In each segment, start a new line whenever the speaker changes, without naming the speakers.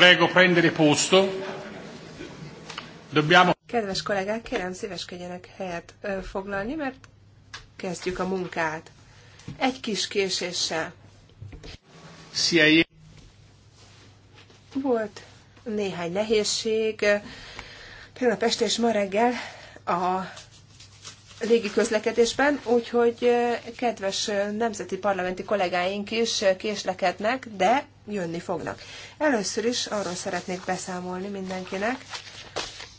Prego prendere posto. Dobbiamo... Kedves
kollégák, kérem szíveskedjenek helyet foglalni, mert kezdjük a munkát. Egy kis késéssel. Szia, Volt néhány nehézség. Tegnap este és ma reggel a légi közlekedésben, úgyhogy kedves nemzeti parlamenti kollégáink is késlekednek, de jönni fognak. Először is arról szeretnék beszámolni mindenkinek,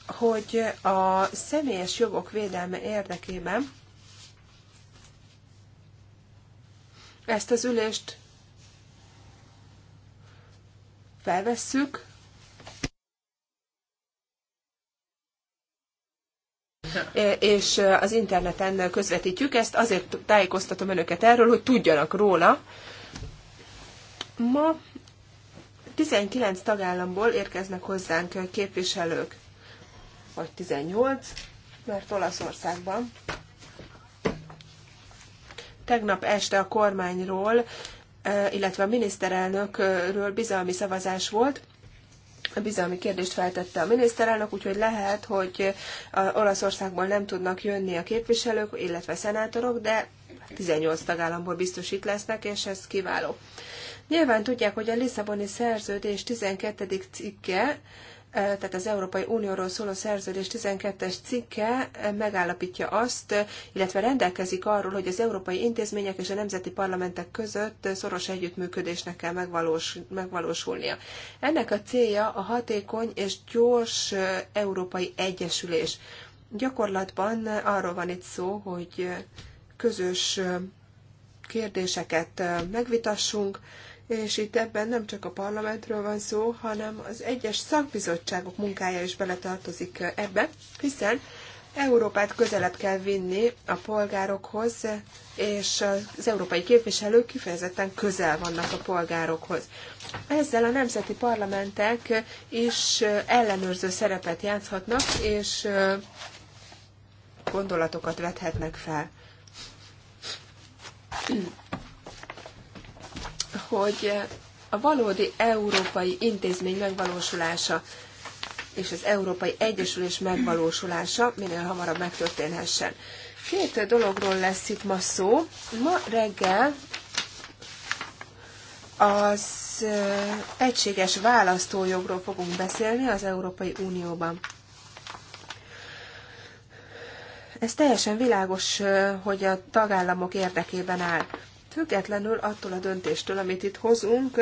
hogy a személyes jogok védelme érdekében ezt az ülést felvesszük, e, és e, az interneten közvetítjük ezt, azért tájékoztatom önöket erről, hogy tudjanak róla. Ma 19 tagállamból érkeznek hozzánk képviselők, vagy 18, mert Olaszországban. Tegnap este a kormányról, e, illetve a miniszterelnökről bizalmi szavazás volt, a bizalmi kérdést feltette a miniszterelnök, úgyhogy lehet, hogy Olaszországból nem tudnak jönni a képviselők, illetve szenátorok, de 18 tagállamból biztos itt lesznek, és ez kiváló. Nyilván tudják, hogy a Lisszaboni szerződés 12. cikke, tehát az Európai Unióról szóló szerződés 12-es cikke megállapítja azt, illetve rendelkezik arról, hogy az európai intézmények és a nemzeti parlamentek között szoros együttműködésnek kell megvalós, megvalósulnia. Ennek a célja a hatékony és gyors európai egyesülés. Gyakorlatban arról van itt szó, hogy közös kérdéseket megvitassunk, és itt ebben nem csak a parlamentről van szó, hanem az egyes szakbizottságok munkája is beletartozik ebbe, hiszen Európát közelebb kell vinni a polgárokhoz, és az európai képviselők kifejezetten közel vannak a polgárokhoz. Ezzel a nemzeti parlamentek is ellenőrző szerepet játszhatnak, és gondolatokat vethetnek fel hogy a valódi európai intézmény megvalósulása és az Európai Egyesülés megvalósulása minél hamarabb megtörténhessen. Két dologról lesz itt ma szó. Ma reggel az egységes választójogról fogunk beszélni az Európai Unióban. Ez teljesen világos, hogy a tagállamok érdekében áll. Függetlenül attól a döntéstől, amit itt hozunk,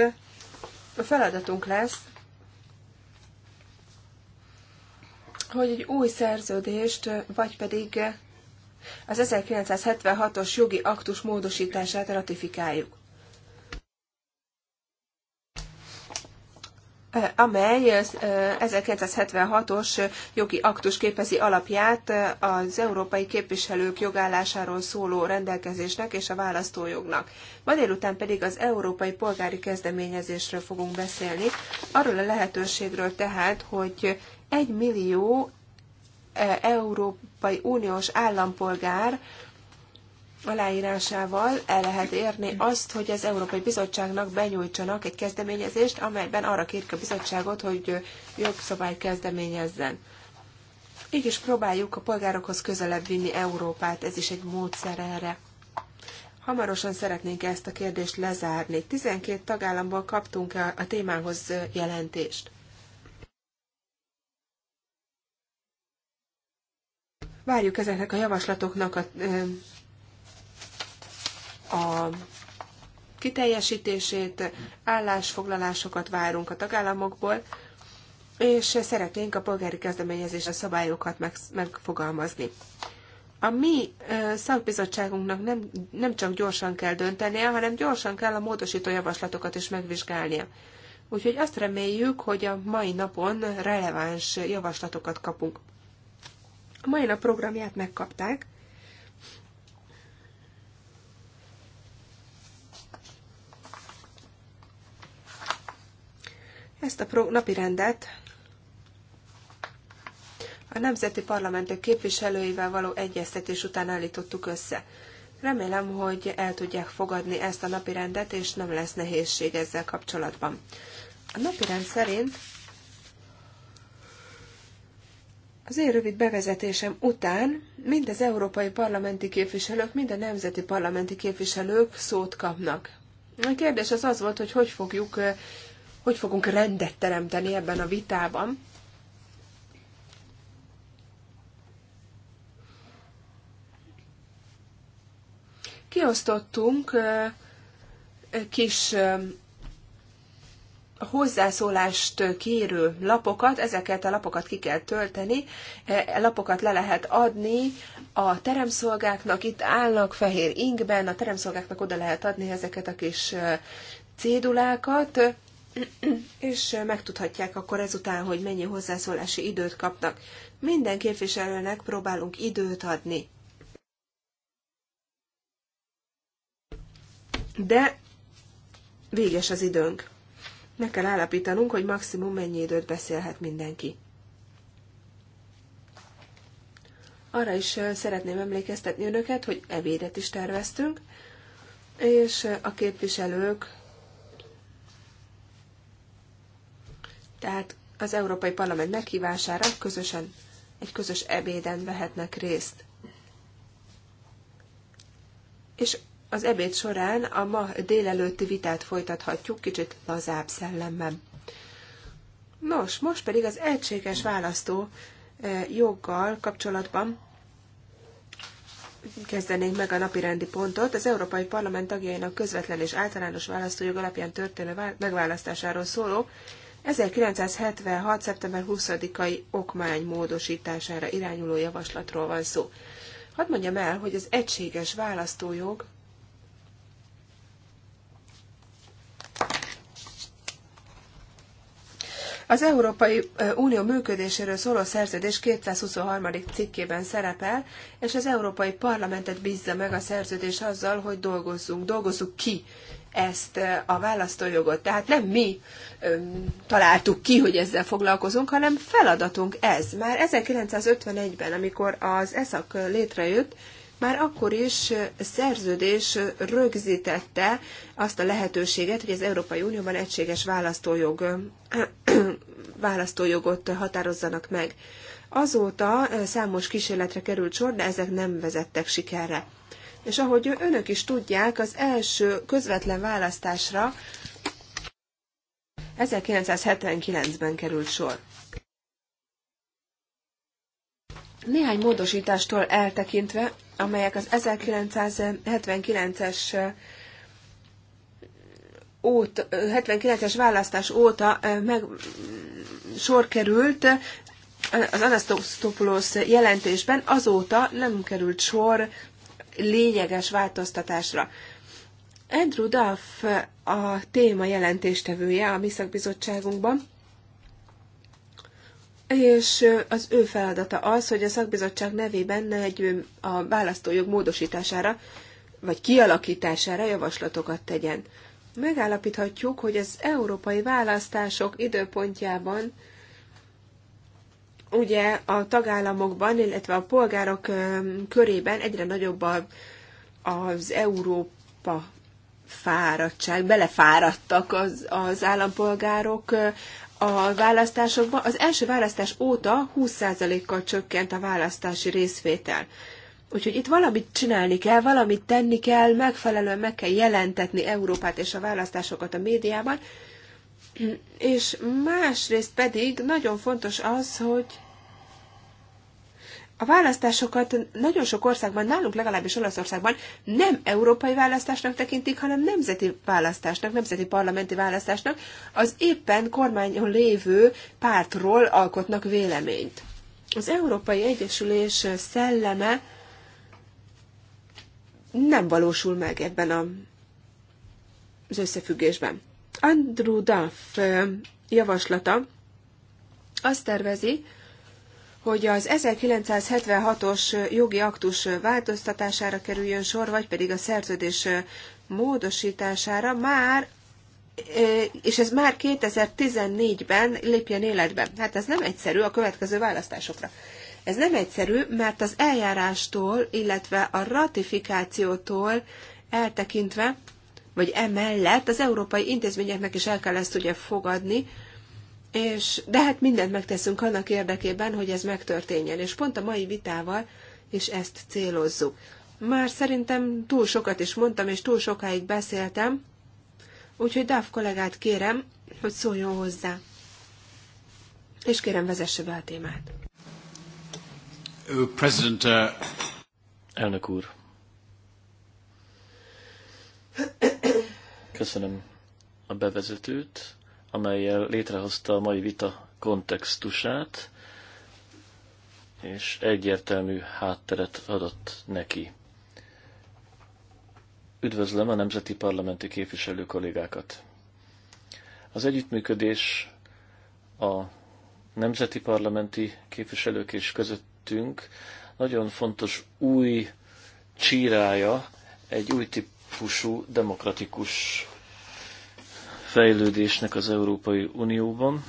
a feladatunk lesz, hogy egy új szerződést, vagy pedig az 1976-os jogi aktus módosítását ratifikáljuk. amely 1976-os jogi aktus képezi alapját az európai képviselők jogállásáról szóló rendelkezésnek és a választójognak. Ma délután pedig az európai polgári kezdeményezésről fogunk beszélni, arról a lehetőségről tehát, hogy egy millió Európai Uniós állampolgár aláírásával el lehet érni azt, hogy az Európai Bizottságnak benyújtsanak egy kezdeményezést, amelyben arra kérjük a bizottságot, hogy jogszabály kezdeményezzen. Így is próbáljuk a polgárokhoz közelebb vinni Európát, ez is egy módszer erre. Hamarosan szeretnénk ezt a kérdést lezárni. 12 tagállamból kaptunk a témához jelentést. Várjuk ezeknek a javaslatoknak a a kiteljesítését, állásfoglalásokat várunk a tagállamokból, és szeretnénk a polgári kezdeményezés a szabályokat megfogalmazni. A mi szakbizottságunknak nem, nem csak gyorsan kell döntenie, hanem gyorsan kell a módosító javaslatokat is megvizsgálnia. Úgyhogy azt reméljük, hogy a mai napon releváns javaslatokat kapunk. A mai nap programját megkapták. Ezt a napirendet a nemzeti parlamentek képviselőivel való egyeztetés után állítottuk össze. Remélem, hogy el tudják fogadni ezt a napirendet, és nem lesz nehézség ezzel kapcsolatban. A napirend szerint az én rövid bevezetésem után mind az európai parlamenti képviselők, mind a nemzeti parlamenti képviselők szót kapnak. A kérdés az az volt, hogy hogy fogjuk hogy fogunk rendet teremteni ebben a vitában. Kiosztottunk kis hozzászólást kérő lapokat, ezeket a lapokat ki kell tölteni, e lapokat le lehet adni a teremszolgáknak, itt állnak fehér ingben. a teremszolgáknak oda lehet adni ezeket a kis cédulákat, és megtudhatják akkor ezután, hogy mennyi hozzászólási időt kapnak. Minden képviselőnek próbálunk időt adni. De véges az időnk. Meg kell állapítanunk, hogy maximum mennyi időt beszélhet mindenki. Arra is szeretném emlékeztetni önöket, hogy ebédet is terveztünk, és a képviselők Tehát az Európai Parlament meghívására közösen egy közös ebéden vehetnek részt. És az ebéd során a ma délelőtti vitát folytathatjuk kicsit lazább szellemben. Nos, most pedig az egységes választó eh, joggal kapcsolatban kezdenénk meg a napirendi pontot. Az Európai Parlament tagjainak közvetlen és általános választójog alapján történő megválasztásáról szóló 1976. szeptember 20-ai okmány módosítására irányuló javaslatról van szó. Hadd mondjam el, hogy az egységes választójog Az Európai Unió működéséről szóló szerződés 223. cikkében szerepel, és az Európai Parlamentet bízza meg a szerződés azzal, hogy dolgozzunk, dolgozzuk ki ezt a választójogot. Tehát nem mi öm, találtuk ki, hogy ezzel foglalkozunk, hanem feladatunk ez. Már 1951-ben, amikor az ESZAK létrejött, már akkor is szerződés rögzítette azt a lehetőséget, hogy az Európai Unióban egységes választójog, választójogot határozzanak meg. Azóta számos kísérletre került sor, de ezek nem vezettek sikerre. És ahogy önök is tudják, az első közvetlen választásra 1979-ben került sor. Néhány módosítástól eltekintve, amelyek az 1979-es óta, 79-es választás óta eh, meg sor került, eh, az Anastopoulos jelentésben azóta nem került sor lényeges változtatásra. Andrew Duff a téma jelentéstevője a mi szakbizottságunkban, és az ő feladata az, hogy a szakbizottság nevében egy a választójog módosítására vagy kialakítására javaslatokat tegyen. Megállapíthatjuk, hogy az európai választások időpontjában ugye a tagállamokban, illetve a polgárok körében egyre nagyobb az Európa fáradtság, belefáradtak az, az állampolgárok a választásokban. Az első választás óta 20%-kal csökkent a választási részvétel. Úgyhogy itt valamit csinálni kell, valamit tenni kell, megfelelően meg kell jelentetni Európát és a választásokat a médiában, és másrészt pedig nagyon fontos az, hogy a választásokat nagyon sok országban, nálunk legalábbis Olaszországban nem európai választásnak tekintik, hanem nemzeti választásnak, nemzeti parlamenti választásnak, az éppen kormányon lévő pártról alkotnak véleményt. Az Európai Egyesülés szelleme nem valósul meg ebben a, az összefüggésben. Andrew Duff javaslata azt tervezi, hogy az 1976-os jogi aktus változtatására kerüljön sor, vagy pedig a szerződés módosítására már és ez már 2014-ben lépjen életbe. Hát ez nem egyszerű a következő választásokra. Ez nem egyszerű, mert az eljárástól, illetve a ratifikációtól eltekintve vagy emellett az európai intézményeknek is el kell ezt ugye fogadni, és, de hát mindent megteszünk annak érdekében, hogy ez megtörténjen, és pont a mai vitával is ezt célozzuk. Már szerintem túl sokat is mondtam, és túl sokáig beszéltem, úgyhogy Dáv kollégát kérem, hogy szóljon hozzá. És kérem, vezesse be a témát.
President, uh... Elnök úr. Köszönöm a bevezetőt, amelyel létrehozta a mai vita kontextusát, és egyértelmű hátteret adott neki. Üdvözlöm a nemzeti parlamenti képviselő kollégákat. Az együttműködés a nemzeti parlamenti képviselők és közöttünk nagyon fontos új csírája egy új típusú típusú demokratikus fejlődésnek az Európai Unióban,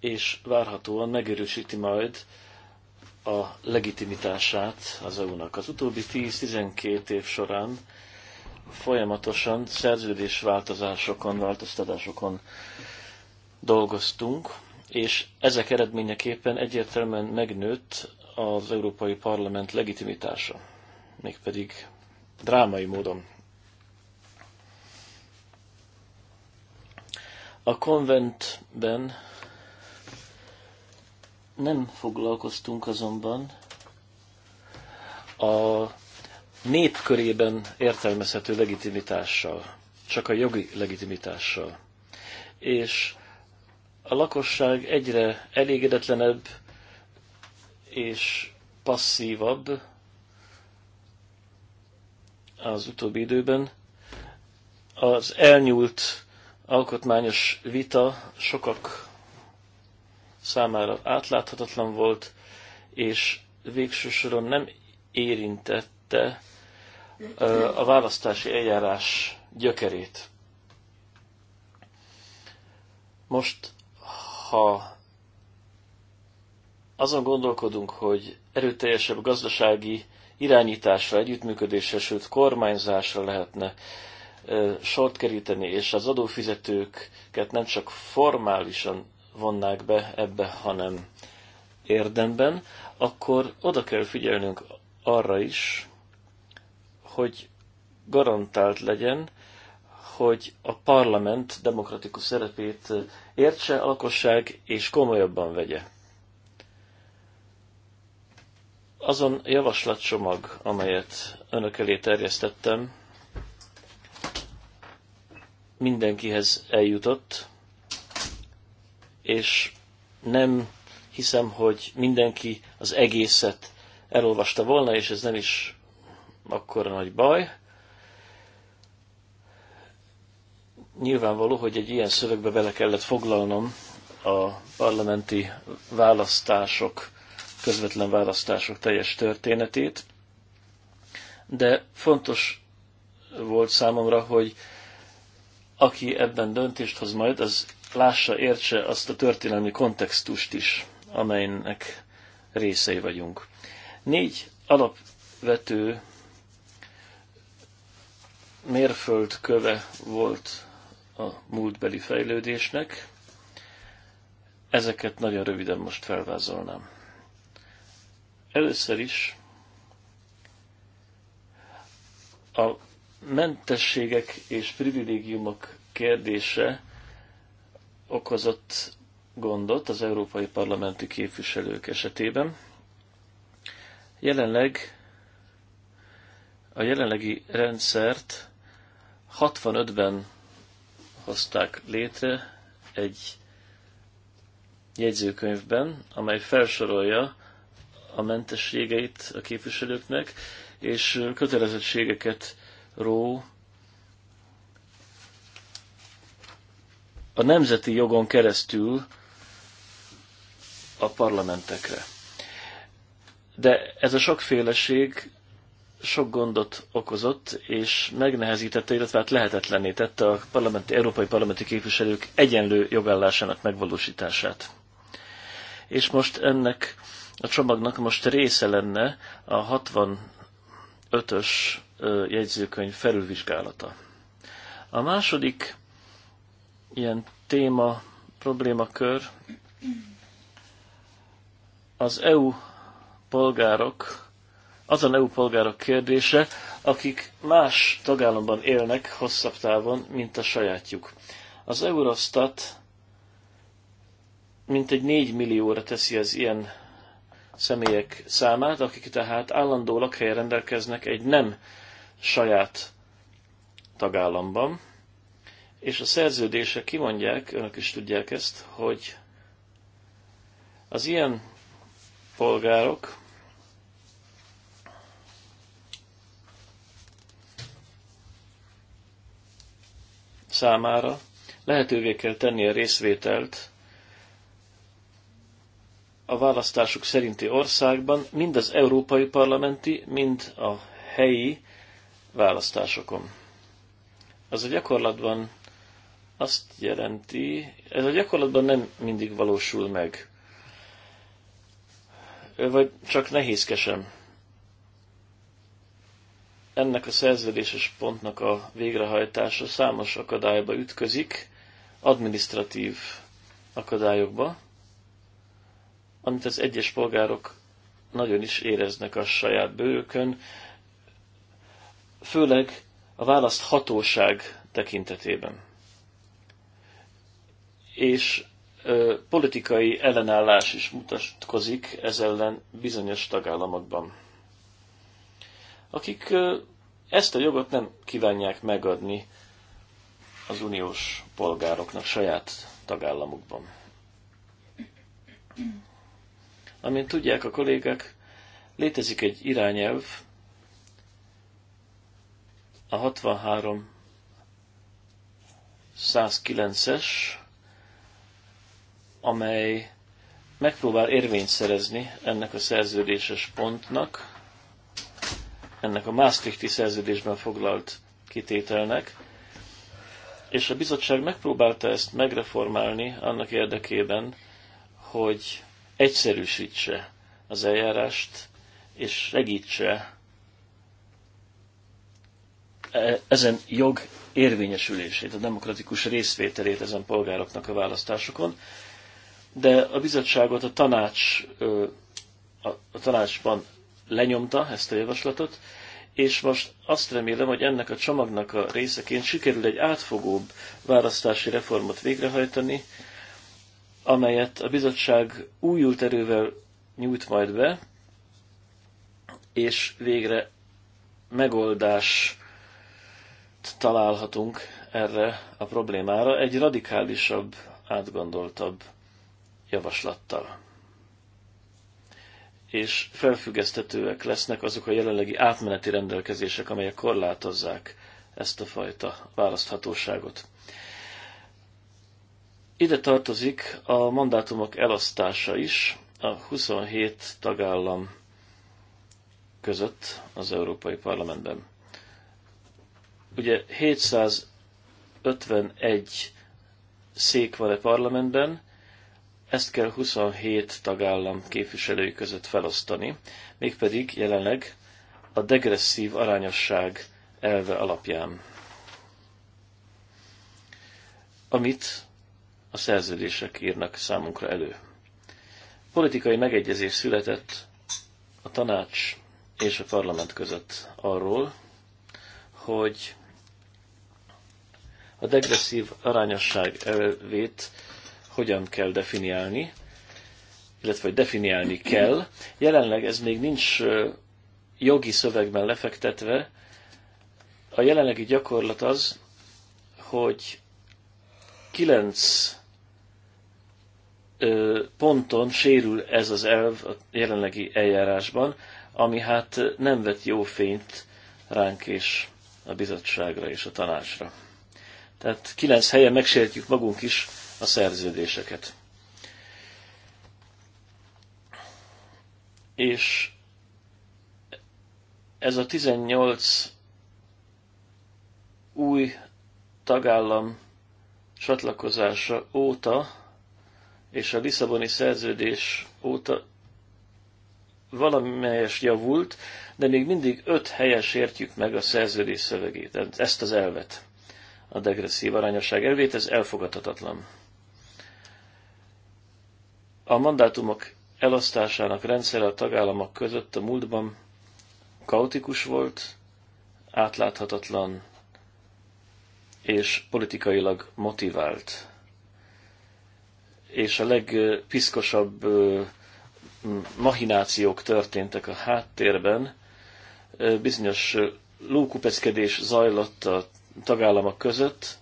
és várhatóan megerősíti majd a legitimitását az EU-nak. Az utóbbi 10-12 év során folyamatosan szerződésváltozásokon, változtatásokon dolgoztunk, és ezek eredményeképpen egyértelműen megnőtt az Európai Parlament legitimitása mégpedig drámai módon. A konventben nem foglalkoztunk azonban a népkörében körében értelmezhető legitimitással, csak a jogi legitimitással. És a lakosság egyre elégedetlenebb és passzívabb, az utóbbi időben. Az elnyúlt alkotmányos vita sokak számára átláthatatlan volt, és végső soron nem érintette a választási eljárás gyökerét. Most, ha azon gondolkodunk, hogy erőteljesebb gazdasági irányításra, együttműködésre, sőt kormányzásra lehetne sort keríteni, és az adófizetőket nem csak formálisan vonnák be ebbe, hanem érdemben, akkor oda kell figyelnünk arra is, hogy garantált legyen, hogy a parlament demokratikus szerepét értse a lakosság és komolyabban vegye. azon javaslatcsomag, amelyet önök elé terjesztettem, mindenkihez eljutott, és nem hiszem, hogy mindenki az egészet elolvasta volna, és ez nem is akkora nagy baj. Nyilvánvaló, hogy egy ilyen szövegbe bele kellett foglalnom a parlamenti választások közvetlen választások teljes történetét, de fontos volt számomra, hogy aki ebben döntést hoz majd, az lássa, értse azt a történelmi kontextust is, amelynek részei vagyunk. Négy alapvető mérföldköve volt a múltbeli fejlődésnek. Ezeket nagyon röviden most felvázolnám. Először is a mentességek és privilégiumok kérdése okozott gondot az európai parlamenti képviselők esetében. Jelenleg a jelenlegi rendszert 65-ben hozták létre egy jegyzőkönyvben, amely felsorolja a mentességeit a képviselőknek, és kötelezettségeket ró a nemzeti jogon keresztül a parlamentekre. De ez a sokféleség sok gondot okozott, és megnehezítette, illetve hát lehetetlenné tette a parlamenti, európai parlamenti képviselők egyenlő jogállásának megvalósítását. És most ennek a csomagnak most része lenne a 65-ös jegyzőkönyv felülvizsgálata. A második ilyen téma, problémakör az EU polgárok, a EU polgárok kérdése, akik más tagállamban élnek hosszabb távon, mint a sajátjuk. Az Eurostat mintegy 4 millióra teszi az ilyen személyek számát, akik tehát állandó lakhelyen rendelkeznek egy nem saját tagállamban, és a szerződések kimondják, önök is tudják ezt, hogy az ilyen polgárok számára lehetővé kell tenni a részvételt a választások szerinti országban, mind az európai parlamenti, mind a helyi választásokon. Ez a gyakorlatban azt jelenti, ez a gyakorlatban nem mindig valósul meg, vagy csak nehézkesen. Ennek a szerződéses pontnak a végrehajtása számos akadályba ütközik, administratív akadályokba, amit az egyes polgárok nagyon is éreznek a saját bőrükön, főleg a választ hatóság tekintetében. És ö, politikai ellenállás is mutatkozik ez ellen bizonyos tagállamokban, akik ö, ezt a jogot nem kívánják megadni az uniós polgároknak saját tagállamukban. Amint tudják a kollégák, létezik egy irányelv, a 63 109-es, amely megpróbál érvényt szerezni ennek a szerződéses pontnak, ennek a Maastrichti szerződésben foglalt kitételnek, és a bizottság megpróbálta ezt megreformálni annak érdekében, hogy egyszerűsítse az eljárást, és segítse e, ezen jog érvényesülését, a demokratikus részvételét ezen polgároknak a választásokon, de a bizottságot a tanács a tanácsban lenyomta ezt a javaslatot, és most azt remélem, hogy ennek a csomagnak a részeként sikerül egy átfogóbb választási reformot végrehajtani, amelyet a bizottság újult erővel nyújt majd be, és végre megoldás találhatunk erre a problémára egy radikálisabb, átgondoltabb javaslattal. És felfüggesztetőek lesznek azok a jelenlegi átmeneti rendelkezések, amelyek korlátozzák ezt a fajta választhatóságot. Ide tartozik a mandátumok elosztása is a 27 tagállam között az Európai Parlamentben. Ugye 751 szék van a parlamentben, ezt kell 27 tagállam képviselői között felosztani, mégpedig jelenleg a degresszív arányosság elve alapján, amit a szerződések írnak számunkra elő. Politikai megegyezés született a tanács és a parlament között arról, hogy a degresszív arányosság elvét hogyan kell definiálni, illetve hogy definiálni kell. Jelenleg ez még nincs jogi szövegben lefektetve. A jelenlegi gyakorlat az, hogy kilenc ponton sérül ez az elv a jelenlegi eljárásban, ami hát nem vet jó fényt ránk és a bizottságra és a tanácsra. Tehát kilenc helyen megsértjük magunk is a szerződéseket. És ez a 18 új tagállam csatlakozása óta és a Lisszaboni szerződés óta valamelyes javult, de még mindig öt helyes értjük meg a szerződés szövegét, ezt az elvet, a degresszív arányosság elvét, ez elfogadhatatlan. A mandátumok elosztásának rendszere a tagállamok között a múltban kaotikus volt, átláthatatlan és politikailag motivált és a legpiszkosabb mahinációk történtek a háttérben. Bizonyos lókupeckedés zajlott a tagállamok között,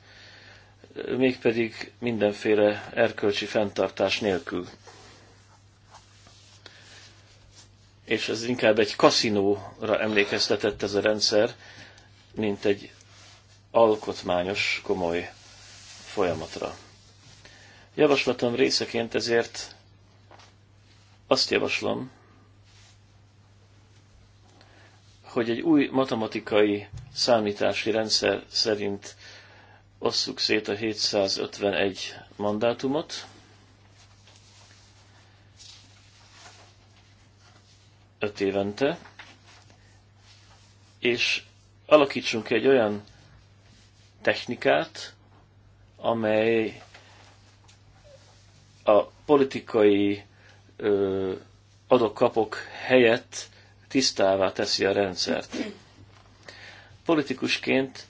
mégpedig mindenféle erkölcsi fenntartás nélkül. És ez inkább egy kaszinóra emlékeztetett ez a rendszer, mint egy alkotmányos, komoly folyamatra. Javaslatom részeként ezért azt javaslom, hogy egy új matematikai számítási rendszer szerint osszuk szét a 751 mandátumot, öt évente, és alakítsunk egy olyan technikát, amely a politikai adok-kapok helyett tisztává teszi a rendszert. Politikusként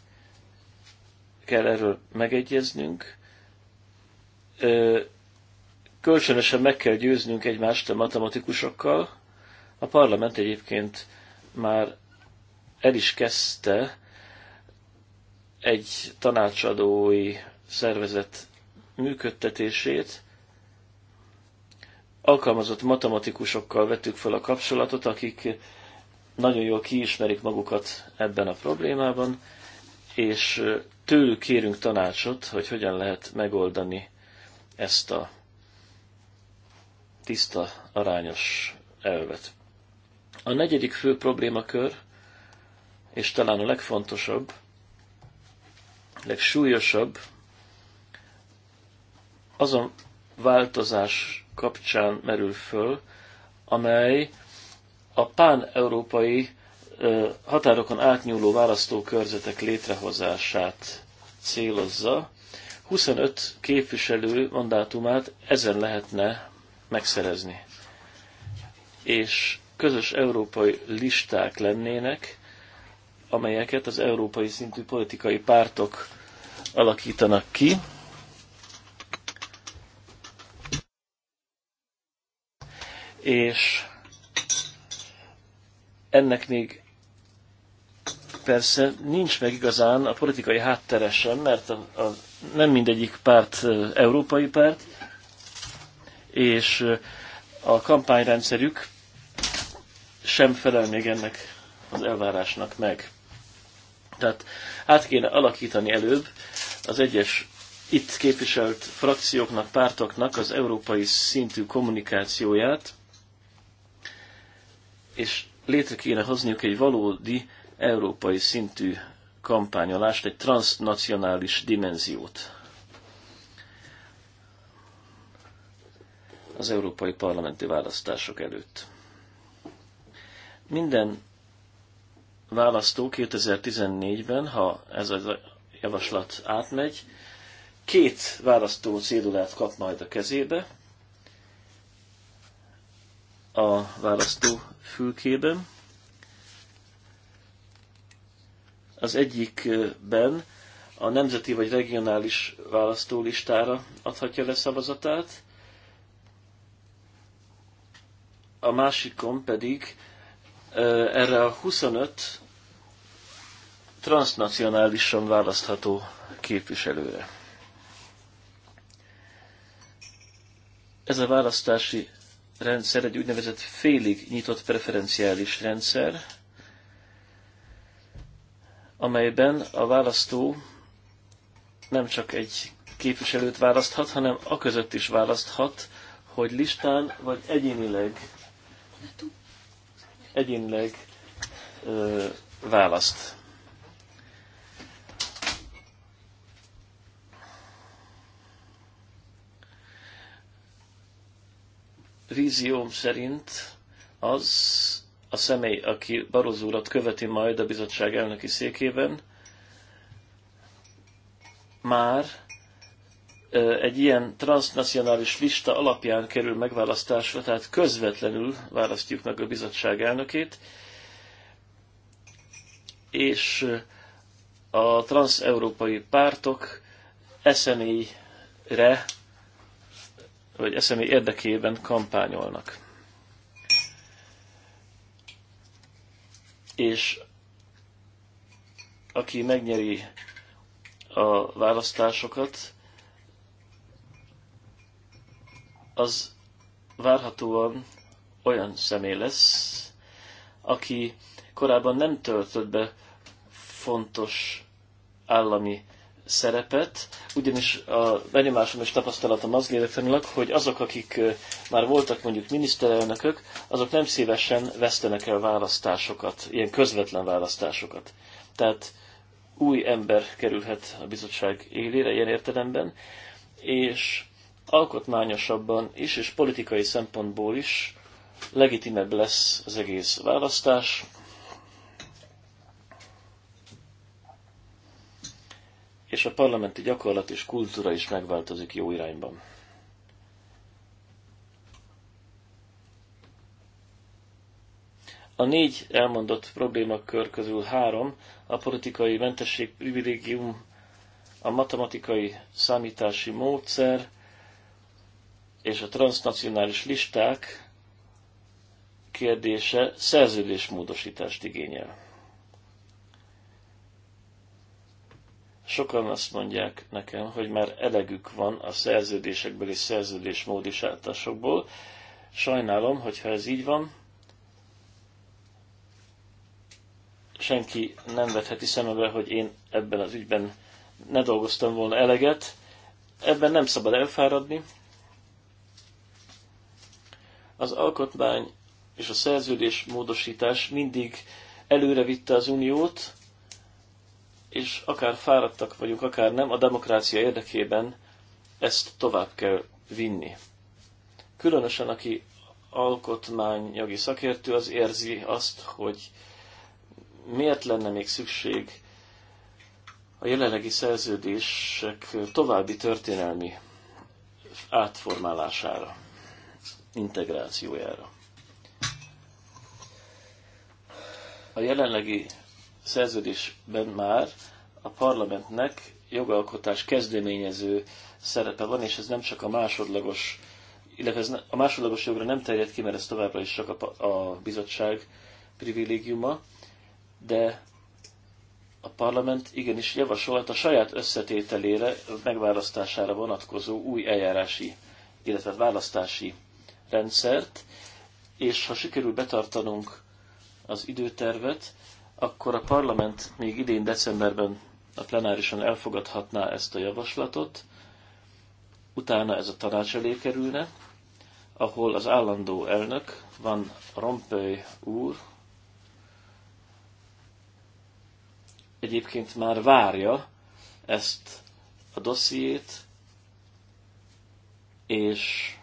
kell erről megegyeznünk, kölcsönösen meg kell győznünk egymást a matematikusokkal. A parlament egyébként már el is kezdte egy tanácsadói szervezet működtetését, alkalmazott matematikusokkal vettük fel a kapcsolatot, akik nagyon jól kiismerik magukat ebben a problémában, és tőlük kérünk tanácsot, hogy hogyan lehet megoldani ezt a tiszta, arányos elvet. A negyedik fő problémakör, és talán a legfontosabb, legsúlyosabb, azon változás kapcsán merül föl, amely a pán-európai határokon átnyúló választókörzetek létrehozását célozza. 25 képviselő mandátumát ezen lehetne megszerezni. És közös európai listák lennének, amelyeket az európai szintű politikai pártok alakítanak ki. és ennek még persze nincs meg igazán a politikai háttere sem, mert a, a, nem mindegyik párt európai párt, és a kampányrendszerük sem felel még ennek az elvárásnak meg. Tehát át kéne alakítani előbb az egyes itt képviselt frakcióknak, pártoknak az európai szintű kommunikációját, és létre kéne hozniuk egy valódi európai szintű kampányolást, egy transnacionális dimenziót. az európai parlamenti választások előtt. Minden választó 2014-ben, ha ez a javaslat átmegy, két választó cédulát kap majd a kezébe, a választó fülkében. Az egyikben a nemzeti vagy regionális választólistára adhatja le szavazatát, a másikon pedig erre a 25 transnacionálisan választható képviselőre. Ez a választási rendszer egy úgynevezett félig nyitott preferenciális rendszer, amelyben a választó nem csak egy képviselőt választhat, hanem a között is választhat, hogy listán vagy egyénileg, egyénileg ö, választ. vízióm szerint az a személy, aki Barozó urat követi majd a bizottság elnöki székében, már egy ilyen transnacionális lista alapján kerül megválasztásra, tehát közvetlenül választjuk meg a bizottság elnökét, és a transeurópai pártok eszemélyre vagy eszemé személy érdekében kampányolnak. És aki megnyeri a választásokat, az várhatóan olyan személy lesz, aki korábban nem töltött be fontos állami szerepet, ugyanis a benyomásom és tapasztalatom az lélektanulag, hogy azok, akik már voltak mondjuk miniszterelnökök, azok nem szívesen vesztenek el választásokat, ilyen közvetlen választásokat. Tehát új ember kerülhet a bizottság élére ilyen értelemben, és alkotmányosabban is, és politikai szempontból is legitimebb lesz az egész választás, és a parlamenti gyakorlat és kultúra is megváltozik jó irányban. A négy elmondott problémakör közül három, a politikai mentesség privilégium, a matematikai számítási módszer és a transnacionális listák kérdése szerződésmódosítást igényel. Sokan azt mondják nekem, hogy már elegük van a szerződésekből és szerződésmódi sátásokból. Sajnálom, hogyha ez így van, senki nem vetheti szemembe, hogy én ebben az ügyben ne dolgoztam volna eleget. Ebben nem szabad elfáradni. Az alkotmány és a szerződés módosítás mindig előre vitte az uniót, és akár fáradtak vagyunk, akár nem, a demokrácia érdekében ezt tovább kell vinni. Különösen, aki alkotmányjogi szakértő, az érzi azt, hogy miért lenne még szükség a jelenlegi szerződések további történelmi átformálására, integrációjára. A jelenlegi szerződésben már a parlamentnek jogalkotás kezdeményező szerepe van, és ez nem csak a másodlagos, illetve ez a másodlagos jogra nem terjed ki, mert ez továbbra is csak a, a bizottság privilégiuma, de a parlament igenis javasolt a saját összetételére, megválasztására vonatkozó új eljárási, illetve választási rendszert, és ha sikerül betartanunk az időtervet, akkor a parlament még idén decemberben a plenárison elfogadhatná ezt a javaslatot, utána ez a tanács elé kerülne, ahol az állandó elnök, Van Rompuy úr, egyébként már várja ezt a dossziét, és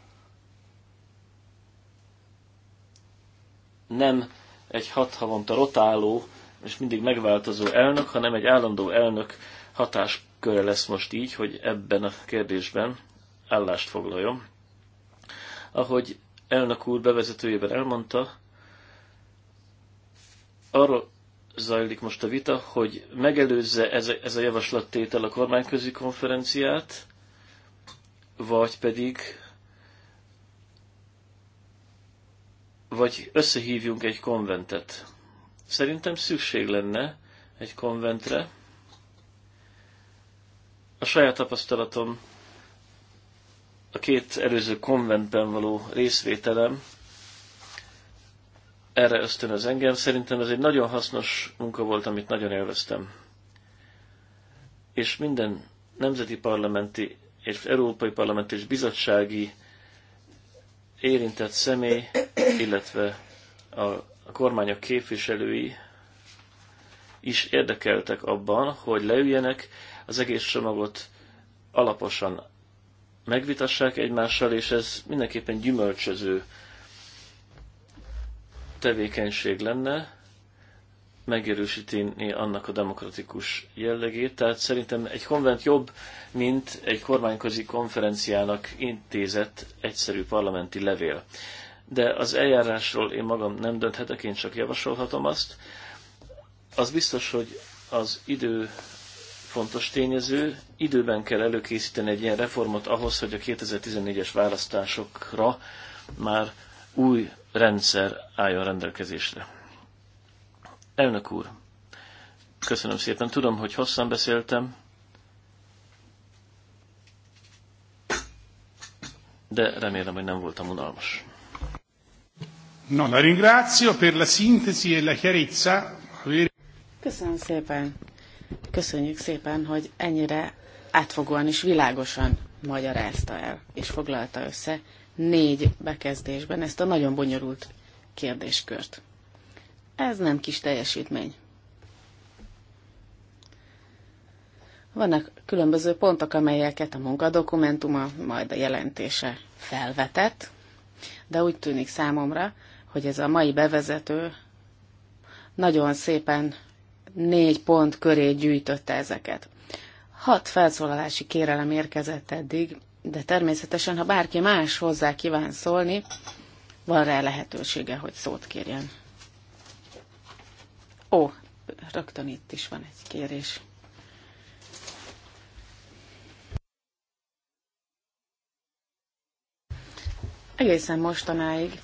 nem egy hat havonta rotáló és mindig megváltozó elnök, hanem egy állandó elnök hatásköre lesz most így, hogy ebben a kérdésben állást foglaljon. Ahogy elnök úr bevezetőjében elmondta, arról zajlik most a vita, hogy megelőzze ez a, ez a javaslattétel a kormányközi konferenciát, vagy pedig vagy összehívjunk egy konventet. Szerintem szükség lenne egy konventre. A saját tapasztalatom a két előző konventben való részvételem erre ösztönöz engem. Szerintem ez egy nagyon hasznos munka volt, amit nagyon élveztem. És minden nemzeti parlamenti és európai parlamenti és bizottsági érintett személy, illetve a a kormányok képviselői is érdekeltek abban, hogy leüljenek, az egész csomagot alaposan megvitassák egymással, és ez mindenképpen gyümölcsöző tevékenység lenne, megerősíteni annak a demokratikus jellegét. Tehát szerintem egy konvent jobb, mint egy kormányközi konferenciának intézett egyszerű parlamenti levél de az eljárásról én magam nem dönthetek, én csak javasolhatom azt. Az biztos, hogy az idő fontos tényező. Időben kell előkészíteni egy ilyen reformot ahhoz, hogy a 2014-es választásokra már új rendszer álljon rendelkezésre. Elnök úr, köszönöm szépen. Tudom, hogy hosszan beszéltem, de remélem, hogy nem voltam unalmas. No, la
ringrazio per la sintesi e la chiarezza.
Köszönöm szépen. Köszönjük szépen, hogy ennyire átfogóan és világosan magyarázta el és foglalta össze négy bekezdésben ezt a nagyon bonyolult kérdéskört. Ez nem kis teljesítmény. Vannak különböző pontok, amelyeket a munkadokumentuma, majd a jelentése felvetett, de úgy tűnik számomra, hogy ez a mai bevezető nagyon szépen négy pont köré gyűjtötte ezeket. Hat felszólalási kérelem érkezett eddig, de természetesen, ha bárki más hozzá kíván szólni, van rá lehetősége, hogy szót kérjen. Ó, rögtön itt is van egy kérés. Egészen mostanáig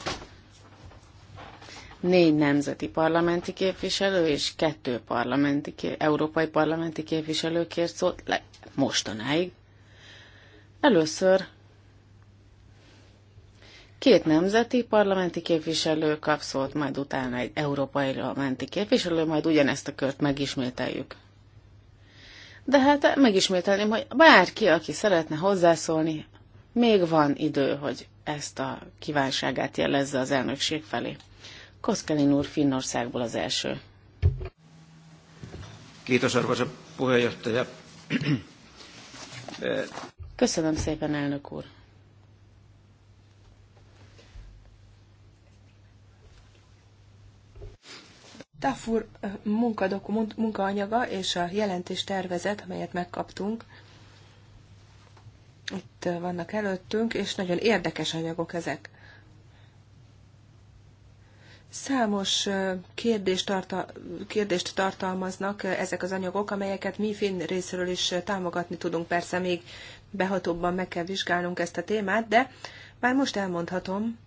négy nemzeti parlamenti képviselő és kettő parlamenti, európai parlamenti képviselő kért szót le, mostanáig. Először két nemzeti parlamenti képviselő kap szót, majd utána egy európai parlamenti képviselő, majd ugyanezt a kört megismételjük. De hát megismételném, hogy bárki, aki szeretne hozzászólni, még van idő, hogy ezt a kívánságát jelezze az elnökség felé. Koszkelin úr Finnországból az első.
Kiitos, a puheenjohtaja.
Köszönöm szépen, elnök
úr. Tafur munkadokument, munkaanyaga és a jelentés tervezet, amelyet megkaptunk, itt vannak előttünk, és nagyon érdekes anyagok ezek. Számos kérdést, tartal, kérdést tartalmaznak ezek az anyagok, amelyeket mi finn részről is támogatni tudunk. Persze még behatóbban meg kell vizsgálnunk ezt a témát, de már most elmondhatom,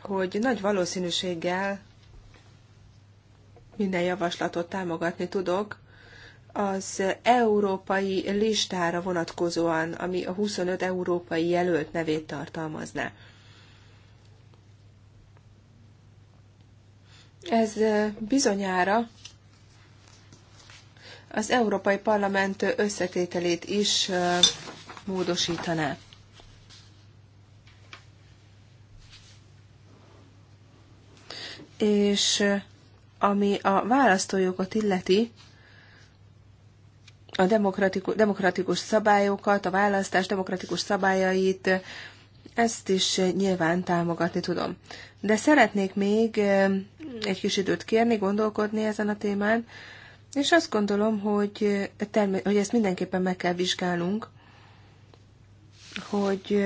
hogy nagy valószínűséggel minden javaslatot támogatni tudok, az európai listára vonatkozóan, ami a 25 európai jelölt nevét tartalmazná. Ez bizonyára az Európai Parlament összetételét is módosítaná. És ami a választójogot illeti, a demokratikus, demokratikus szabályokat, a választás demokratikus szabályait, ezt is nyilván támogatni tudom. De szeretnék még egy kis időt kérni, gondolkodni ezen a témán, és azt gondolom, hogy, termé- hogy ezt mindenképpen meg kell vizsgálnunk, hogy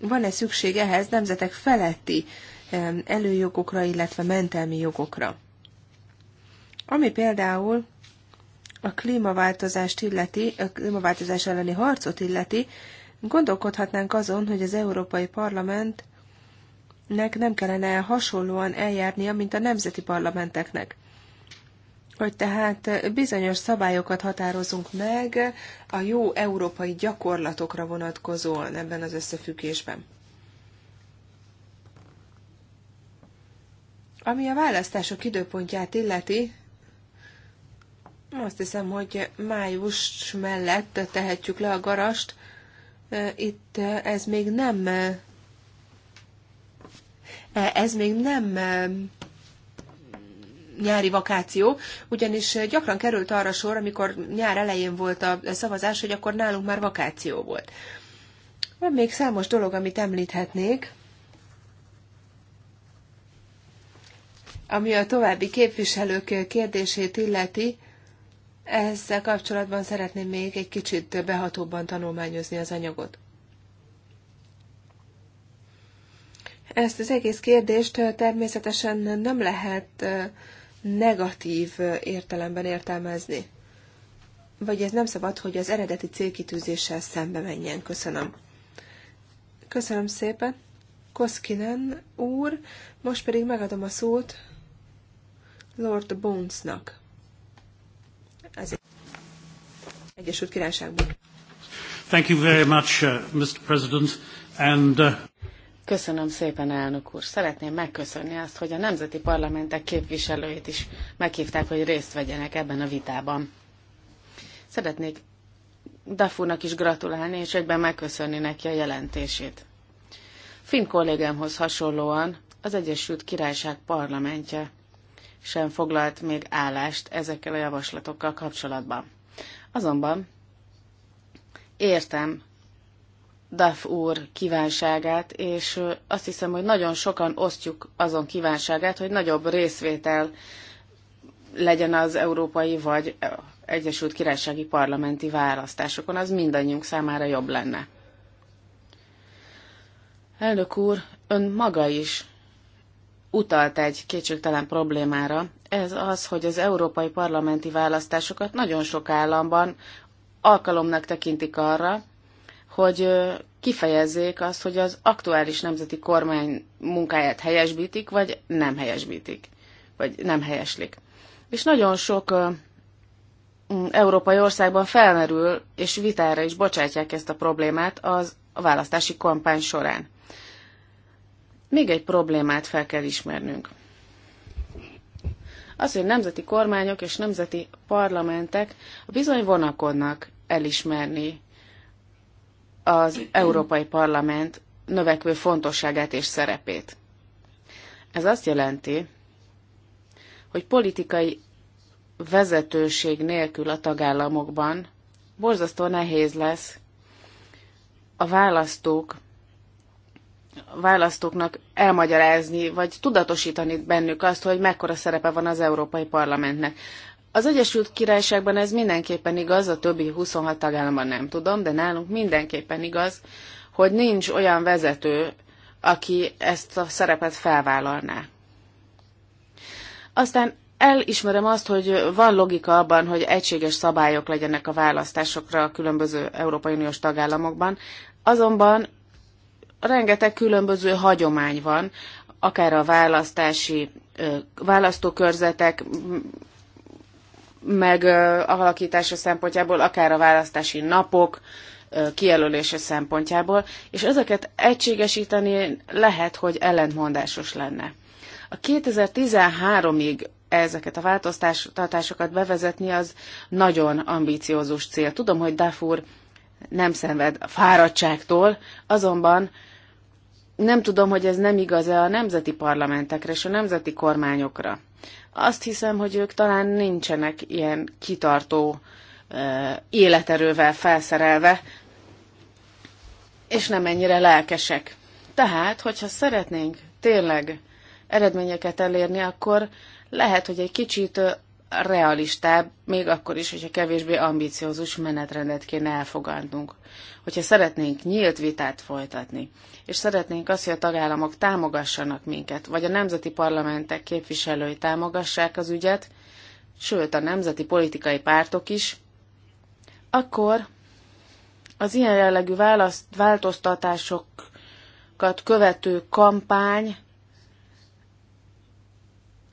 van-e szükség ehhez nemzetek feletti előjogokra, illetve mentelmi jogokra. Ami például a klímaváltozást illeti, a klímaváltozás elleni harcot illeti, gondolkodhatnánk azon, hogy az Európai Parlament nek nem kellene hasonlóan eljárnia, mint a nemzeti parlamenteknek. Hogy tehát bizonyos szabályokat határozunk meg a jó európai gyakorlatokra vonatkozóan ebben az összefüggésben. Ami a választások időpontját illeti, azt hiszem, hogy május mellett tehetjük le a garast. Itt ez még nem ez még nem eh, nyári vakáció, ugyanis gyakran került arra sor, amikor nyár elején volt a szavazás, hogy akkor nálunk már vakáció volt. Van még számos dolog, amit említhetnék, ami a további képviselők kérdését illeti, ezzel kapcsolatban szeretném még egy kicsit behatóbban tanulmányozni az anyagot. Ezt az egész kérdést természetesen nem lehet negatív értelemben értelmezni. Vagy ez nem szabad, hogy az eredeti célkitűzéssel szembe menjen. Köszönöm. Köszönöm szépen. Koszkinen úr, most pedig megadom a szót Lord Bonesnak. Ez Egyesült Királyságban.
Thank you very much, uh, Mr. President, and uh...
Köszönöm szépen, elnök úr. Szeretném megköszönni azt, hogy a nemzeti parlamentek képviselőit is meghívták, hogy részt vegyenek ebben a vitában. Szeretnék Dafurnak is gratulálni, és egyben megköszönni neki a jelentését. Finn kollégámhoz hasonlóan az Egyesült Királyság parlamentje sem foglalt még állást ezekkel a javaslatokkal kapcsolatban. Azonban értem Duff úr kívánságát, és azt hiszem, hogy nagyon sokan osztjuk azon kívánságát, hogy nagyobb részvétel legyen az európai vagy Egyesült Királysági parlamenti választásokon, az mindannyiunk számára jobb lenne. Elnök úr, ön maga is utalt egy kétségtelen problémára, ez az, hogy az európai parlamenti választásokat nagyon sok államban alkalomnak tekintik arra, hogy kifejezzék azt, hogy az aktuális nemzeti kormány munkáját helyesbítik, vagy nem helyesbítik, vagy nem helyeslik. És nagyon sok európai országban felmerül, és vitára is bocsátják ezt a problémát az a választási kampány során. Még egy problémát fel kell ismernünk. Az, hogy nemzeti kormányok és nemzeti parlamentek bizony vonakodnak elismerni az Európai Parlament növekvő fontosságát és szerepét. Ez azt jelenti, hogy politikai vezetőség nélkül a tagállamokban borzasztó nehéz lesz a választók a választóknak elmagyarázni, vagy tudatosítani bennük azt, hogy mekkora szerepe van az Európai Parlamentnek. Az Egyesült Királyságban ez mindenképpen igaz, a többi 26 tagállamban nem tudom, de nálunk mindenképpen igaz, hogy nincs olyan vezető, aki ezt a szerepet felvállalná. Aztán elismerem azt, hogy van logika abban, hogy egységes szabályok legyenek a választásokra a különböző Európai Uniós tagállamokban, azonban rengeteg különböző hagyomány van, akár a választási választókörzetek meg a alakítása szempontjából, akár a választási napok kijelölése szempontjából, és ezeket egységesíteni lehet, hogy ellentmondásos lenne. A 2013-ig ezeket a változtatásokat bevezetni az nagyon ambiciózus cél. Tudom, hogy Dafur nem szenved a fáradtságtól, azonban nem tudom, hogy ez nem igaz-e a nemzeti parlamentekre és a nemzeti kormányokra. Azt hiszem, hogy ők talán nincsenek ilyen kitartó életerővel felszerelve, és nem ennyire lelkesek. Tehát, hogyha szeretnénk tényleg eredményeket elérni, akkor lehet, hogy egy kicsit realistább, még akkor is, hogyha kevésbé ambiciózus menetrendet kéne elfogadnunk. Hogyha szeretnénk nyílt vitát folytatni, és szeretnénk azt, hogy a tagállamok támogassanak minket, vagy a nemzeti parlamentek képviselői támogassák az ügyet, sőt a nemzeti politikai pártok is, akkor az ilyen jellegű választ, változtatásokat követő kampány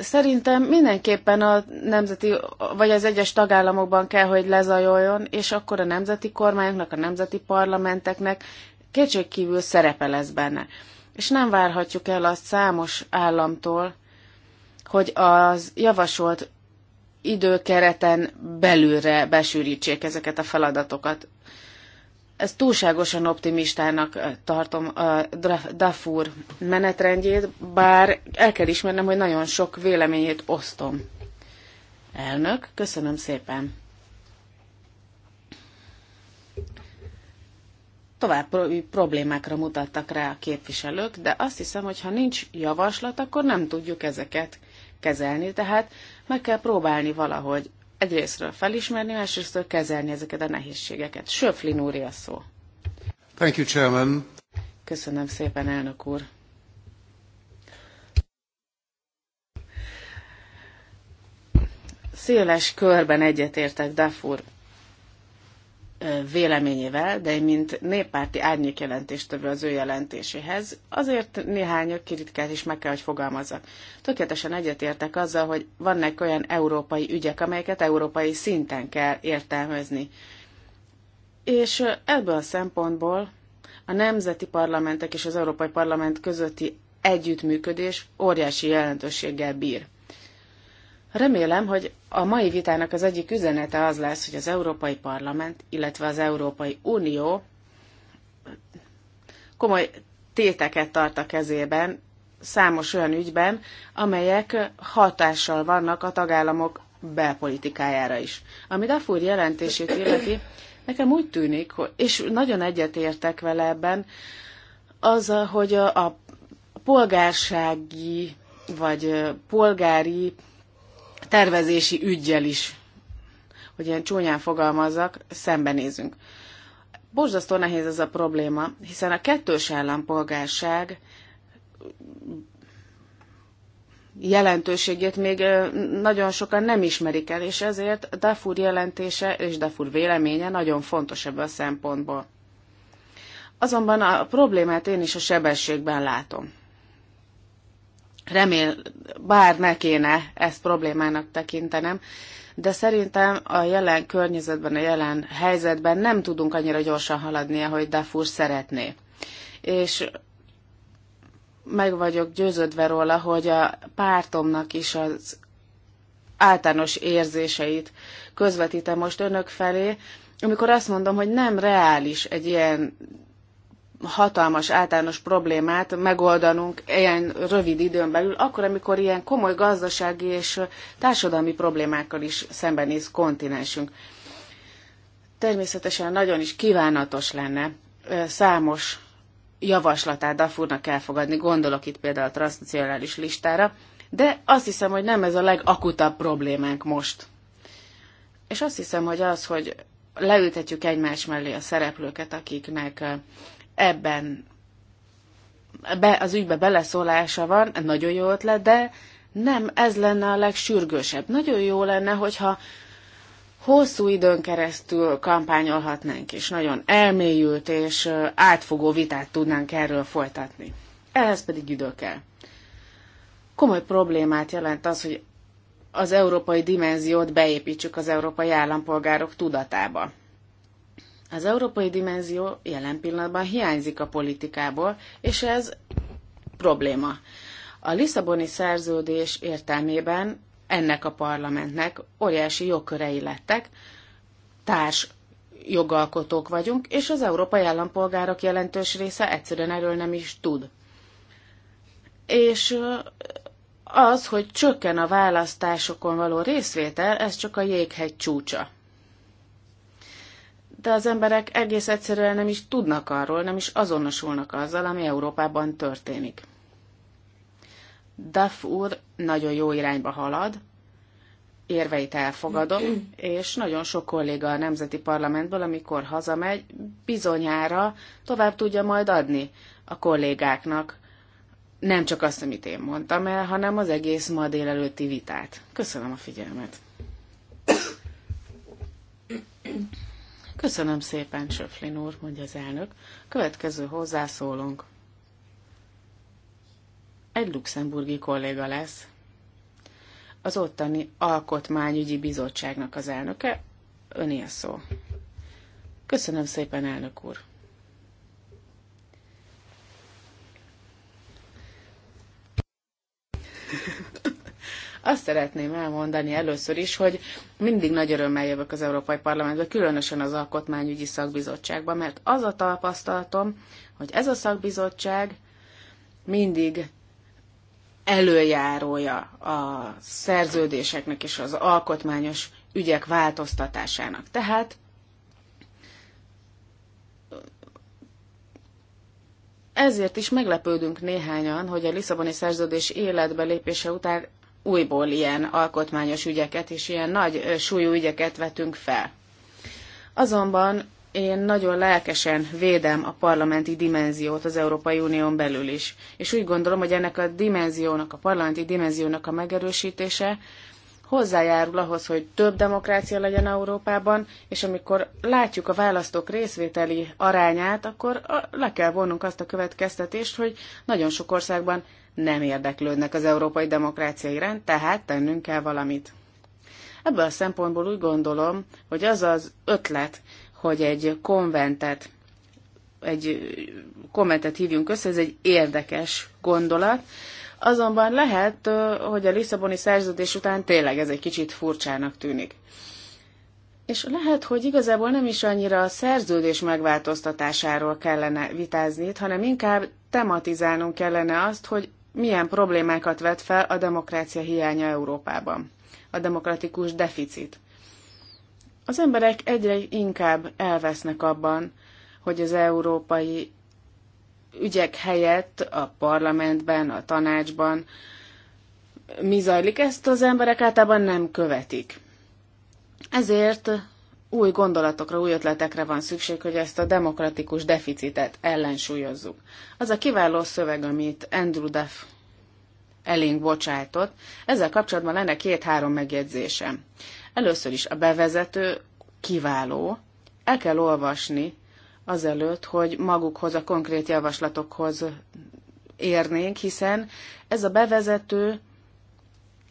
Szerintem mindenképpen a nemzeti, vagy az egyes tagállamokban kell, hogy lezajoljon, és akkor a nemzeti kormányoknak, a nemzeti parlamenteknek kétségkívül szerepe lesz benne. És nem várhatjuk el azt számos államtól, hogy az javasolt időkereten belülre besűrítsék ezeket a feladatokat. Ez túlságosan optimistának eh, tartom eh, a Dafur menetrendjét, bár el kell ismernem, hogy nagyon sok véleményét osztom. Elnök, köszönöm szépen. További problémákra mutattak rá a képviselők, de azt hiszem, hogy ha nincs javaslat, akkor nem tudjuk ezeket kezelni, tehát meg kell próbálni valahogy egyrésztről felismerni, másrésztről kezelni ezeket a nehézségeket. Söflin úr a szó.
Thank you, Chairman.
Köszönöm szépen, elnök úr. Széles körben egyetértek Dafur véleményével, de mint néppárti árnyékjelentéstevő az ő jelentéséhez, azért néhány kritikát is meg kell, hogy fogalmazzak. Tökéletesen egyetértek azzal, hogy vannak olyan európai ügyek, amelyeket európai szinten kell értelmezni. És ebből a szempontból a nemzeti parlamentek és az Európai Parlament közötti együttműködés óriási jelentőséggel bír. Remélem, hogy a mai vitának az egyik üzenete az lesz, hogy az Európai Parlament, illetve az Európai Unió komoly téteket tart a kezében, számos olyan ügyben, amelyek hatással vannak a tagállamok belpolitikájára is. Ami Dafur jelentését illeti, nekem úgy tűnik, és nagyon egyetértek vele ebben, az, hogy a polgársági vagy polgári tervezési ügyjel is, hogy ilyen csúnyán fogalmazzak, szembenézünk. Borzasztó nehéz ez a probléma, hiszen a kettős állampolgárság jelentőségét még nagyon sokan nem ismerik el, és ezért Dafur jelentése és Dafur véleménye nagyon fontos ebből a szempontból. Azonban a problémát én is a sebességben látom. Remél, bár ne kéne ezt problémának tekintenem, de szerintem a jelen környezetben, a jelen helyzetben nem tudunk annyira gyorsan haladni, ahogy Dafur szeretné. És meg vagyok győződve róla, hogy a pártomnak is az általános érzéseit közvetítem most önök felé, amikor azt mondom, hogy nem reális egy ilyen hatalmas általános problémát megoldanunk ilyen rövid időn belül, akkor, amikor ilyen komoly gazdasági és társadalmi problémákkal is szembenéz kontinensünk. Természetesen nagyon is kívánatos lenne számos javaslatát Dafurnak elfogadni, gondolok itt például a transznacionális listára, de azt hiszem, hogy nem ez a legakutabb problémánk most. És azt hiszem, hogy az, hogy leültetjük egymás mellé a szereplőket, akiknek ebben be, az ügybe beleszólása van, nagyon jó ötlet, de nem ez lenne a legsürgősebb. Nagyon jó lenne, hogyha hosszú időn keresztül kampányolhatnánk, és nagyon elmélyült és átfogó vitát tudnánk erről folytatni. Ehhez pedig idő kell. Komoly problémát jelent az, hogy az európai dimenziót beépítsük az európai állampolgárok tudatába. Az európai dimenzió jelen pillanatban hiányzik a politikából, és ez probléma. A Lisszaboni szerződés értelmében ennek a parlamentnek óriási jogkörei lettek, társ jogalkotók vagyunk, és az európai állampolgárok jelentős része egyszerűen erről nem is tud. És az, hogy csökken a választásokon való részvétel, ez csak a jéghegy csúcsa de az emberek egész egyszerűen nem is tudnak arról, nem is azonosulnak azzal, ami Európában történik. Duff úr nagyon jó irányba halad, érveit elfogadom, és nagyon sok kolléga a Nemzeti Parlamentből, amikor hazamegy, bizonyára tovább tudja majd adni a kollégáknak nem csak azt, amit én mondtam el, hanem az egész ma délelőtti vitát. Köszönöm a figyelmet! Köszönöm szépen, Söflin úr, mondja az elnök. Következő hozzászólunk. Egy luxemburgi kolléga lesz. Az ottani Alkotmányügyi Bizottságnak az elnöke. a szó. Köszönöm szépen, elnök úr. Azt szeretném elmondani először is, hogy mindig nagy örömmel jövök az Európai Parlamentbe, különösen az Alkotmányügyi Szakbizottságba, mert az a tapasztalatom, hogy ez a szakbizottság mindig előjárója a szerződéseknek és az alkotmányos ügyek változtatásának. Tehát ezért is meglepődünk néhányan, hogy a Lisszaboni szerződés életbe lépése után újból ilyen alkotmányos ügyeket és ilyen nagy súlyú ügyeket vetünk fel. Azonban én nagyon lelkesen védem a parlamenti dimenziót az Európai Unión belül is. És úgy gondolom, hogy ennek a dimenziónak, a parlamenti dimenziónak a megerősítése hozzájárul ahhoz, hogy több demokrácia legyen Európában, és amikor látjuk a választók részvételi arányát, akkor le kell vonnunk azt a következtetést, hogy nagyon sok országban nem érdeklődnek az európai demokrácia iránt, tehát tennünk kell valamit. Ebből a szempontból úgy gondolom, hogy az az ötlet, hogy egy konventet, egy konventet hívjunk össze, ez egy érdekes gondolat, azonban lehet, hogy a Lisszaboni szerződés után tényleg ez egy kicsit furcsának tűnik. És lehet, hogy igazából nem is annyira a szerződés megváltoztatásáról kellene vitázni, hanem inkább tematizálnunk kellene azt, hogy milyen problémákat vet fel a demokrácia hiánya Európában, a demokratikus deficit. Az emberek egyre inkább elvesznek abban, hogy az európai ügyek helyett a parlamentben, a tanácsban mi zajlik, ezt az emberek általában nem követik. Ezért új gondolatokra, új ötletekre van szükség, hogy ezt a demokratikus deficitet ellensúlyozzuk. Az a kiváló szöveg, amit Andrew Duff elénk bocsájtott, ezzel kapcsolatban lenne két-három megjegyzésem. Először is a bevezető kiváló, el kell olvasni azelőtt, hogy magukhoz, a konkrét javaslatokhoz érnénk, hiszen ez a bevezető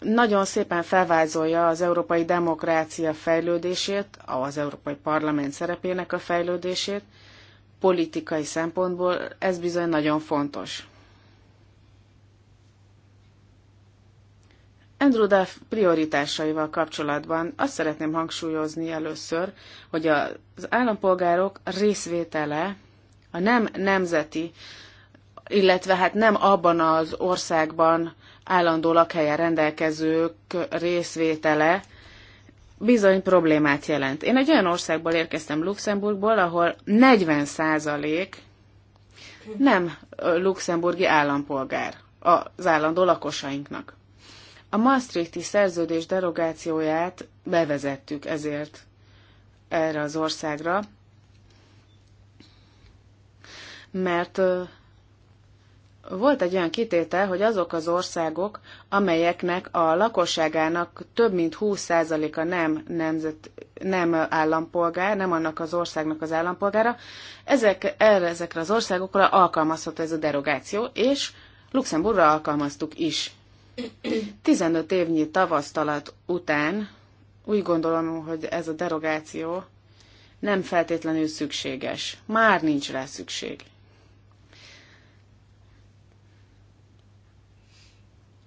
nagyon szépen felvázolja az európai demokrácia fejlődését, az európai parlament szerepének a fejlődését, politikai szempontból ez bizony nagyon fontos. Andrew Duff prioritásaival kapcsolatban azt szeretném hangsúlyozni először, hogy az állampolgárok részvétele a nem nemzeti, illetve hát nem abban az országban állandó lakhelyen rendelkezők részvétele bizony problémát jelent. Én egy olyan országból érkeztem Luxemburgból, ahol 40 százalék nem luxemburgi állampolgár az állandó lakosainknak. A Maastrichti szerződés derogációját bevezettük ezért erre az országra, mert volt egy olyan kitétel, hogy azok az országok, amelyeknek a lakosságának több mint 20%-a nem, nemzet, nem állampolgár, nem annak az országnak az állampolgára, ezek, erre, ezekre az országokra alkalmazható ez a derogáció, és Luxemburgra alkalmaztuk is. 15 évnyi tavasztalat után úgy gondolom, hogy ez a derogáció nem feltétlenül szükséges. Már nincs rá szükség.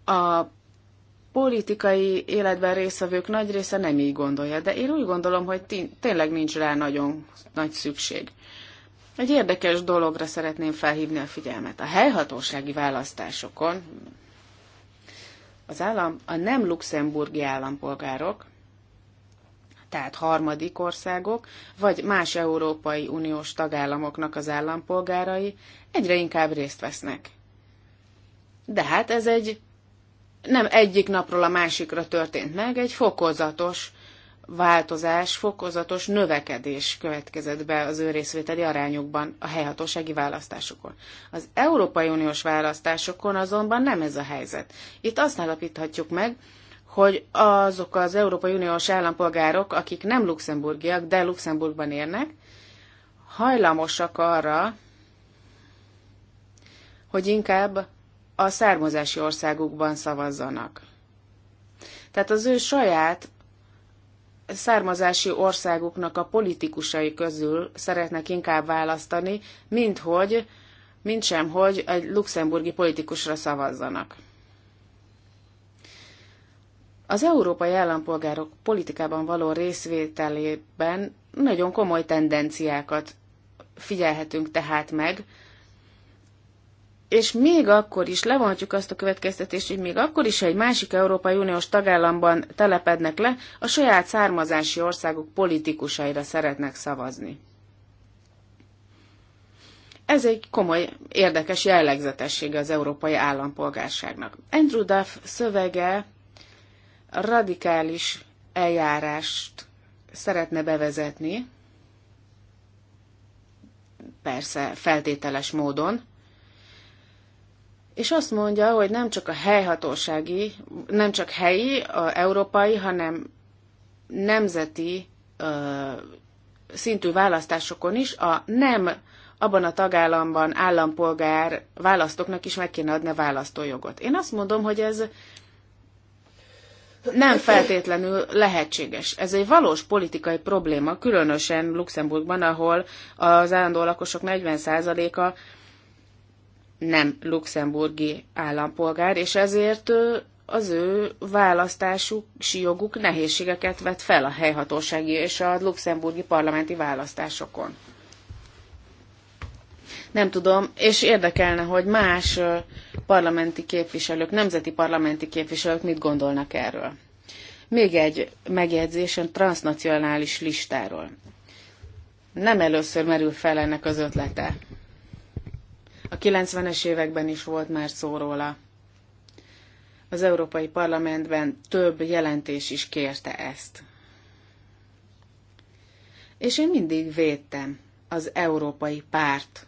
A politikai életben részvevők nagy része nem így gondolja, de én úgy gondolom, hogy tényleg nincs rá nagyon nagy szükség. Egy érdekes dologra szeretném felhívni a figyelmet. A helyhatósági választásokon az állam, a nem luxemburgi állampolgárok, tehát harmadik országok, vagy más Európai Uniós tagállamoknak az állampolgárai egyre inkább részt vesznek. De hát ez egy nem egyik napról a másikra történt meg, egy fokozatos változás, fokozatos növekedés következett be az ő részvételi arányokban a helyhatósági választásokon. Az Európai Uniós választásokon azonban nem ez a helyzet. Itt azt állapíthatjuk meg, hogy azok az Európai Uniós állampolgárok, akik nem luxemburgiak, de Luxemburgban érnek, hajlamosak arra, hogy inkább a származási országukban szavazzanak. Tehát az ő saját származási országuknak a politikusai közül szeretnek inkább választani, mint hogy, mint sem, hogy egy luxemburgi politikusra szavazzanak. Az európai állampolgárok politikában való részvételében nagyon komoly tendenciákat figyelhetünk tehát meg, és még akkor is levonhatjuk azt a következtetést, hogy még akkor is, ha egy másik Európai Uniós tagállamban telepednek le, a saját származási országok politikusaira szeretnek szavazni. Ez egy komoly, érdekes jellegzetessége az európai állampolgárságnak. Andrew Duff szövege radikális eljárást szeretne bevezetni, persze feltételes módon, és azt mondja, hogy nem csak a helyhatósági, nem csak helyi, a európai, hanem nemzeti ö, szintű választásokon is a nem abban a tagállamban állampolgár választóknak is meg kéne adni a választójogot. Én azt mondom, hogy ez nem feltétlenül lehetséges. Ez egy valós politikai probléma, különösen Luxemburgban, ahol az állandó lakosok 40%-a nem luxemburgi állampolgár, és ezért az ő választási joguk nehézségeket vet fel a helyhatósági és a luxemburgi parlamenti választásokon. Nem tudom, és érdekelne, hogy más parlamenti képviselők, nemzeti parlamenti képviselők mit gondolnak erről. Még egy megjegyzés a transnacionális listáról. Nem először merül fel ennek az ötlete. A 90-es években is volt már szó róla. Az Európai Parlamentben több jelentés is kérte ezt. És én mindig védtem az Európai Párt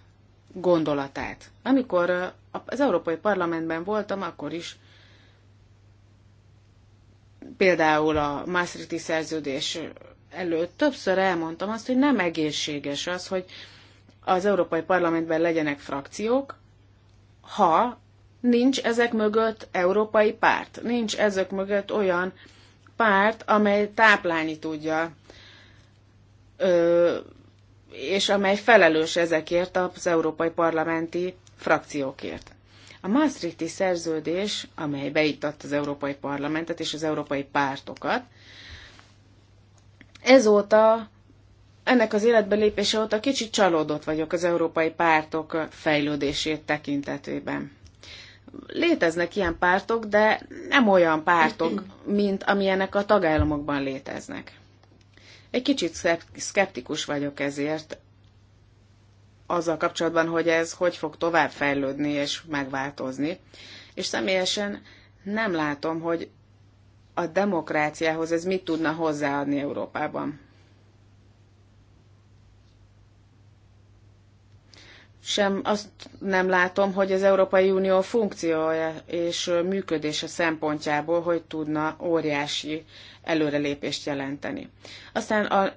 gondolatát. Amikor az Európai Parlamentben voltam, akkor is például a Maastrichti szerződés előtt többször elmondtam azt, hogy nem egészséges az, hogy az Európai Parlamentben legyenek frakciók, ha nincs ezek mögött európai párt, nincs ezek mögött olyan párt, amely táplálni tudja, ö, és amely felelős ezekért az európai parlamenti frakciókért. A Maastrichti szerződés, amely beiktatt az Európai Parlamentet és az európai pártokat, ezóta ennek az életbe lépése óta kicsit csalódott vagyok az európai pártok fejlődését tekintetében. Léteznek ilyen pártok, de nem olyan pártok, mint amilyenek a tagállamokban léteznek. Egy kicsit szkeptikus vagyok ezért azzal kapcsolatban, hogy ez hogy fog tovább fejlődni és megváltozni. És személyesen nem látom, hogy a demokráciához ez mit tudna hozzáadni Európában. sem azt nem látom, hogy az Európai Unió funkciója és működése szempontjából hogy tudna óriási előrelépést jelenteni. Aztán a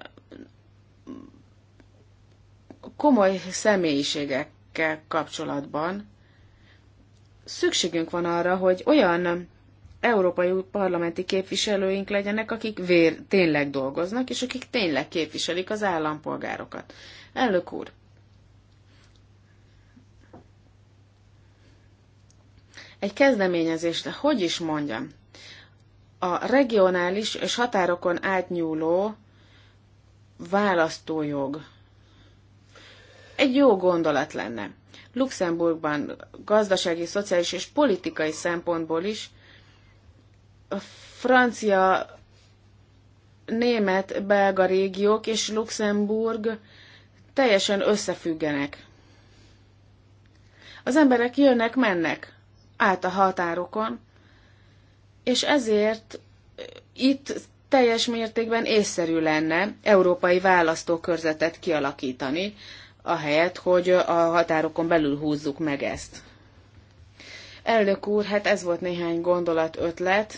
komoly személyiségekkel kapcsolatban szükségünk van arra, hogy olyan európai parlamenti képviselőink legyenek, akik vér, tényleg dolgoznak, és akik tényleg képviselik az állampolgárokat. Elnök úr, egy kezdeményezést, de hogy is mondjam, a regionális és határokon átnyúló választójog egy jó gondolat lenne. Luxemburgban gazdasági, szociális és politikai szempontból is a francia, német, belga régiók és Luxemburg teljesen összefüggenek. Az emberek jönnek, mennek állt a határokon, és ezért itt teljes mértékben észszerű lenne európai választókörzetet kialakítani, ahelyett, hogy a határokon belül húzzuk meg ezt. Elnök úr, hát ez volt néhány gondolat, ötlet,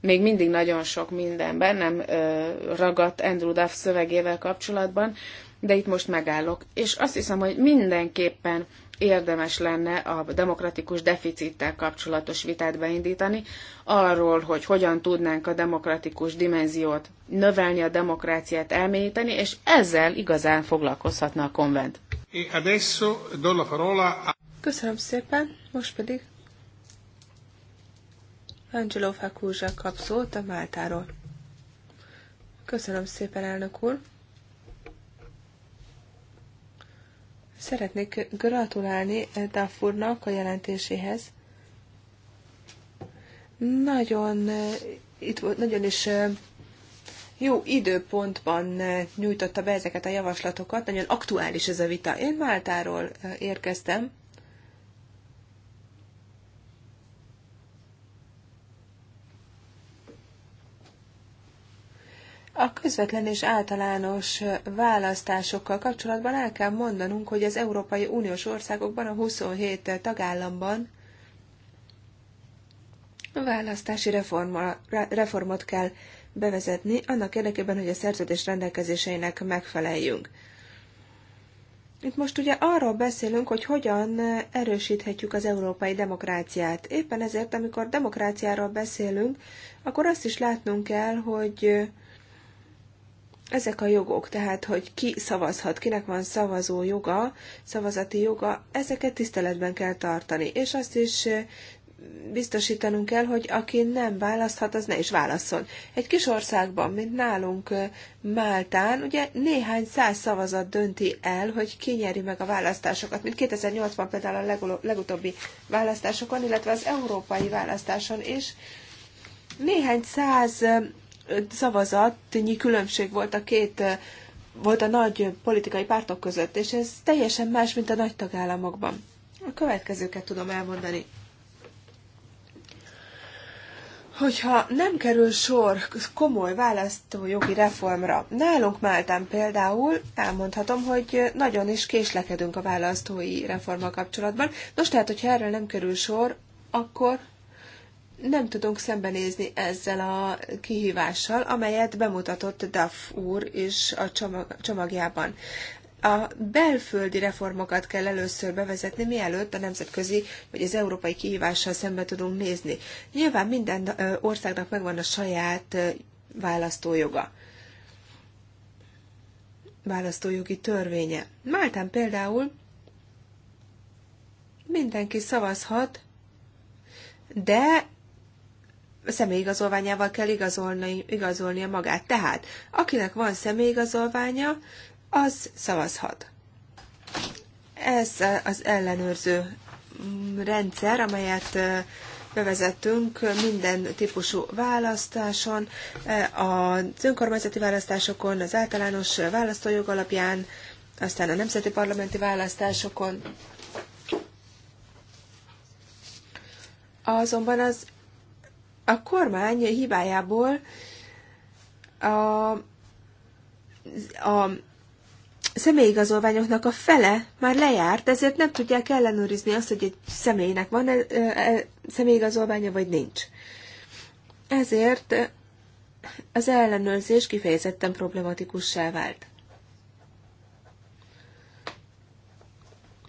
még mindig nagyon sok mindenben, nem ö, ragadt Andrew Duff szövegével kapcsolatban, de itt most megállok. És azt hiszem, hogy mindenképpen érdemes lenne a demokratikus deficittel kapcsolatos vitát beindítani, arról, hogy hogyan tudnánk a demokratikus dimenziót növelni, a demokráciát elmélyíteni, és ezzel igazán foglalkozhatna a konvent.
E
Köszönöm szépen, most pedig Angelo Fakúzsa kap szót a Máltáról. Köszönöm szépen, elnök úr! Szeretnék gratulálni Dafurnak a jelentéséhez. Nagyon, eh, itt volt, nagyon is eh, jó időpontban eh, nyújtotta be ezeket a javaslatokat, nagyon aktuális ez a vita. Én Máltáról érkeztem, A közvetlen és általános választásokkal kapcsolatban el kell mondanunk, hogy az Európai Uniós országokban, a 27 tagállamban választási reforma, reformot kell bevezetni, annak érdekében, hogy a szerződés rendelkezéseinek megfeleljünk. Itt most ugye arról beszélünk, hogy hogyan erősíthetjük az európai demokráciát. Éppen ezért, amikor demokráciáról beszélünk, akkor azt is látnunk kell, hogy ezek a jogok, tehát hogy ki szavazhat, kinek van szavazó joga, szavazati joga, ezeket tiszteletben kell tartani. És azt is biztosítanunk kell, hogy aki nem választhat, az ne is válaszol. Egy kis országban, mint nálunk Máltán, ugye néhány száz szavazat dönti el, hogy ki nyeri meg a választásokat, mint 2008-ban például a legutóbbi választásokon, illetve az európai választáson is. Néhány száz szavazatnyi különbség volt a két eh, volt a nagy politikai pártok között, és ez teljesen más, mint a nagy tagállamokban. A következőket tudom elmondani. Hogyha nem kerül sor komoly választójogi reformra, nálunk Máltán például elmondhatom, hogy nagyon is késlekedünk a választói reforma kapcsolatban. Nos, tehát, hogyha erről nem kerül sor, akkor nem tudunk szembenézni ezzel a kihívással, amelyet bemutatott Duff úr is a csomag, csomagjában. A belföldi reformokat kell először bevezetni, mielőtt a nemzetközi vagy az európai kihívással szembe tudunk nézni. Nyilván minden országnak megvan a saját választójoga választójogi törvénye. Máltán például mindenki szavazhat, de személyigazolványával kell igazolni, igazolnia magát. Tehát, akinek van személyigazolványa, az szavazhat. Ez az ellenőrző rendszer, amelyet bevezettünk minden típusú választáson, az önkormányzati választásokon, az általános választójog alapján, aztán a nemzeti parlamenti választásokon. Azonban az a kormány hibájából a, a személyigazolványoknak a fele már lejárt, ezért nem tudják ellenőrizni azt, hogy egy személynek van -e, e, személyigazolványa, vagy nincs. Ezért az ellenőrzés kifejezetten problematikussá vált.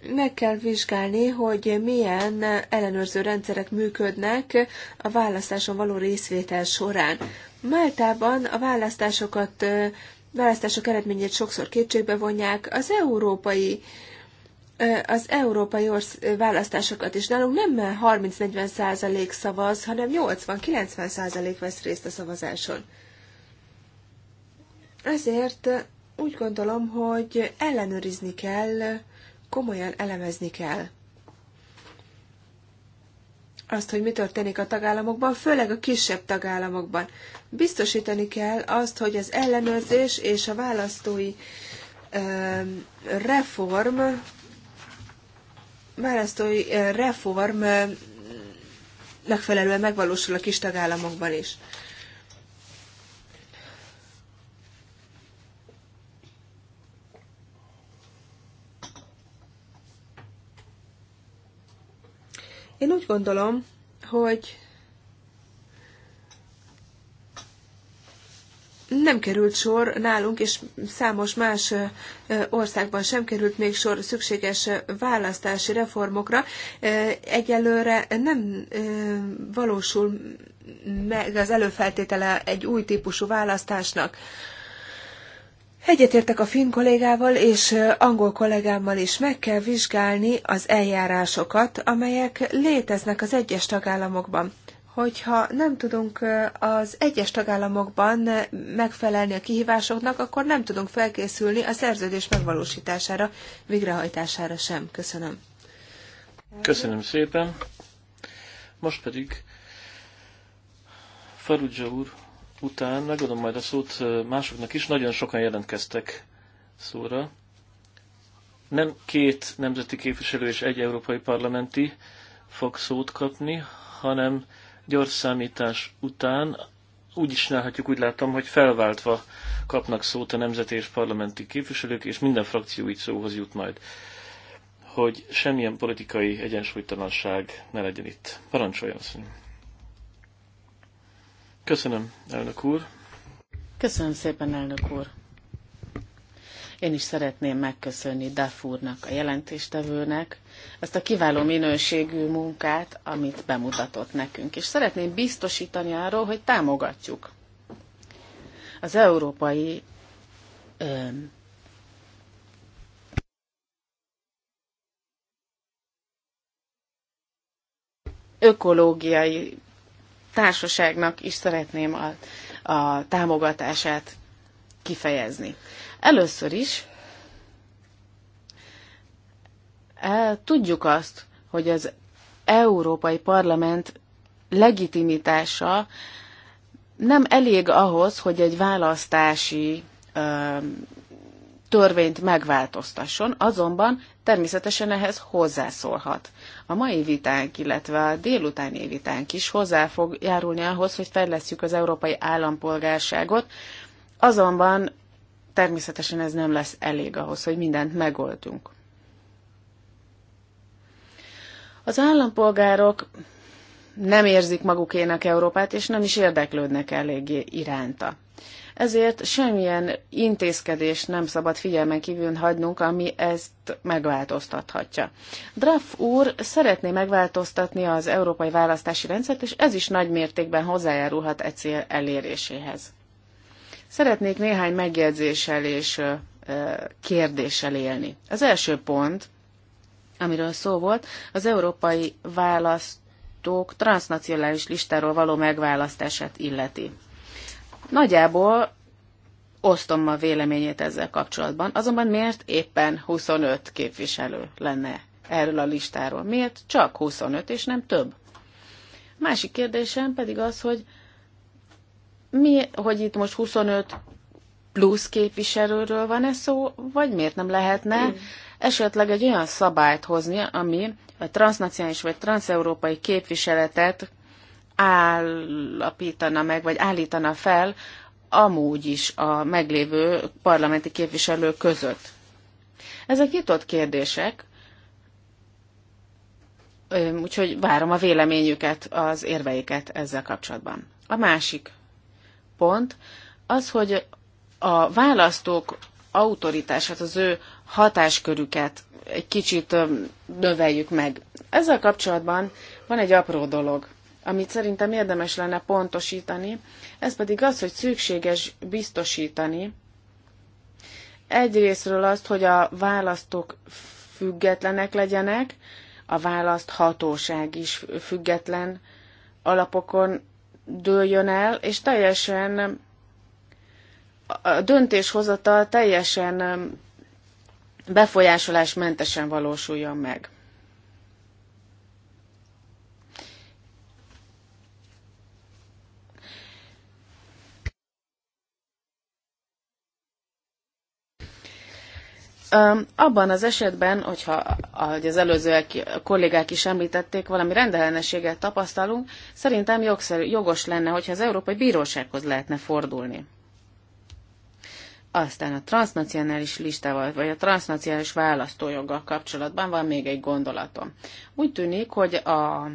meg kell vizsgálni, hogy milyen ellenőrző rendszerek működnek a választáson való részvétel során. Máltában a választásokat, választások eredményét sokszor kétségbe vonják. Az európai az európai orsz választásokat is nálunk nem 30-40 százalék szavaz, hanem 80-90 százalék vesz részt a szavazáson. Ezért úgy gondolom, hogy ellenőrizni kell komolyan elemezni kell azt, hogy mi történik a tagállamokban, főleg a kisebb tagállamokban. Biztosítani kell azt, hogy az ellenőrzés és a választói reform választói reform megfelelően megvalósul a kis tagállamokban is. Én úgy gondolom, hogy nem került sor nálunk, és számos más országban sem került még sor szükséges választási reformokra. Egyelőre nem valósul meg az előfeltétele egy új típusú választásnak. Egyetértek a finn kollégával és angol kollégámmal is, meg kell vizsgálni az eljárásokat, amelyek léteznek az egyes tagállamokban. Hogyha nem tudunk az egyes tagállamokban megfelelni a kihívásoknak, akkor nem tudunk felkészülni a szerződés megvalósítására, végrehajtására sem. Köszönöm.
Köszönöm szépen. Most pedig Farudzsa úr után megadom majd a szót másoknak is. Nagyon sokan jelentkeztek szóra. Nem két nemzeti képviselő és egy európai parlamenti fog szót kapni, hanem gyors számítás után úgy is csinálhatjuk, úgy látom, hogy felváltva kapnak szót a nemzeti és parlamenti képviselők, és minden frakció így szóhoz jut majd, hogy semmilyen politikai egyensúlytalanság ne legyen itt. Parancsoljon, szóval. Köszönöm, elnök úr.
Köszönöm szépen, elnök úr. Én is szeretném megköszönni úrnak, a jelentéstevőnek, ezt a kiváló minőségű munkát, amit bemutatott nekünk. És szeretném biztosítani arról, hogy támogatjuk az európai ökológiai társaságnak is szeretném a, a támogatását kifejezni. Először is e, tudjuk azt, hogy az Európai Parlament legitimitása nem elég ahhoz, hogy egy választási ö, törvényt megváltoztasson, azonban természetesen ehhez hozzászólhat. A mai vitánk, illetve a délutáni vitánk is hozzá fog járulni ahhoz, hogy fejlesztjük az európai állampolgárságot, azonban természetesen ez nem lesz elég ahhoz, hogy mindent megoldunk. Az állampolgárok nem érzik magukének Európát, és nem is érdeklődnek eléggé iránta. Ezért semmilyen intézkedés nem szabad figyelmen kívül hagynunk, ami ezt megváltoztathatja. Draff úr szeretné megváltoztatni az európai választási rendszert, és ez is nagy mértékben hozzájárulhat e cél eléréséhez. Szeretnék néhány megjegyzéssel és kérdéssel élni. Az első pont, amiről szó volt, az európai választók transnacionális listáról való megválasztását illeti. Nagyjából osztom a véleményét ezzel kapcsolatban, azonban miért éppen 25 képviselő lenne erről a listáról? Miért csak 25 és nem több? Másik kérdésem pedig az, hogy mi, hogy itt most 25 plusz képviselőről van ez szó, vagy miért nem lehetne esetleg egy olyan szabályt hozni, ami a transnacionális vagy transzeurópai képviseletet állapítana meg, vagy állítana fel amúgy is a meglévő parlamenti képviselők között. Ezek nyitott kérdések, úgyhogy várom a véleményüket, az érveiket ezzel kapcsolatban. A másik pont az, hogy a választók autoritását, az ő hatáskörüket egy kicsit növeljük meg. Ezzel kapcsolatban van egy apró dolog amit szerintem érdemes lenne pontosítani, ez pedig az, hogy szükséges biztosítani egyrésztről azt, hogy a választók függetlenek legyenek, a választhatóság is független alapokon dőljön el, és teljesen a döntéshozatal teljesen befolyásolásmentesen valósuljon meg. Abban az esetben, hogyha, ahogy az előző kollégák is említették, valami rendellenességet tapasztalunk, szerintem jogszerű, jogos lenne, hogyha az Európai Bírósághoz lehetne fordulni. Aztán a transnacionális listával, vagy a transnacionális választójoggal kapcsolatban van még egy gondolatom. Úgy tűnik, hogy a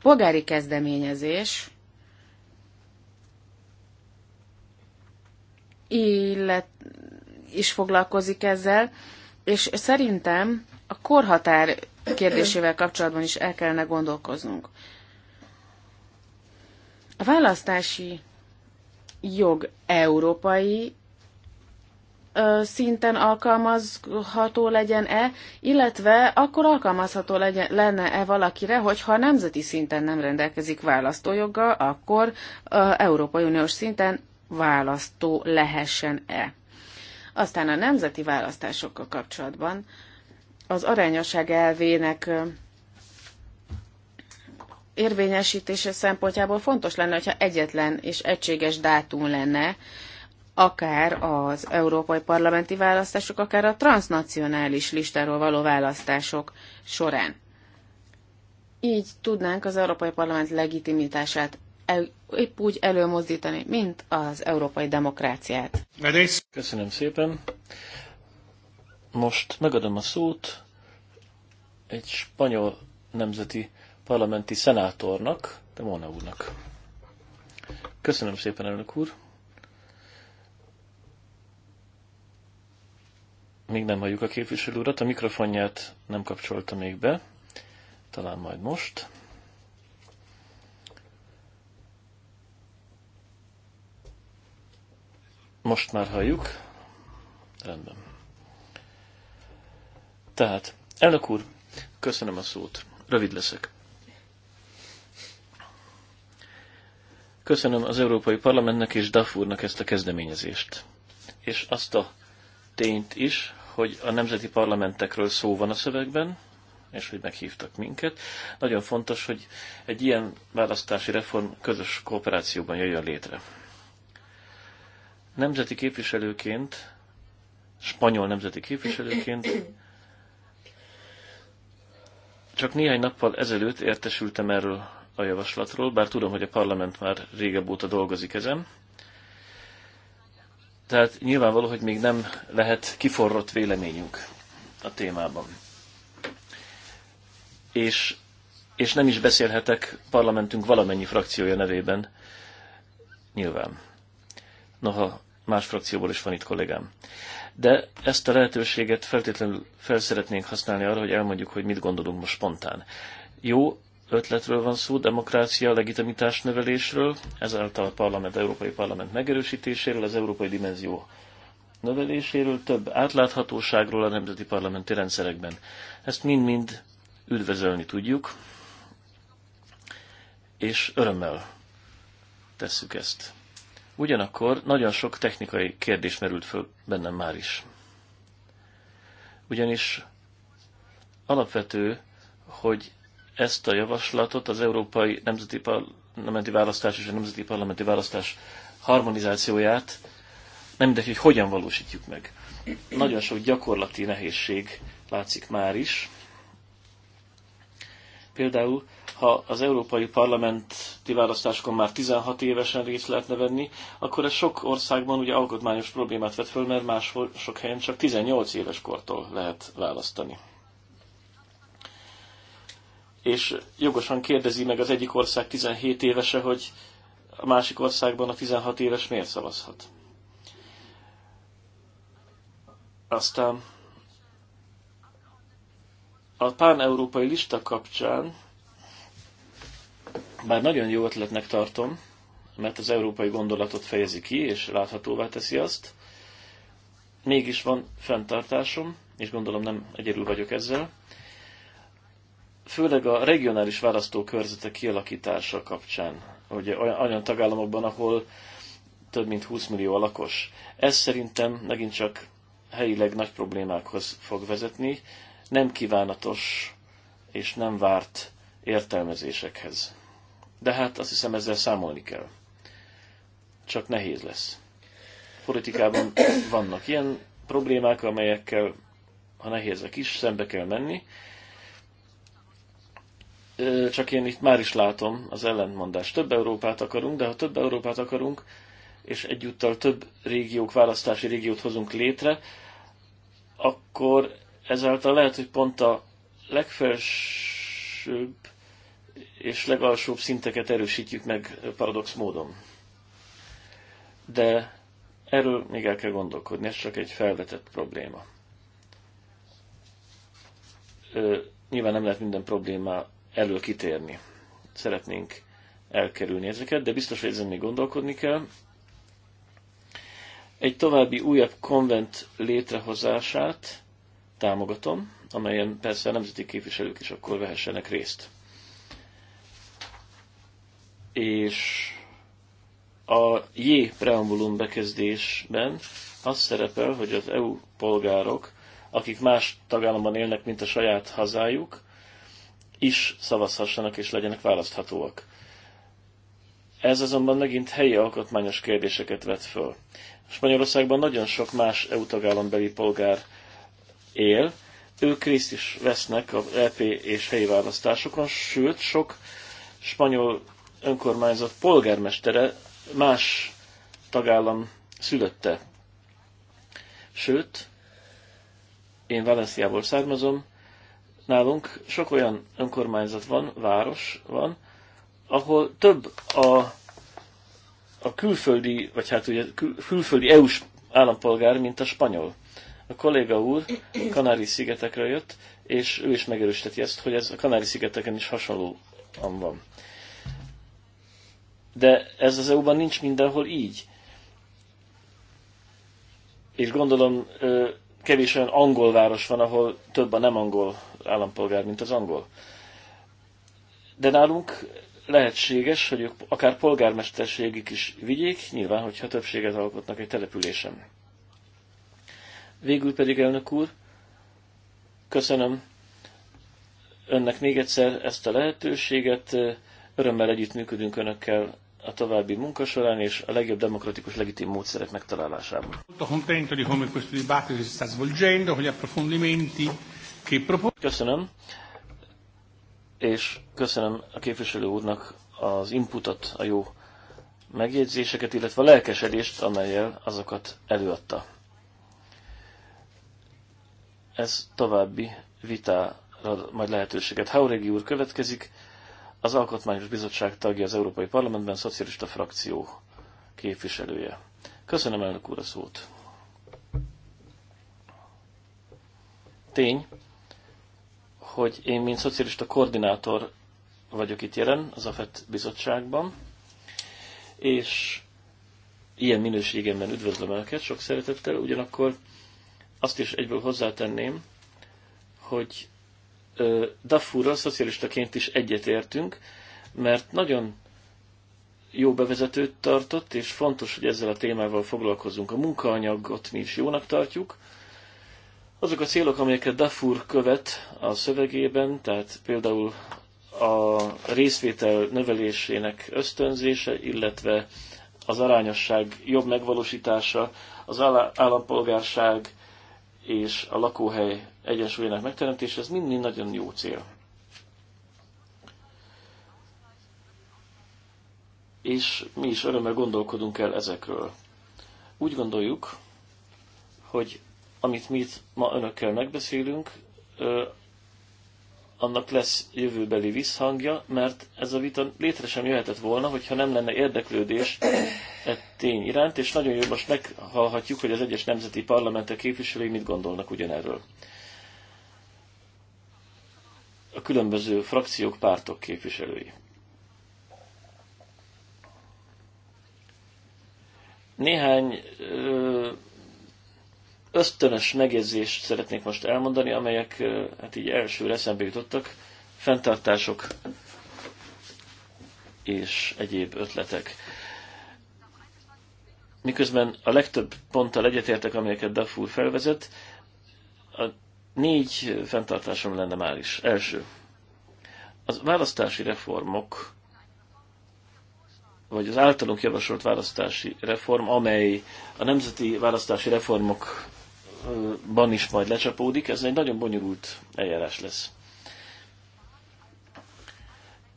polgári kezdeményezés, illet, is foglalkozik ezzel, és szerintem a korhatár kérdésével kapcsolatban is el kellene gondolkoznunk. A választási jog európai ö, szinten alkalmazható legyen-e, illetve akkor alkalmazható legyen, lenne-e valakire, hogyha nemzeti szinten nem rendelkezik választójoggal, akkor ö, Európai Uniós szinten választó lehessen-e. Aztán a nemzeti választásokkal kapcsolatban az arányosság elvének érvényesítése szempontjából fontos lenne, hogyha egyetlen és egységes dátum lenne, akár az európai parlamenti választások, akár a transnacionális listáról való választások során. Így tudnánk az Európai Parlament legitimitását épp úgy előmozdítani, mint az európai demokráciát.
Köszönöm szépen. Most megadom a szót egy spanyol nemzeti parlamenti szenátornak, de Mona úrnak. Köszönöm szépen, elnök úr. Még nem halljuk a képviselő urat, a mikrofonját nem kapcsolta még be, talán majd most. Most már halljuk. Rendben. Tehát, elnök úr, köszönöm a szót. Rövid leszek. Köszönöm az Európai Parlamentnek és Dafurnak ezt a kezdeményezést. És azt a tényt is, hogy a nemzeti parlamentekről szó van a szövegben, és hogy meghívtak minket. Nagyon fontos, hogy egy ilyen választási reform közös kooperációban jöjjön létre. Nemzeti képviselőként, spanyol nemzeti képviselőként csak néhány nappal ezelőtt értesültem erről a javaslatról, bár tudom, hogy a parlament már régebb óta dolgozik ezen. Tehát nyilvánvaló, hogy még nem lehet kiforrott véleményünk a témában. És, és nem is beszélhetek parlamentünk valamennyi frakciója nevében, nyilván. Noha más frakcióból is van itt kollégám. De ezt a lehetőséget feltétlenül felszeretnénk használni arra, hogy elmondjuk, hogy mit gondolunk most spontán. Jó ötletről van szó, demokrácia, legitimitás növelésről, ezáltal a parlament, európai parlament megerősítéséről, az európai dimenzió növeléséről, több átláthatóságról a nemzeti parlamenti rendszerekben. Ezt mind-mind üdvözölni tudjuk, és örömmel tesszük ezt. Ugyanakkor nagyon sok technikai kérdés merült föl bennem már is. Ugyanis alapvető, hogy ezt a javaslatot az európai nemzeti parlamenti választás és a nemzeti parlamenti választás harmonizációját nem mindegy, hogy hogyan valósítjuk meg. Nagyon sok gyakorlati nehézség látszik már is. Például ha az Európai Parlamenti választáskon már 16 évesen részt lehetne venni, akkor ez sok országban ugye alkotmányos problémát vet föl, mert máshol sok helyen csak 18 éves kortól lehet választani. És jogosan kérdezi meg az egyik ország 17 évese, hogy a másik országban a 16 éves miért szavazhat. Aztán a pán-európai lista kapcsán bár nagyon jó ötletnek tartom, mert az európai gondolatot fejezi ki, és láthatóvá teszi azt, mégis van fenntartásom, és gondolom nem egyedül vagyok ezzel, főleg a regionális választókörzetek kialakítása kapcsán, hogy olyan tagállamokban, ahol több mint 20 millió a lakos. Ez szerintem megint csak helyileg nagy problémákhoz fog vezetni, nem kívánatos és nem várt értelmezésekhez de hát azt hiszem ezzel számolni kell. Csak nehéz lesz. Politikában vannak ilyen problémák, amelyekkel, ha nehézek is, szembe kell menni. Csak én itt már is látom az ellentmondást. Több Európát akarunk, de ha több Európát akarunk, és egyúttal több régiók, választási régiót hozunk létre, akkor ezáltal lehet, hogy pont a legfelsőbb és legalsóbb szinteket erősítjük meg paradox módon. De erről még el kell gondolkodni, ez csak egy felvetett probléma. Ö, nyilván nem lehet minden probléma elől kitérni. Szeretnénk elkerülni ezeket, de biztos, hogy ezen még gondolkodni kell. Egy további újabb konvent létrehozását támogatom, amelyen persze a nemzeti képviselők is akkor vehessenek részt és a J preambulum bekezdésben az szerepel, hogy az EU polgárok, akik más tagállamban élnek, mint a saját hazájuk, is szavazhassanak és legyenek választhatóak. Ez azonban megint helyi alkotmányos kérdéseket vet föl. Spanyolországban nagyon sok más EU tagállambeli polgár él, ők részt is vesznek a EP és helyi választásokon, sőt, sok spanyol önkormányzat polgármestere más tagállam szülötte. Sőt, én Valenciából származom, nálunk sok olyan önkormányzat van, város van, ahol több a, a külföldi, vagy hát ugye külföldi EU-s állampolgár, mint a spanyol. A kolléga úr Kanári-szigetekre jött, és ő is megerősíteti ezt, hogy ez a Kanári-szigeteken is hasonlóan van. De ez az EU-ban nincs mindenhol így. És gondolom kevés olyan angol város van, ahol több a nem angol állampolgár, mint az angol. De nálunk lehetséges, hogy akár polgármesterségig is vigyék, nyilván, hogyha többséget alkotnak egy településen. Végül pedig, elnök úr, köszönöm önnek még egyszer ezt a lehetőséget, örömmel együttműködünk önökkel a további munka során és a legjobb demokratikus legitim módszerek megtalálásában. Köszönöm, és köszönöm a képviselő úrnak az inputot, a jó megjegyzéseket, illetve a lelkesedést, amelyel azokat előadta. Ez további vitára majd lehetőséget. Hauregi úr következik az Alkotmányos Bizottság tagja az Európai Parlamentben, szocialista frakció képviselője. Köszönöm elnök úr a szót. Tény, hogy én, mint szocialista koordinátor vagyok itt jelen az AFET bizottságban, és ilyen minőségemben üdvözlöm Önöket sok szeretettel, ugyanakkor azt is egyből hozzátenném, hogy Dafurral szocialistaként is egyetértünk, mert nagyon jó bevezetőt tartott, és fontos, hogy ezzel a témával foglalkozunk. A munkaanyagot mi is jónak tartjuk. Azok a célok, amelyeket Dafur követ a szövegében, tehát például a részvétel növelésének ösztönzése, illetve az arányosság jobb megvalósítása, az állampolgárság és a lakóhely egyensúlyának megteremtése, ez mind-mind nagyon jó cél. És mi is örömmel gondolkodunk el ezekről. Úgy gondoljuk, hogy amit mi ma önökkel megbeszélünk, annak lesz jövőbeli visszhangja, mert ez a vita létre sem jöhetett volna, hogyha nem lenne érdeklődés e tény iránt, és nagyon jó most meghallhatjuk, hogy az egyes nemzeti parlamentek képviselői mit gondolnak ugyanerről a különböző frakciók, pártok képviselői. Néhány ösztönös megjegyzést szeretnék most elmondani, amelyek hát így elsőre eszembe jutottak, fenntartások és egyéb ötletek. Miközben a legtöbb ponttal egyetértek, amelyeket Dafur felvezet, a Négy fenntartásom lenne már is. Első. Az választási reformok, vagy az általunk javasolt választási reform, amely a nemzeti választási reformokban is majd lecsapódik, ez egy nagyon bonyolult eljárás lesz.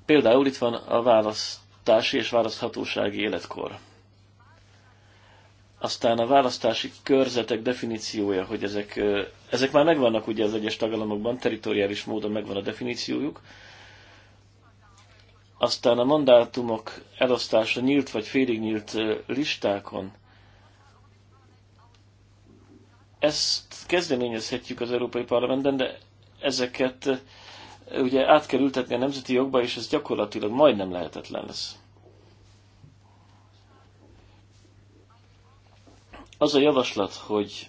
Például itt van a választási és választhatósági életkor aztán a választási körzetek definíciója, hogy ezek, ezek már megvannak ugye az egyes tagállamokban, teritoriális módon megvan a definíciójuk. Aztán a mandátumok elosztása nyílt vagy félig nyílt listákon. Ezt kezdeményezhetjük az Európai Parlamentben, de ezeket ugye át kell ültetni a nemzeti jogba, és ez gyakorlatilag majdnem lehetetlen lesz. Az a javaslat, hogy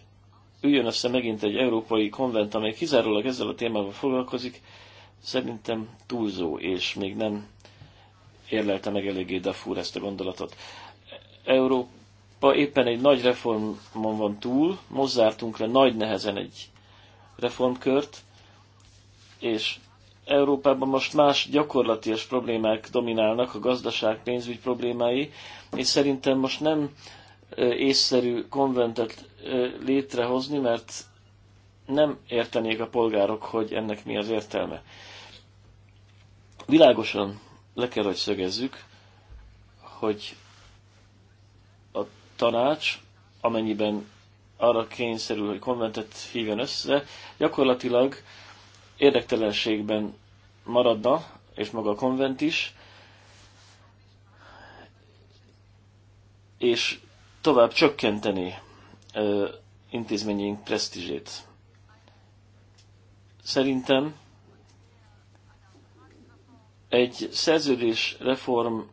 üljön össze megint egy európai konvent, amely kizárólag ezzel a témával foglalkozik, szerintem túlzó, és még nem érlelte meg eléggé Dafur ezt a gondolatot. Európa éppen egy nagy reformon van túl, mozzártunk le nagy nehezen egy reformkört, és Európában most más gyakorlatias problémák dominálnak, a gazdaság pénzügy problémái, és szerintem most nem észszerű konventet létrehozni, mert nem értenék a polgárok, hogy ennek mi az értelme. Világosan le kell, hogy szögezzük, hogy a tanács, amennyiben arra kényszerül, hogy konventet hívjon össze, gyakorlatilag érdektelenségben maradna, és maga a konvent is, és tovább csökkenteni ö, intézményeink presztízsét. Szerintem egy szerződés reformról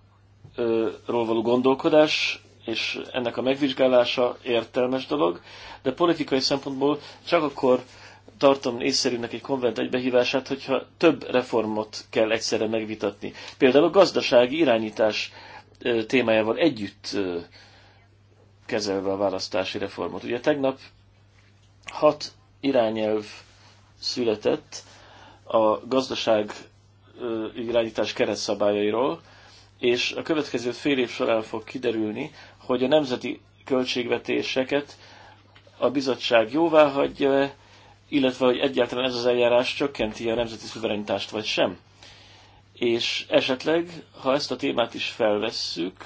való gondolkodás és ennek a megvizsgálása értelmes dolog, de politikai szempontból csak akkor tartom észszerűnek egy konvent egybehívását, hogyha több reformot kell egyszerre megvitatni. Például a gazdasági irányítás témájával együtt kezelve a választási reformot. Ugye tegnap hat irányelv született a gazdaság irányítás keretszabályairól, és a következő fél év során fog kiderülni, hogy a nemzeti költségvetéseket a bizottság jóvá hagyja, illetve hogy egyáltalán ez az eljárás csökkenti a nemzeti szuverenitást, vagy sem. És esetleg, ha ezt a témát is felvesszük,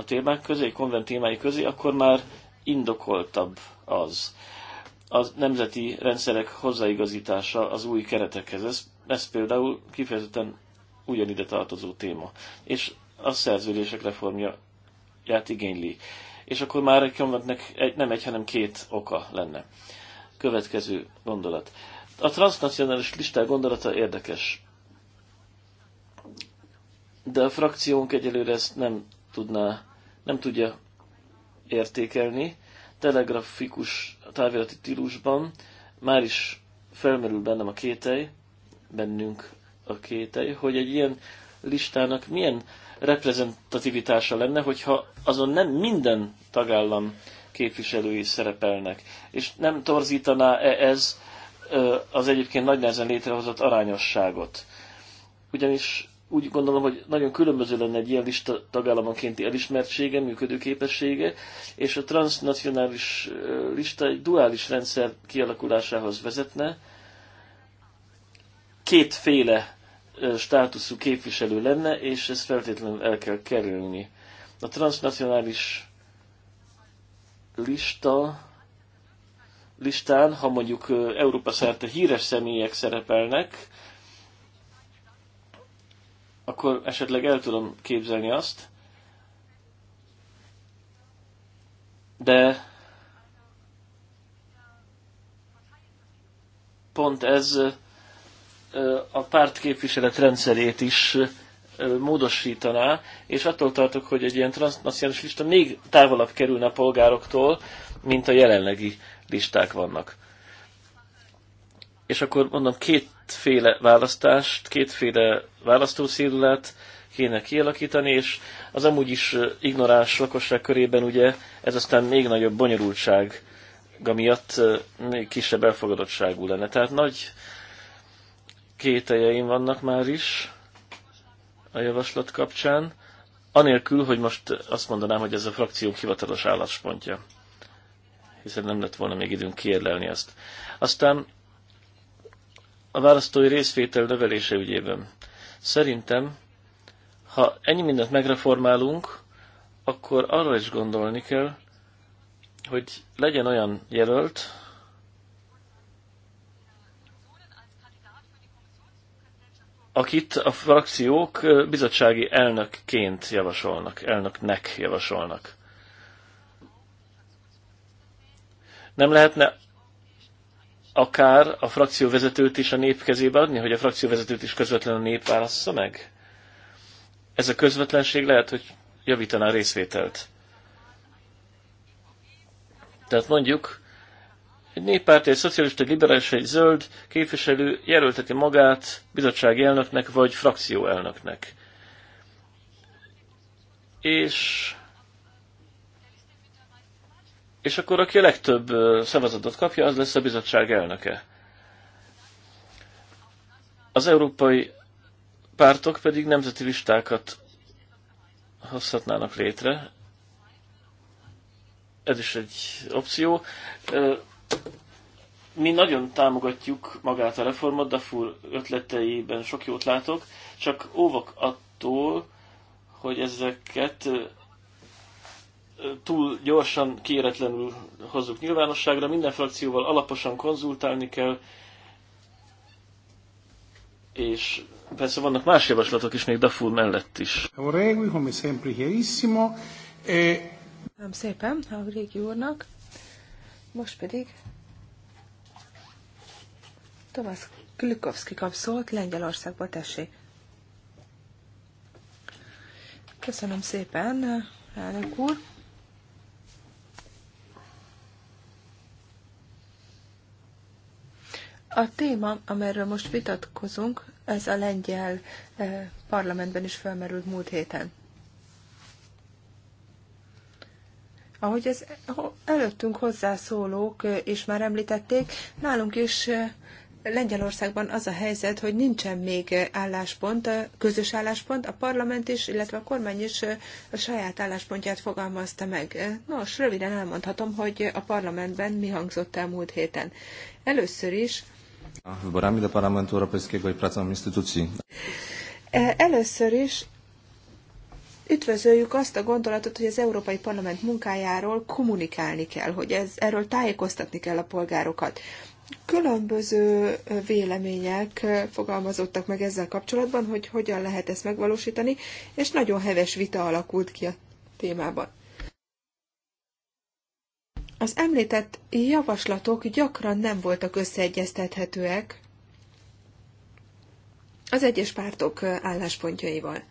a témák közé, konvent témái közé, akkor már indokoltabb az. A nemzeti rendszerek hozzáigazítása az új keretekhez, ez, ez például kifejezetten ugyanide tartozó téma. És a szerződések reformját igényli. És akkor már egy konventnek egy, nem egy, hanem két oka lenne. Következő gondolat. A transnacionális listák gondolata érdekes. De a frakciónk egyelőre ezt nem tudná nem tudja értékelni. Telegrafikus távirati stílusban már is felmerül bennem a kétely, bennünk a kétel, hogy egy ilyen listának milyen reprezentativitása lenne, hogyha azon nem minden tagállam képviselői szerepelnek. És nem torzítaná-e ez az egyébként nagy nehezen létrehozott arányosságot? Ugyanis úgy gondolom, hogy nagyon különböző lenne egy ilyen lista tagállamonkénti elismertsége, működőképessége, és a transnacionális lista egy duális rendszer kialakulásához vezetne. Kétféle státuszú képviselő lenne, és ezt feltétlenül el kell kerülni. A transnacionális lista listán, ha mondjuk Európa szerte híres személyek szerepelnek, akkor esetleg el tudom képzelni azt, de pont ez a pártképviselet rendszerét is módosítaná, és attól tartok, hogy egy ilyen transznacionális lista még távolabb kerülne a polgároktól, mint a jelenlegi listák vannak. És akkor mondom, két kétféle választást, kétféle választószédulát kéne kialakítani, és az amúgy is ignoráns lakosság körében ugye ez aztán még nagyobb bonyolultság miatt még kisebb elfogadottságú lenne. Tehát nagy kételjeim vannak már is a javaslat kapcsán, anélkül, hogy most azt mondanám, hogy ez a frakció hivatalos álláspontja, hiszen nem lett volna még időnk kiérlelni ezt. Aztán a választói részvétel növelése ügyében. Szerintem, ha ennyi mindent megreformálunk, akkor arra is gondolni kell, hogy legyen olyan jelölt, akit a frakciók bizottsági elnökként javasolnak, elnöknek javasolnak. Nem lehetne akár a frakcióvezetőt is a nép kezébe adni, hogy a frakcióvezetőt is közvetlenül a nép válassza meg? Ez a közvetlenség lehet, hogy javítaná a részvételt. Tehát mondjuk, egy néppárt, egy szocialista, egy liberális, egy zöld képviselő jelölteti magát bizottsági elnöknek vagy frakció elnöknek. És és akkor aki a legtöbb szavazatot kapja, az lesz a bizottság elnöke. Az európai pártok pedig nemzeti listákat hozhatnának létre. Ez is egy opció. Mi nagyon támogatjuk magát a reformot, Dafur ötleteiben sok jót látok, csak óvak attól, hogy ezeket túl gyorsan, kéretlenül hozzuk nyilvánosságra, minden frakcióval alaposan konzultálni kell, és persze vannak más javaslatok is, még Dafur mellett is. Nem
e- szépen, a régi úrnak. Most pedig Tomasz Klikovszki kap szót Lengyelországba, tessék. Köszönöm szépen, elnök úr. A téma, amerről most vitatkozunk, ez a lengyel eh, parlamentben is felmerült múlt héten. Ahogy az előttünk hozzászólók eh, is már említették, nálunk is eh, Lengyelországban az a helyzet, hogy nincsen még álláspont, közös álláspont, a parlament is, illetve a kormány is a saját álláspontját fogalmazta meg. Nos, röviden elmondhatom, hogy a parlamentben mi hangzott el múlt héten. Először is
Wyborami do Parlamentu Europejskiego i pracą instytucji.
E, először is üdvözöljük azt a gondolatot, hogy az Európai Parlament munkájáról kommunikálni kell, hogy ez, erről tájékoztatni kell a polgárokat. Különböző vélemények fogalmazottak meg ezzel kapcsolatban, hogy hogyan lehet ezt megvalósítani, és nagyon heves vita alakult ki a témában. Az említett javaslatok gyakran nem voltak összeegyeztethetőek az egyes pártok álláspontjaival.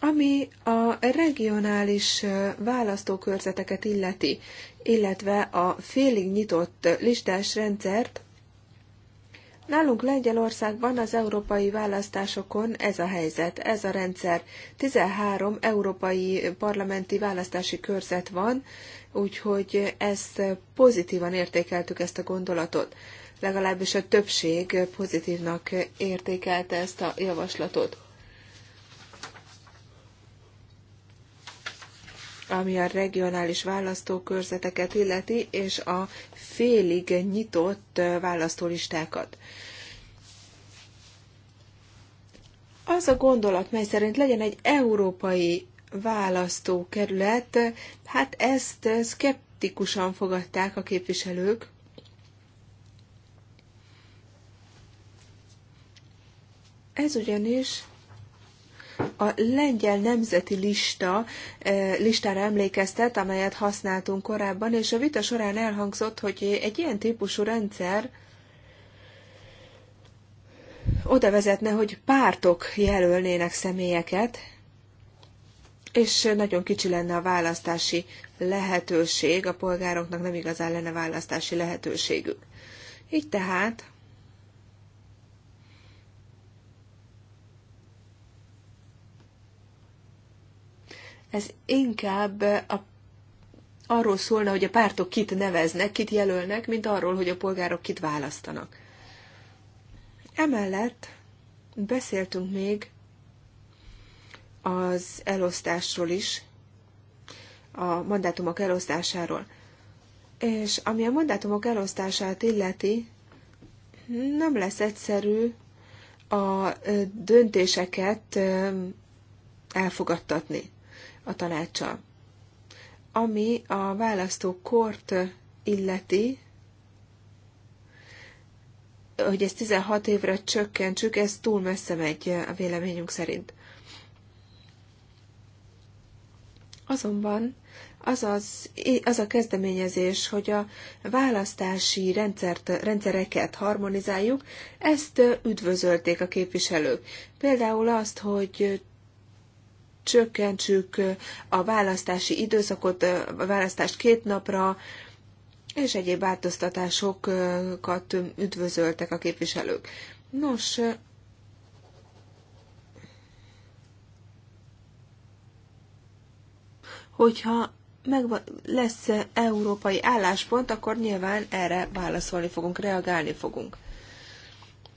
Ami a regionális választókörzeteket illeti, illetve a félig nyitott listás rendszert, Nálunk Lengyelországban az európai választásokon ez a helyzet, ez a rendszer. 13 európai parlamenti választási körzet van, úgyhogy ezt pozitívan értékeltük ezt a gondolatot. Legalábbis a többség pozitívnak értékelte ezt a javaslatot. ami a regionális választókörzeteket illeti, és a félig nyitott választólistákat. Az a gondolat, mely szerint legyen egy európai választókerület, hát ezt szkeptikusan fogadták a képviselők, Ez ugyanis a lengyel nemzeti lista eh, listára emlékeztet, amelyet használtunk korábban, és a vita során elhangzott, hogy egy ilyen típusú rendszer oda vezetne, hogy pártok jelölnének személyeket, és nagyon kicsi lenne a választási lehetőség, a polgároknak nem igazán lenne választási lehetőségük. Így tehát ez inkább eh, a, arról szólna, hogy a pártok kit neveznek, kit jelölnek, mint arról, hogy a polgárok kit választanak. Emellett beszéltünk még az elosztásról is, a mandátumok elosztásáról. És ami a mandátumok elosztását illeti, nem lesz egyszerű a eh, döntéseket eh, elfogadtatni a tanácsa, Ami a választókort illeti, hogy ezt 16 évre csökkentsük, ez túl messze megy a véleményünk szerint. Azonban az, az, az a kezdeményezés, hogy a választási rendszert, rendszereket harmonizáljuk, ezt üdvözölték a képviselők. Például azt, hogy csökkentsük a választási időszakot, a választást két napra, és egyéb változtatásokat üdvözöltek a képviselők. Nos, hogyha meg lesz európai álláspont, akkor nyilván erre válaszolni fogunk, reagálni fogunk.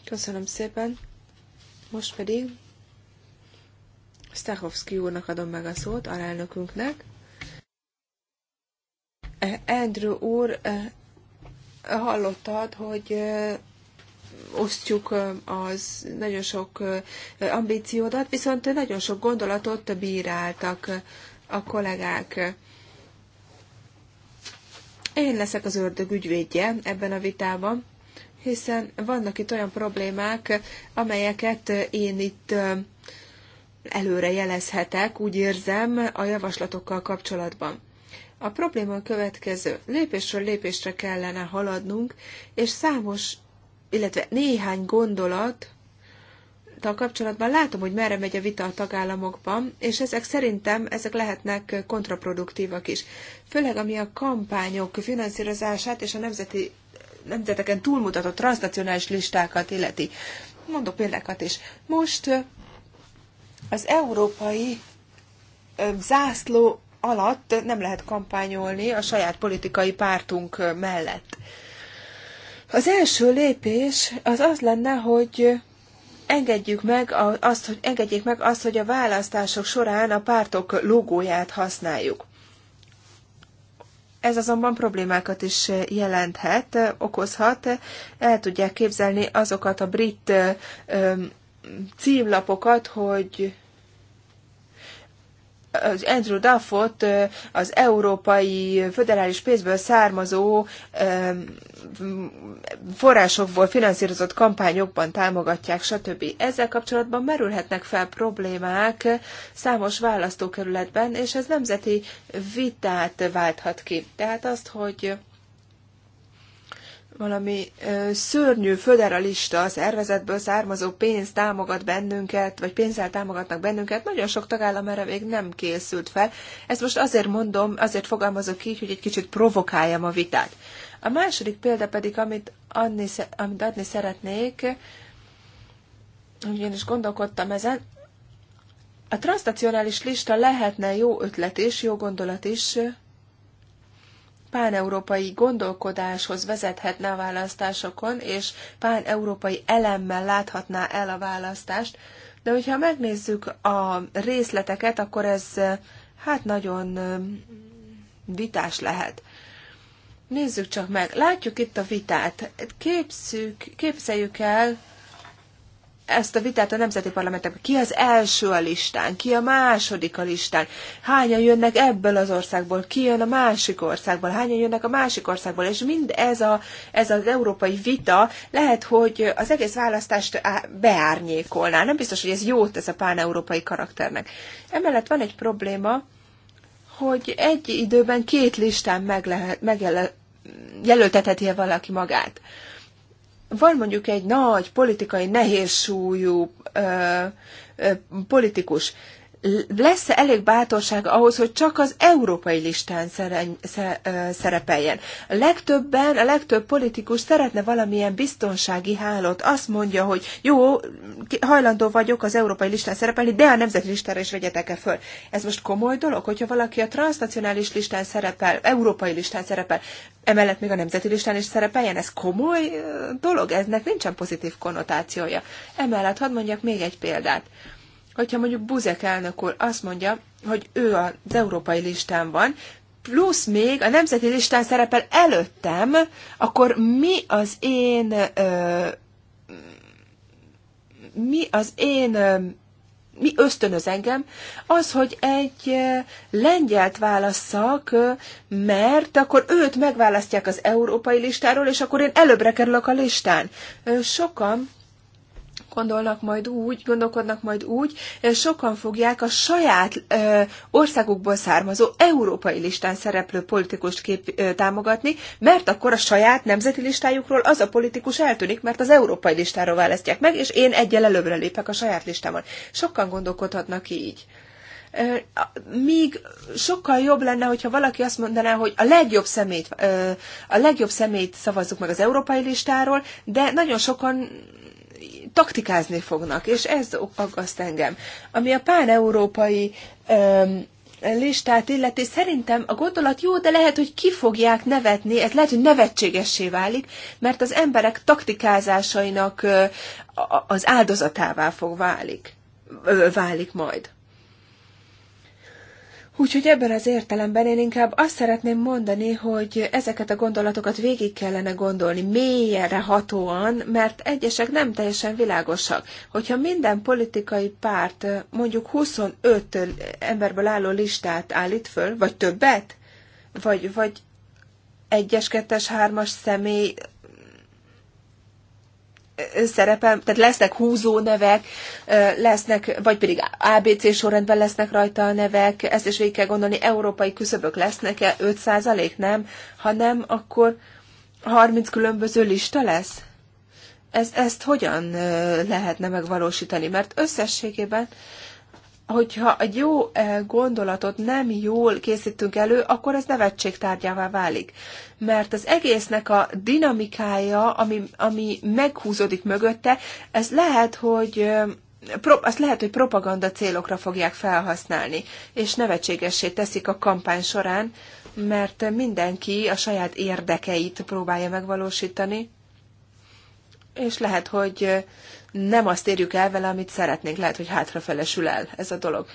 Köszönöm szépen. Most pedig Stachowski úrnak adom meg a szót, alelnökünknek. Eh, Andrew úr, eh, hallottad, hogy eh, osztjuk az nagyon sok ambíciódat, viszont nagyon sok gondolatot bíráltak a kollégák. Én leszek az ördög ügyvédje ebben a vitában, hiszen vannak itt olyan problémák, amelyeket én itt előre jelezhetek, úgy érzem, a javaslatokkal kapcsolatban. A probléma a következő. Lépésről lépésre kellene haladnunk, és számos, illetve néhány gondolat a kapcsolatban látom, hogy merre megy a vita a tagállamokban, és ezek szerintem ezek lehetnek kontraproduktívak is. Főleg ami a kampányok finanszírozását és a nemzeti, nemzeteken túlmutató transnacionális listákat illeti. Mondok példákat is. Most az európai zászló alatt nem lehet kampányolni a saját politikai pártunk mellett. Az első lépés az az lenne, hogy engedjük meg azt, hogy engedjék meg azt, hogy a választások során a pártok logóját használjuk. Ez azonban problémákat is jelenthet, okozhat. El tudják képzelni azokat a brit címlapokat, hogy az Andrew Duffot az európai föderális pénzből származó forrásokból finanszírozott kampányokban támogatják, stb. Ezzel kapcsolatban merülhetnek fel problémák számos választókerületben, és ez nemzeti vitát válthat ki. Tehát azt, hogy valami ö, szörnyű föderalista szervezetből származó pénz támogat bennünket, vagy pénzzel támogatnak bennünket, nagyon sok tagállam erre még nem készült fel. Ezt most azért mondom, azért fogalmazok így, hogy egy kicsit provokáljam a vitát. A második példa pedig, amit adni, amit adni szeretnék, én is gondolkodtam ezen, a transnacionális lista lehetne jó ötlet is, jó gondolat is, páneurópai gondolkodáshoz vezethetne a választásokon, és páneurópai elemmel láthatná el a választást. De hogyha megnézzük a részleteket, akkor ez hát nagyon vitás lehet. Nézzük csak meg. Látjuk itt a vitát. Képszük, képzeljük el, ezt a vitát a nemzeti parlamentekben. Ki az első a listán, ki a második a listán, hányan jönnek ebből az országból, ki jön a másik országból, hányan jönnek a másik országból, és mind ez, a, ez az európai vita lehet, hogy az egész választást beárnyékolná. Nem biztos, hogy ez jót tesz a pán-európai karakternek. Emellett van egy probléma, hogy egy időben két listán meg lehet, megjelöltetheti-e valaki magát van mondjuk egy nagy politikai nehézsúlyú ö, ö, politikus, lesz-e elég bátorság ahhoz, hogy csak az európai listán szerepeljen? A legtöbben, a legtöbb politikus szeretne valamilyen biztonsági hálót. Azt mondja, hogy jó, hajlandó vagyok az európai listán szerepelni, de a nemzeti listára is vegyetek -e föl. Ez most komoly dolog, hogyha valaki a transnacionális listán szerepel, európai listán szerepel, emellett még a nemzeti listán is szerepeljen, ez komoly dolog, eznek nincsen pozitív konnotációja. Emellett hadd mondjak még egy példát hogyha mondjuk Buzek elnök úr azt mondja, hogy ő az európai listán van, plusz még a nemzeti listán szerepel előttem, akkor mi az én ö, mi az én ö, mi ösztönöz engem, az, hogy egy lengyelt válasszak, mert akkor őt megválasztják az európai listáról, és akkor én előbbre kerülök a listán. Sokan gondolnak majd úgy, gondolkodnak majd úgy, sokan fogják a saját ö, országukból származó európai listán szereplő politikust kép, ö, támogatni, mert akkor a saját nemzeti listájukról az a politikus eltűnik, mert az európai listáról választják meg, és én egyel előbbre lépek a saját listámon. Sokan gondolkodhatnak így míg sokkal jobb lenne, hogyha valaki azt mondaná, hogy a legjobb szemét, a legjobb szemét szavazzuk meg az európai listáról, de nagyon sokan taktikázni fognak, és ez aggaszt engem. Ami a pán-európai listát illeti, szerintem a gondolat jó, de lehet, hogy ki fogják nevetni, ez lehet, hogy nevetségessé válik, mert az emberek taktikázásainak az áldozatává fog válik, válik majd. Úgyhogy ebben az értelemben én inkább azt szeretném mondani, hogy ezeket a gondolatokat végig kellene gondolni, mélyre hatóan, mert egyesek nem teljesen világosak. Hogyha minden politikai párt mondjuk 25 emberből álló listát állít föl, vagy többet, vagy, vagy egyes, kettes, hármas személy szerepel, tehát lesznek húzó nevek, lesznek, vagy pedig ABC sorrendben lesznek rajta a nevek, ezt is végig kell gondolni, európai küszöbök lesznek-e, 5% nem, ha nem, akkor 30 különböző lista lesz? Ez, ezt hogyan lehetne megvalósítani? Mert összességében hogyha egy jó eh, gondolatot nem jól készítünk elő, akkor ez nevetség tárgyává válik. Mert az egésznek a dinamikája, ami, ami meghúzódik mögötte, ez lehet, hogy eh, azt lehet, hogy propaganda célokra fogják felhasználni, és nevetségessé teszik a kampány során, mert mindenki a saját érdekeit próbálja megvalósítani, és lehet, hogy eh, nem azt érjük el vele, amit szeretnénk. Lehet, hogy hátrafelesül el ez a dolog.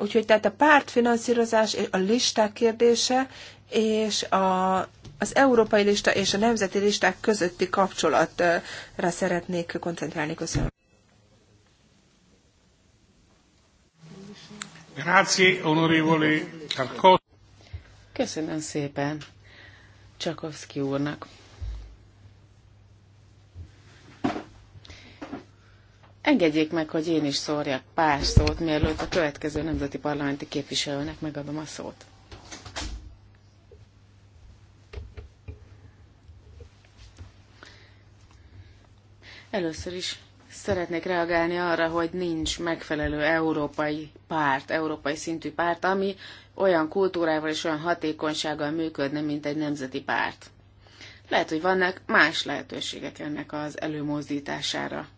Úgyhogy tehát a pártfinanszírozás, a listák kérdése, és a, az európai lista és a nemzeti listák közötti kapcsolatra szeretnék koncentrálni. Köszönöm.
Köszönöm szépen Csakovszki úrnak. Engedjék meg, hogy én is szórjak pár szót, mielőtt a következő nemzeti parlamenti képviselőnek megadom a szót. Először is szeretnék reagálni arra, hogy nincs megfelelő európai párt, európai szintű párt, ami olyan kultúrával és olyan hatékonysággal működne, mint egy nemzeti párt. Lehet, hogy vannak más lehetőségek ennek az előmozdítására.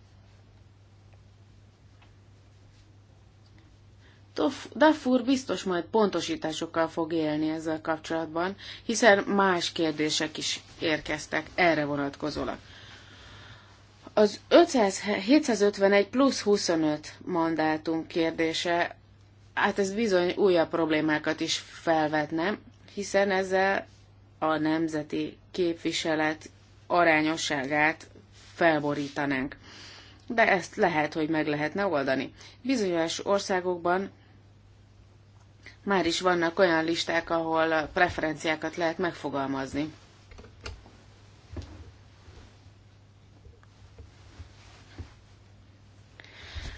Dafur biztos majd pontosításokkal fog élni ezzel kapcsolatban, hiszen más kérdések is érkeztek erre vonatkozólag. Az 500, 751 plusz 25 mandátum kérdése, hát ez bizony újabb problémákat is felvetne, hiszen ezzel a nemzeti képviselet arányosságát felborítanánk. De ezt lehet, hogy meg lehetne oldani. Bizonyos országokban már is vannak olyan listák, ahol preferenciákat lehet megfogalmazni.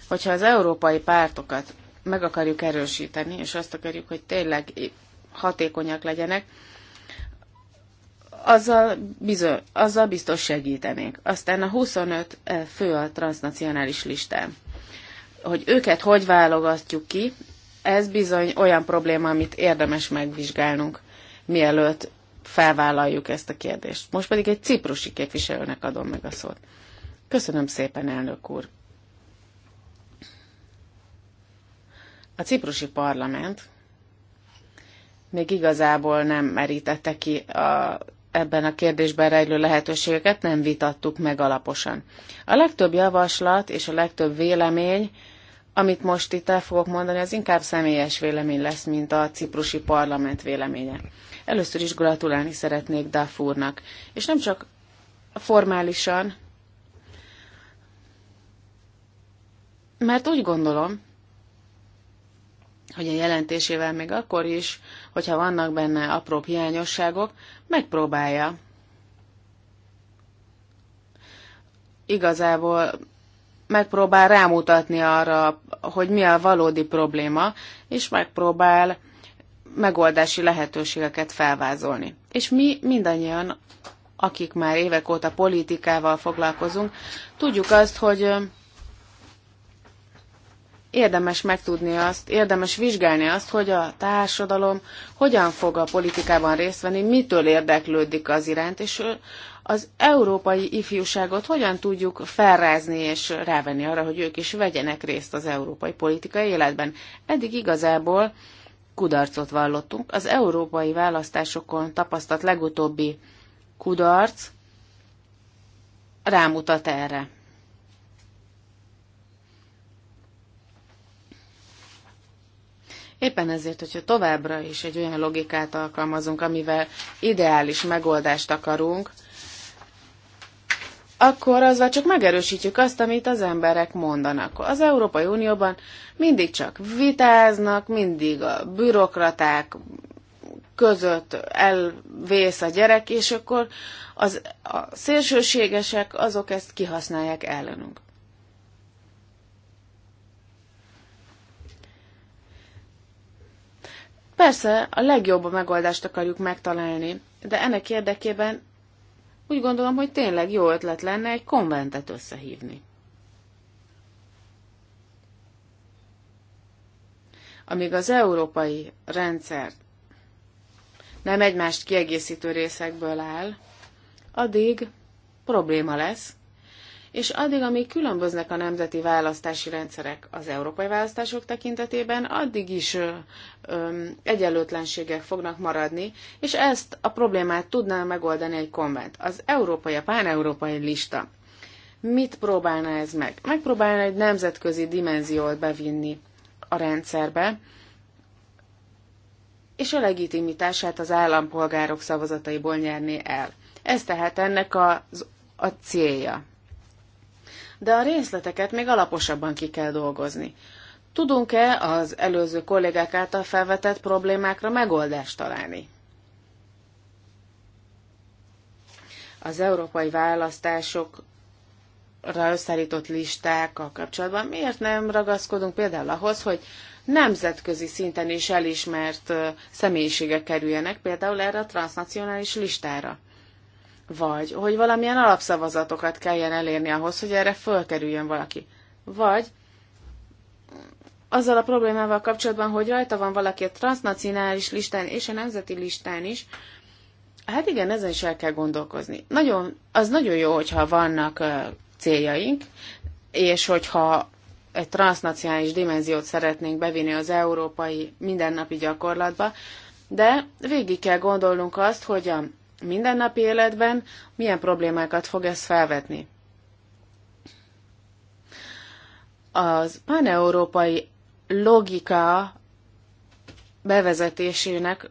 Hogyha az európai pártokat meg akarjuk erősíteni, és azt akarjuk, hogy tényleg hatékonyak legyenek, azzal, bizony, azzal biztos segítenék. Aztán a 25 eh, fő a transnacionális listán. Hogy őket hogy válogatjuk ki, ez bizony olyan probléma, amit érdemes megvizsgálnunk, mielőtt felvállaljuk ezt a kérdést. Most pedig egy ciprusi képviselőnek adom meg a szót. Köszönöm szépen, elnök úr. A ciprusi parlament még igazából nem merítette ki a, ebben a kérdésben rejlő lehetőségeket, nem vitattuk meg alaposan. A legtöbb javaslat és a legtöbb vélemény amit most itt el fogok mondani, az inkább személyes vélemény lesz, mint a ciprusi parlament véleménye. Először is gratulálni szeretnék Dafurnak, és nem csak formálisan, mert úgy gondolom, hogy a jelentésével még akkor is, hogyha vannak benne apró hiányosságok, megpróbálja igazából megpróbál rámutatni arra, hogy mi a valódi probléma, és megpróbál megoldási lehetőségeket felvázolni. És mi mindannyian, akik már évek óta politikával foglalkozunk, tudjuk azt, hogy érdemes megtudni azt, érdemes vizsgálni azt, hogy a társadalom hogyan fog a politikában részt venni, mitől érdeklődik az iránt, és az európai ifjúságot hogyan tudjuk felrázni és rávenni arra, hogy ők is vegyenek részt az európai politikai életben. Eddig igazából kudarcot vallottunk. Az európai választásokon tapasztalt legutóbbi kudarc rámutat erre. Éppen ezért, hogyha továbbra is egy olyan logikát alkalmazunk, amivel ideális megoldást akarunk, akkor azzal csak megerősítjük azt, amit az emberek mondanak. Az Európai Unióban mindig csak vitáznak, mindig a bürokraták között elvész a gyerek, és akkor az, a szélsőségesek azok ezt kihasználják ellenünk. Persze a legjobb megoldást akarjuk megtalálni, de ennek érdekében úgy gondolom, hogy tényleg jó ötlet lenne egy konventet összehívni. Amíg az európai rendszer nem egymást kiegészítő részekből áll, addig probléma lesz, és addig, amíg különböznek a nemzeti választási rendszerek az európai választások tekintetében, addig is ö, ö, egyenlőtlenségek fognak maradni, és ezt a problémát tudná megoldani egy konvent. Az európai, a pán-európai lista. Mit próbálna ez meg? Megpróbálna egy nemzetközi dimenziót bevinni a rendszerbe, és a legitimitását az állampolgárok szavazataiból nyerni el. Ez tehát ennek az, a célja de a részleteket még alaposabban ki kell dolgozni. Tudunk-e az előző kollégák által felvetett problémákra megoldást találni? Az európai választások összeállított listákkal kapcsolatban, miért nem ragaszkodunk például ahhoz, hogy nemzetközi szinten is elismert személyiségek kerüljenek például erre a transnacionális listára? vagy hogy valamilyen alapszavazatokat kelljen elérni ahhoz, hogy erre fölkerüljön valaki. Vagy azzal a problémával kapcsolatban, hogy rajta van valaki a transnacionális listán és a nemzeti listán is, hát igen, ezen is el kell gondolkozni. Nagyon, az nagyon jó, hogyha vannak uh, céljaink, és hogyha egy transnacionális dimenziót szeretnénk bevinni az európai mindennapi gyakorlatba, de végig kell gondolnunk azt, hogy a mindennapi életben, milyen problémákat fog ez felvetni. Az paneurópai logika bevezetésének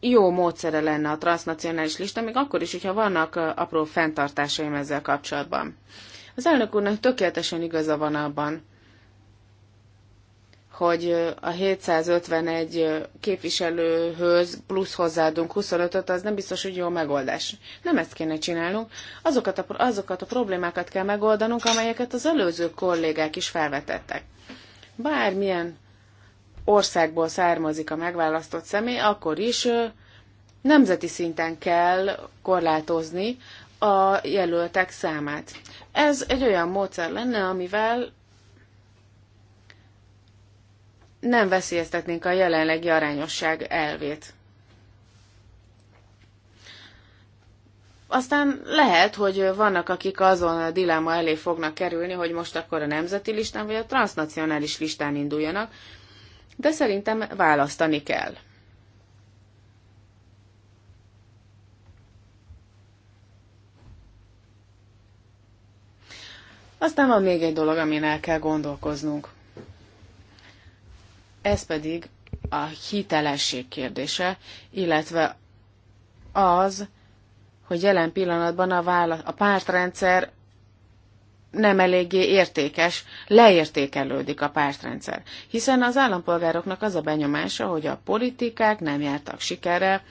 jó módszere lenne a transnacionális lista, még akkor is, hogyha vannak apró fenntartásaim ezzel kapcsolatban. Az elnök úrnak tökéletesen igaza van abban, hogy a 751 képviselőhöz plusz hozzáadunk 25-öt, az nem biztos, hogy jó megoldás. Nem ezt kéne csinálnunk. Azokat a, azokat a problémákat kell megoldanunk, amelyeket az előző kollégák is felvetettek. Bármilyen országból származik a megválasztott személy, akkor is nemzeti szinten kell korlátozni a jelöltek számát. Ez egy olyan módszer lenne, amivel nem veszélyeztetnénk a jelenlegi arányosság elvét. Aztán lehet, hogy vannak, akik azon a dilemma elé fognak kerülni, hogy most akkor a nemzeti listán vagy a transnacionális listán induljanak, de szerintem választani kell. Aztán van még egy dolog, amin el kell gondolkoznunk ez pedig a hitelesség kérdése, illetve az, hogy jelen pillanatban a, vála- a pártrendszer nem eléggé értékes, leértékelődik a pártrendszer. Hiszen az állampolgároknak az a benyomása, hogy a politikák nem jártak sikere,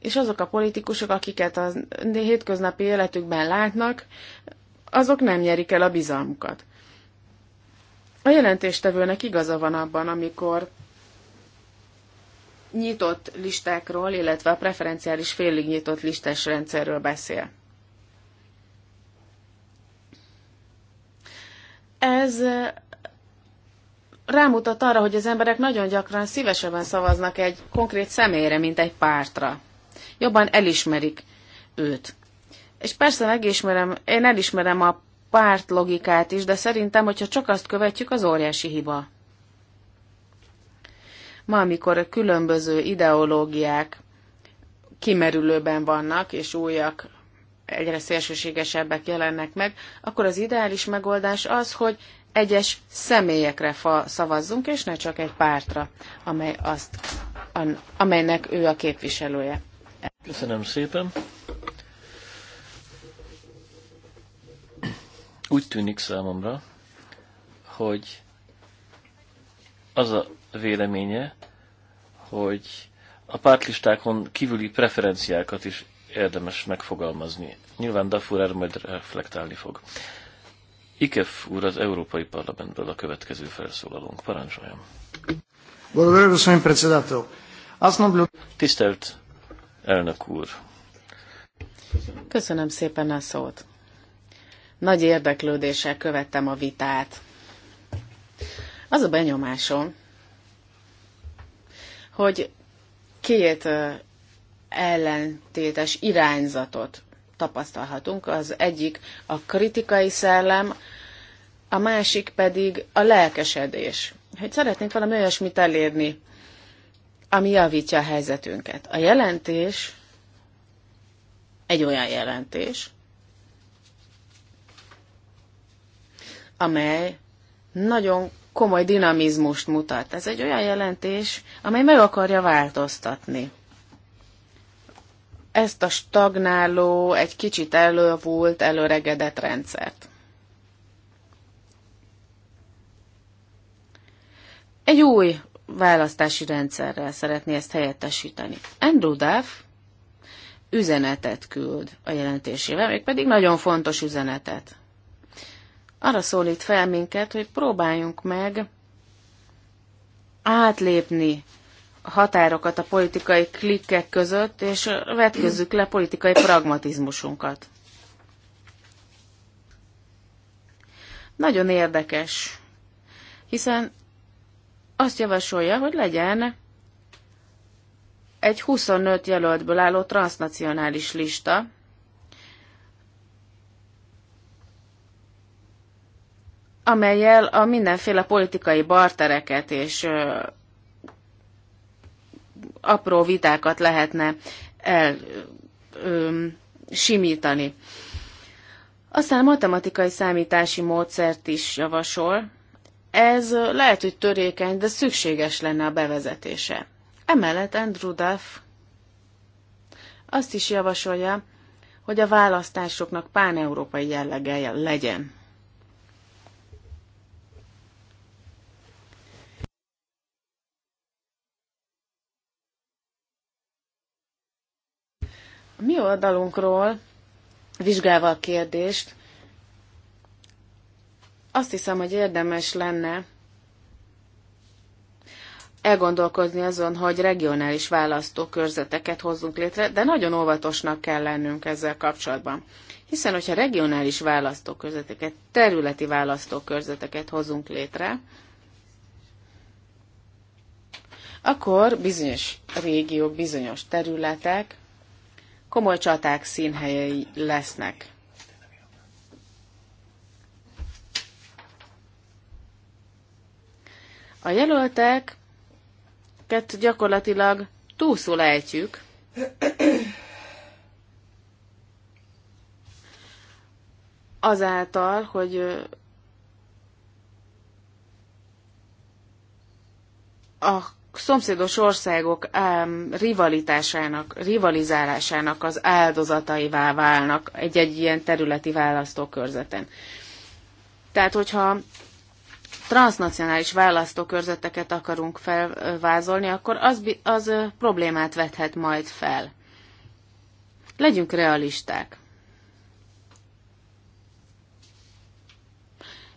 és azok a politikusok, akiket a hétköznapi életükben látnak, azok nem nyerik el a bizalmukat. A jelentéstevőnek igaza van abban, amikor nyitott listákról, illetve a preferenciális félig nyitott listás rendszerről beszél. Ez eh, rámutat arra, hogy az emberek nagyon gyakran szívesebben szavaznak egy konkrét személyre, mint egy pártra. Jobban elismerik őt. És persze megismerem, én elismerem a pártlogikát is, de szerintem, hogyha csak azt követjük, az óriási hiba. Ma, amikor a különböző ideológiák kimerülőben vannak, és újak egyre szélsőségesebbek jelennek meg, akkor az ideális megoldás az, hogy egyes személyekre fa szavazzunk, és ne csak egy pártra, amely azt, amelynek ő a képviselője.
Köszönöm szépen! Úgy tűnik számomra, hogy az a véleménye, hogy a pártlistákon kívüli preferenciákat is érdemes megfogalmazni. Nyilván Dafur erre majd reflektálni fog. Ikef úr az Európai Parlamentből a következő felszólalónk. Parancsoljam. Tisztelt elnök úr!
Köszönöm szépen a szót! Nagy érdeklődéssel követtem a vitát. Az a benyomásom, hogy két ellentétes irányzatot tapasztalhatunk. Az egyik a kritikai szellem, a másik pedig a lelkesedés. Hogy szeretnénk valami olyasmit elérni, ami javítja a helyzetünket. A jelentés egy olyan jelentés, amely nagyon komoly dinamizmust mutat. Ez egy olyan jelentés, amely meg akarja változtatni ezt a stagnáló, egy kicsit elővult, előregedett rendszert. Egy új választási rendszerrel szeretné ezt helyettesíteni. Andrew Duff üzenetet küld a jelentésével, mégpedig nagyon fontos üzenetet arra szólít fel minket, hogy próbáljunk meg átlépni a határokat a politikai klikkek között, és vetkezzük le politikai pragmatizmusunkat. Nagyon érdekes, hiszen azt javasolja, hogy legyen egy 25 jelöltből álló transnacionális lista, amelyel a mindenféle politikai bartereket és apró vitákat lehetne el ö, simítani. Aztán matematikai számítási módszert is javasol. Ez lehet, hogy törékeny, de szükséges lenne a bevezetése. Emellett Andrew Duff azt is javasolja, hogy a választásoknak páneurópai jellege legyen. mi oldalunkról, vizsgálva a kérdést, azt hiszem, hogy érdemes lenne elgondolkozni azon, hogy regionális választókörzeteket hozzunk létre, de nagyon óvatosnak kell lennünk ezzel kapcsolatban. Hiszen, hogyha regionális választókörzeteket, területi választókörzeteket hozunk létre, akkor bizonyos régiók, bizonyos területek komoly csaták színhelyei lesznek. A jelölteket gyakorlatilag túlszul ejtjük. Azáltal, hogy a szomszédos országok um, rivalitásának, rivalizálásának az áldozataivá válnak egy-egy ilyen területi választókörzeten. Tehát, hogyha transnacionális választókörzeteket akarunk felvázolni, akkor az, az problémát vethet majd fel. Legyünk realisták.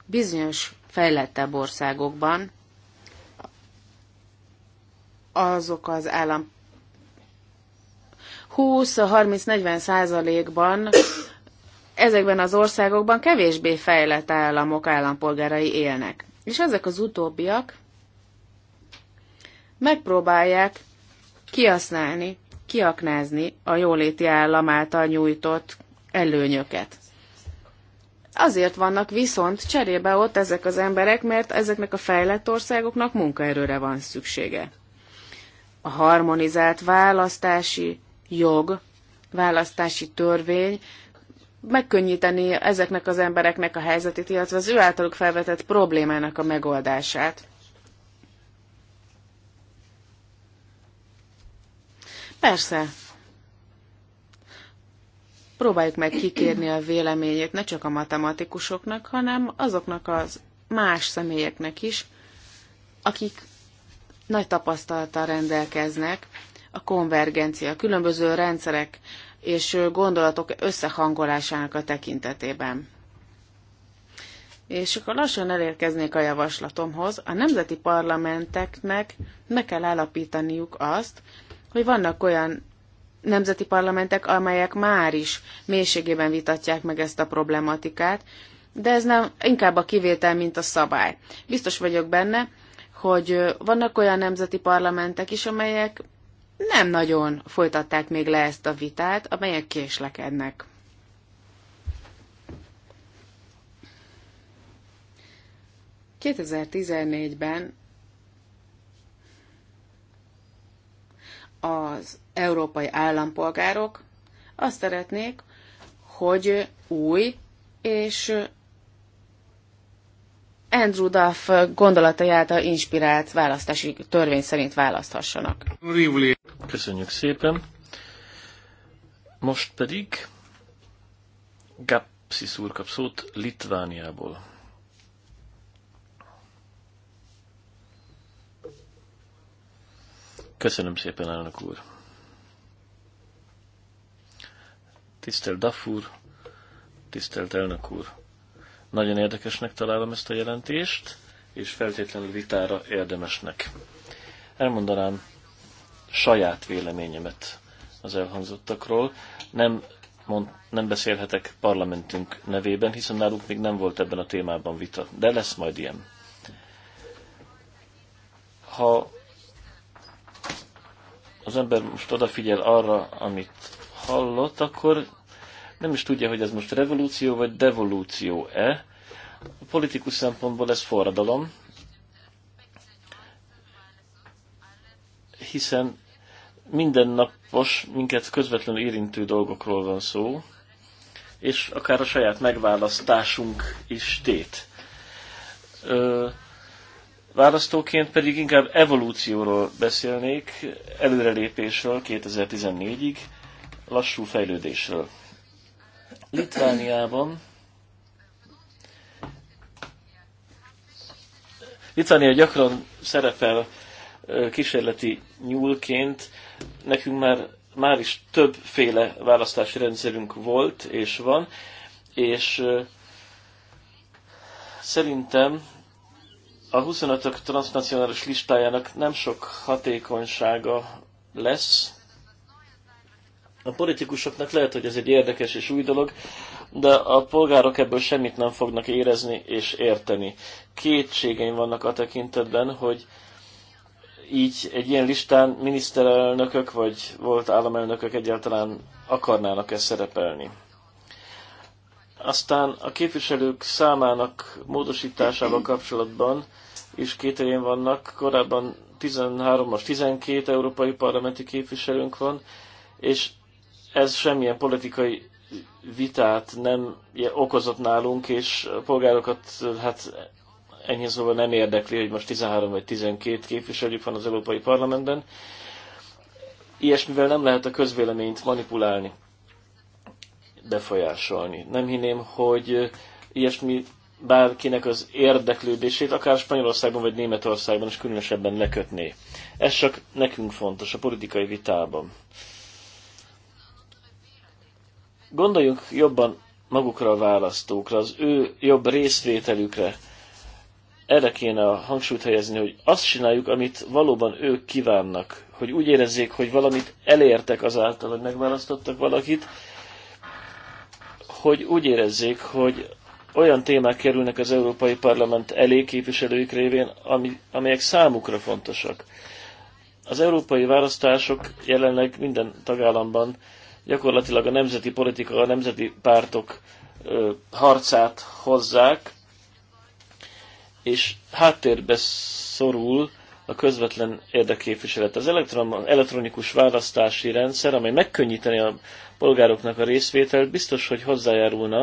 Bizonyos fejlettebb országokban azok az állam 20-30-40 százalékban ezekben az országokban kevésbé fejlett államok állampolgárai élnek. És ezek az utóbbiak megpróbálják kiasználni, kiaknázni a jóléti állam által nyújtott előnyöket. Azért vannak viszont cserébe ott ezek az emberek, mert ezeknek a fejlett országoknak munkaerőre van szüksége a harmonizált választási jog, választási törvény megkönnyíteni ezeknek az embereknek a helyzetét, illetve az ő általuk felvetett problémának a megoldását. Persze. Próbáljuk meg kikérni a véleményét ne csak a matematikusoknak, hanem azoknak az más személyeknek is, akik nagy tapasztalattal rendelkeznek a konvergencia, a különböző rendszerek és gondolatok összehangolásának a tekintetében. És akkor lassan elérkeznék a javaslatomhoz, a nemzeti parlamenteknek meg kell állapítaniuk azt, hogy vannak olyan nemzeti parlamentek, amelyek már is mélységében vitatják meg ezt a problematikát, de ez nem inkább a kivétel, mint a szabály. Biztos vagyok benne, hogy vannak olyan nemzeti parlamentek is, amelyek nem nagyon folytatták még le ezt a vitát, amelyek késlekednek. ...2014-ben az európai állampolgárok azt szeretnék, hogy új és Andrew Duff gondolatai által inspirált választási törvény szerint választhassanak.
Köszönjük szépen. Most pedig Gapsis úr kap szót Litvániából. Köszönöm szépen, elnök úr. Tisztelt Duff úr, tisztelt elnök úr. Nagyon érdekesnek találom ezt a jelentést, és feltétlenül vitára érdemesnek. Elmondanám saját véleményemet az elhangzottakról. Nem, mond, nem beszélhetek parlamentünk nevében, hiszen nálunk még nem volt ebben a témában vita, de lesz majd ilyen. Ha az ember most odafigyel arra, amit hallott, akkor nem is tudja, hogy ez most revolúció vagy devolúció-e. A politikus szempontból ez forradalom, hiszen mindennapos, minket közvetlenül érintő dolgokról van szó, és akár a saját megválasztásunk is tét. Ö, választóként pedig inkább evolúcióról beszélnék, előrelépésről 2014-ig, lassú fejlődésről. Litvániában Litvánia gyakran szerepel kísérleti nyúlként. Nekünk már, már is többféle választási rendszerünk volt és van, és szerintem a 25-ök transnacionális listájának nem sok hatékonysága lesz, a politikusoknak lehet, hogy ez egy érdekes és új dolog, de a polgárok ebből semmit nem fognak érezni és érteni. Kétségeim vannak a tekintetben, hogy így egy ilyen listán miniszterelnökök vagy volt államelnökök egyáltalán akarnának-e szerepelni. Aztán a képviselők számának módosításával kapcsolatban is kételjén vannak. Korábban 13 most 12 európai parlamenti képviselőnk van, és ez semmilyen politikai vitát nem okozott nálunk, és a polgárokat hát ennyi szóval nem érdekli, hogy most 13 vagy 12 képviselőjük van az Európai Parlamentben. Ilyesmivel nem lehet a közvéleményt manipulálni, befolyásolni. Nem hinném, hogy ilyesmi bárkinek az érdeklődését, akár Spanyolországban vagy Németországban is különösebben lekötné. Ez csak nekünk fontos a politikai vitában. Gondoljunk jobban magukra a választókra, az ő jobb részvételükre. Erre kéne a hangsúlyt helyezni, hogy azt csináljuk, amit valóban ők kívánnak, hogy úgy érezzék, hogy valamit elértek azáltal, hogy megválasztottak valakit, hogy úgy érezzék, hogy olyan témák kerülnek az Európai Parlament elé képviselőik révén, ami, amelyek számukra fontosak. Az európai választások jelenleg minden tagállamban gyakorlatilag a nemzeti politika, a nemzeti pártok harcát hozzák, és háttérbe szorul a közvetlen érdekképviselet. Az elektronikus választási rendszer, amely megkönnyíteni a polgároknak a részvételt, biztos, hogy hozzájárulna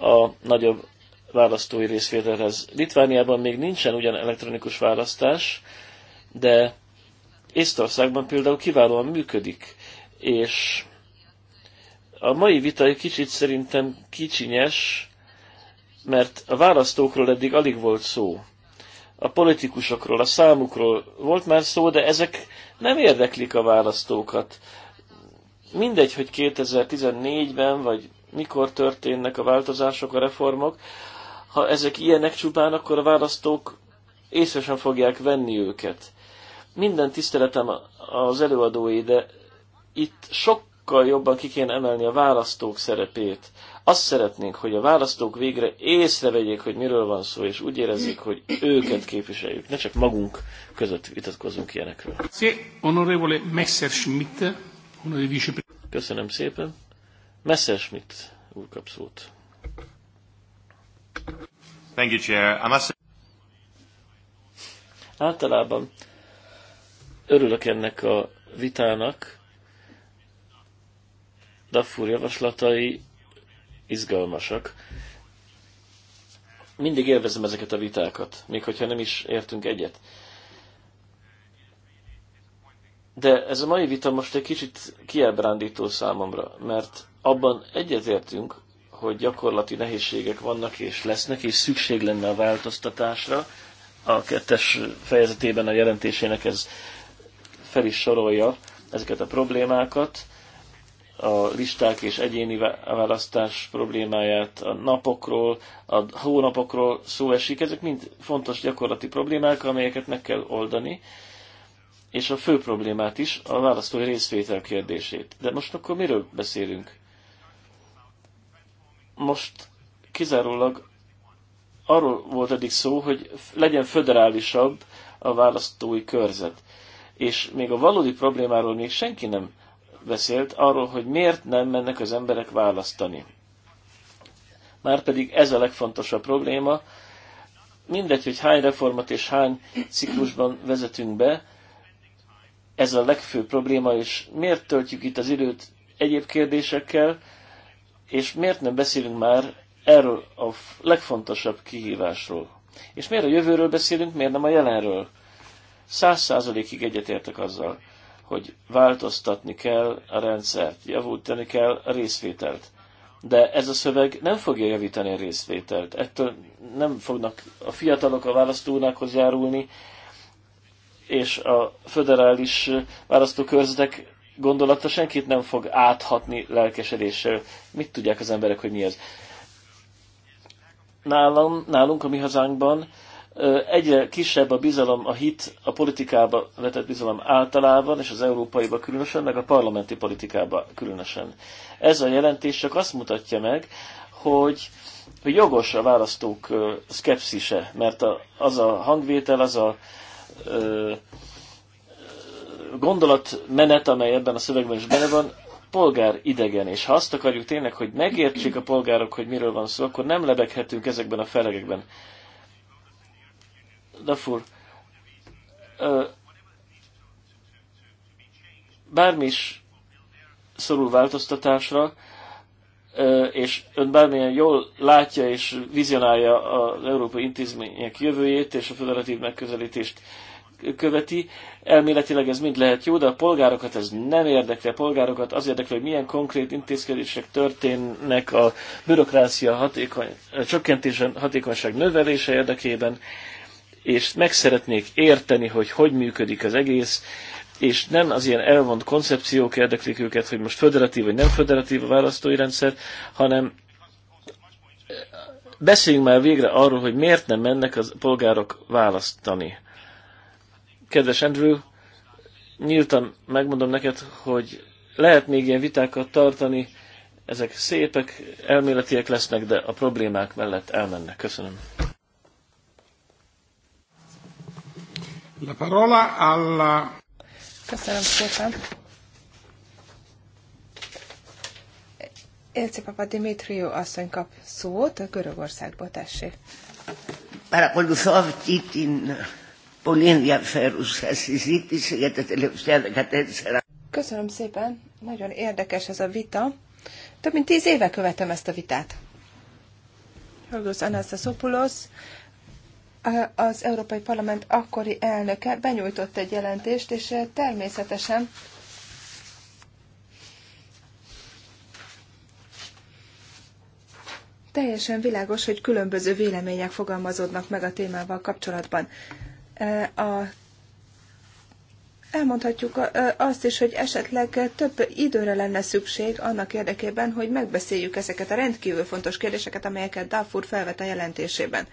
a nagyobb választói részvételhez. Litvániában még nincsen ugyan elektronikus választás, de Észtországban például kiválóan működik, és a mai vita egy kicsit szerintem kicsinyes, mert a választókról eddig alig volt szó. A politikusokról, a számukról volt már szó, de ezek nem érdeklik a választókat. Mindegy, hogy 2014-ben vagy mikor történnek a változások, a reformok, ha ezek ilyenek csupán, akkor a választók észre sem fogják venni őket. Minden tiszteletem az előadói, de itt sok sokkal jobban ki kéne emelni a választók szerepét. Azt szeretnénk, hogy a választók végre észrevegyék, hogy miről van szó, és úgy érezzék, hogy őket képviseljük. Ne csak magunk között vitatkozunk ilyenekről. Köszönöm szépen. Messerschmitt úr kap szót.
Thank you, Chair. I must...
Általában örülök ennek a vitának, Daffur javaslatai izgalmasak. Mindig élvezem ezeket a vitákat, még hogyha nem is értünk egyet. De ez a mai vita most egy kicsit kiábrándító számomra, mert abban egyetértünk, hogy gyakorlati nehézségek vannak és lesznek, és szükség lenne a változtatásra. A kettes fejezetében a jelentésének ez fel is sorolja ezeket a problémákat, a listák és egyéni választás problémáját, a napokról, a hónapokról szó esik. Ezek mind fontos gyakorlati problémák, amelyeket meg kell oldani, és a fő problémát is, a választói részvétel kérdését. De most akkor miről beszélünk? Most kizárólag arról volt eddig szó, hogy legyen föderálisabb a választói körzet. És még a valódi problémáról még senki nem beszélt arról, hogy miért nem mennek az emberek választani. Márpedig ez a legfontosabb probléma. Mindegy, hogy hány reformat és hány ciklusban vezetünk be, ez a legfőbb probléma, és miért töltjük itt az időt egyéb kérdésekkel, és miért nem beszélünk már erről a legfontosabb kihívásról. És miért a jövőről beszélünk, miért nem a jelenről? Száz százalékig egyetértek azzal, hogy változtatni kell a rendszert, javultani kell a részvételt. De ez a szöveg nem fogja javítani a részvételt. Ettől nem fognak a fiatalok a választónákhoz járulni, és a föderális választókörzetek gondolata senkit nem fog áthatni lelkesedéssel. Mit tudják az emberek, hogy mi ez? Nálam, nálunk, a mi hazánkban egyre kisebb a bizalom, a hit a politikába vetett bizalom általában, és az európaiba különösen, meg a parlamenti politikába különösen. Ez a jelentés csak azt mutatja meg, hogy jogos a választók szkepszise, mert az a hangvétel, az a gondolatmenet, amely ebben a szövegben is benne van, polgár idegen, és ha azt akarjuk tényleg, hogy megértsék a polgárok, hogy miről van szó, akkor nem lebeghetünk ezekben a felegekben. Lafur, bármi is szorul változtatásra, és ön bármilyen jól látja és vizionálja az európai intézmények jövőjét és a federatív megközelítést követi. Elméletileg ez mind lehet jó, de a polgárokat ez nem érdekli. A polgárokat az érdekli, hogy milyen konkrét intézkedések történnek a bürokrácia hatékony, a csökkentésen, hatékonyság növelése érdekében, és meg szeretnék érteni, hogy hogy működik az egész, és nem az ilyen elvont koncepciók érdeklik őket, hogy most föderatív vagy nem föderatív a választói rendszer, hanem beszéljünk már végre arról, hogy miért nem mennek a polgárok választani. Kedves Andrew, nyíltan megmondom neked, hogy lehet még ilyen vitákat tartani, ezek szépek, elméletiek lesznek, de a problémák mellett elmennek. Köszönöm. La parola alla... Köszönöm szépen.
Papa Dimitriu asszony kap szót, a Görögországból tessék.
Παρακολουθώ αυτή την πολύ ενδιαφέρουσα συζήτηση για τα τελευταία 14.
Köszönöm szépen, nagyon érdekes ez a vita. Több mint tíz éve követem ezt a vitát. Hörgősz Anastasopoulos az Európai Parlament akkori elnöke benyújtott egy jelentést, és eh, természetesen teljesen világos, hogy különböző vélemények fogalmazódnak meg a témával kapcsolatban. Eh, a Elmondhatjuk eh, azt is, hogy esetleg több időre lenne szükség annak érdekében, hogy megbeszéljük ezeket a rendkívül fontos kérdéseket, amelyeket Dafur felvet a jelentésében.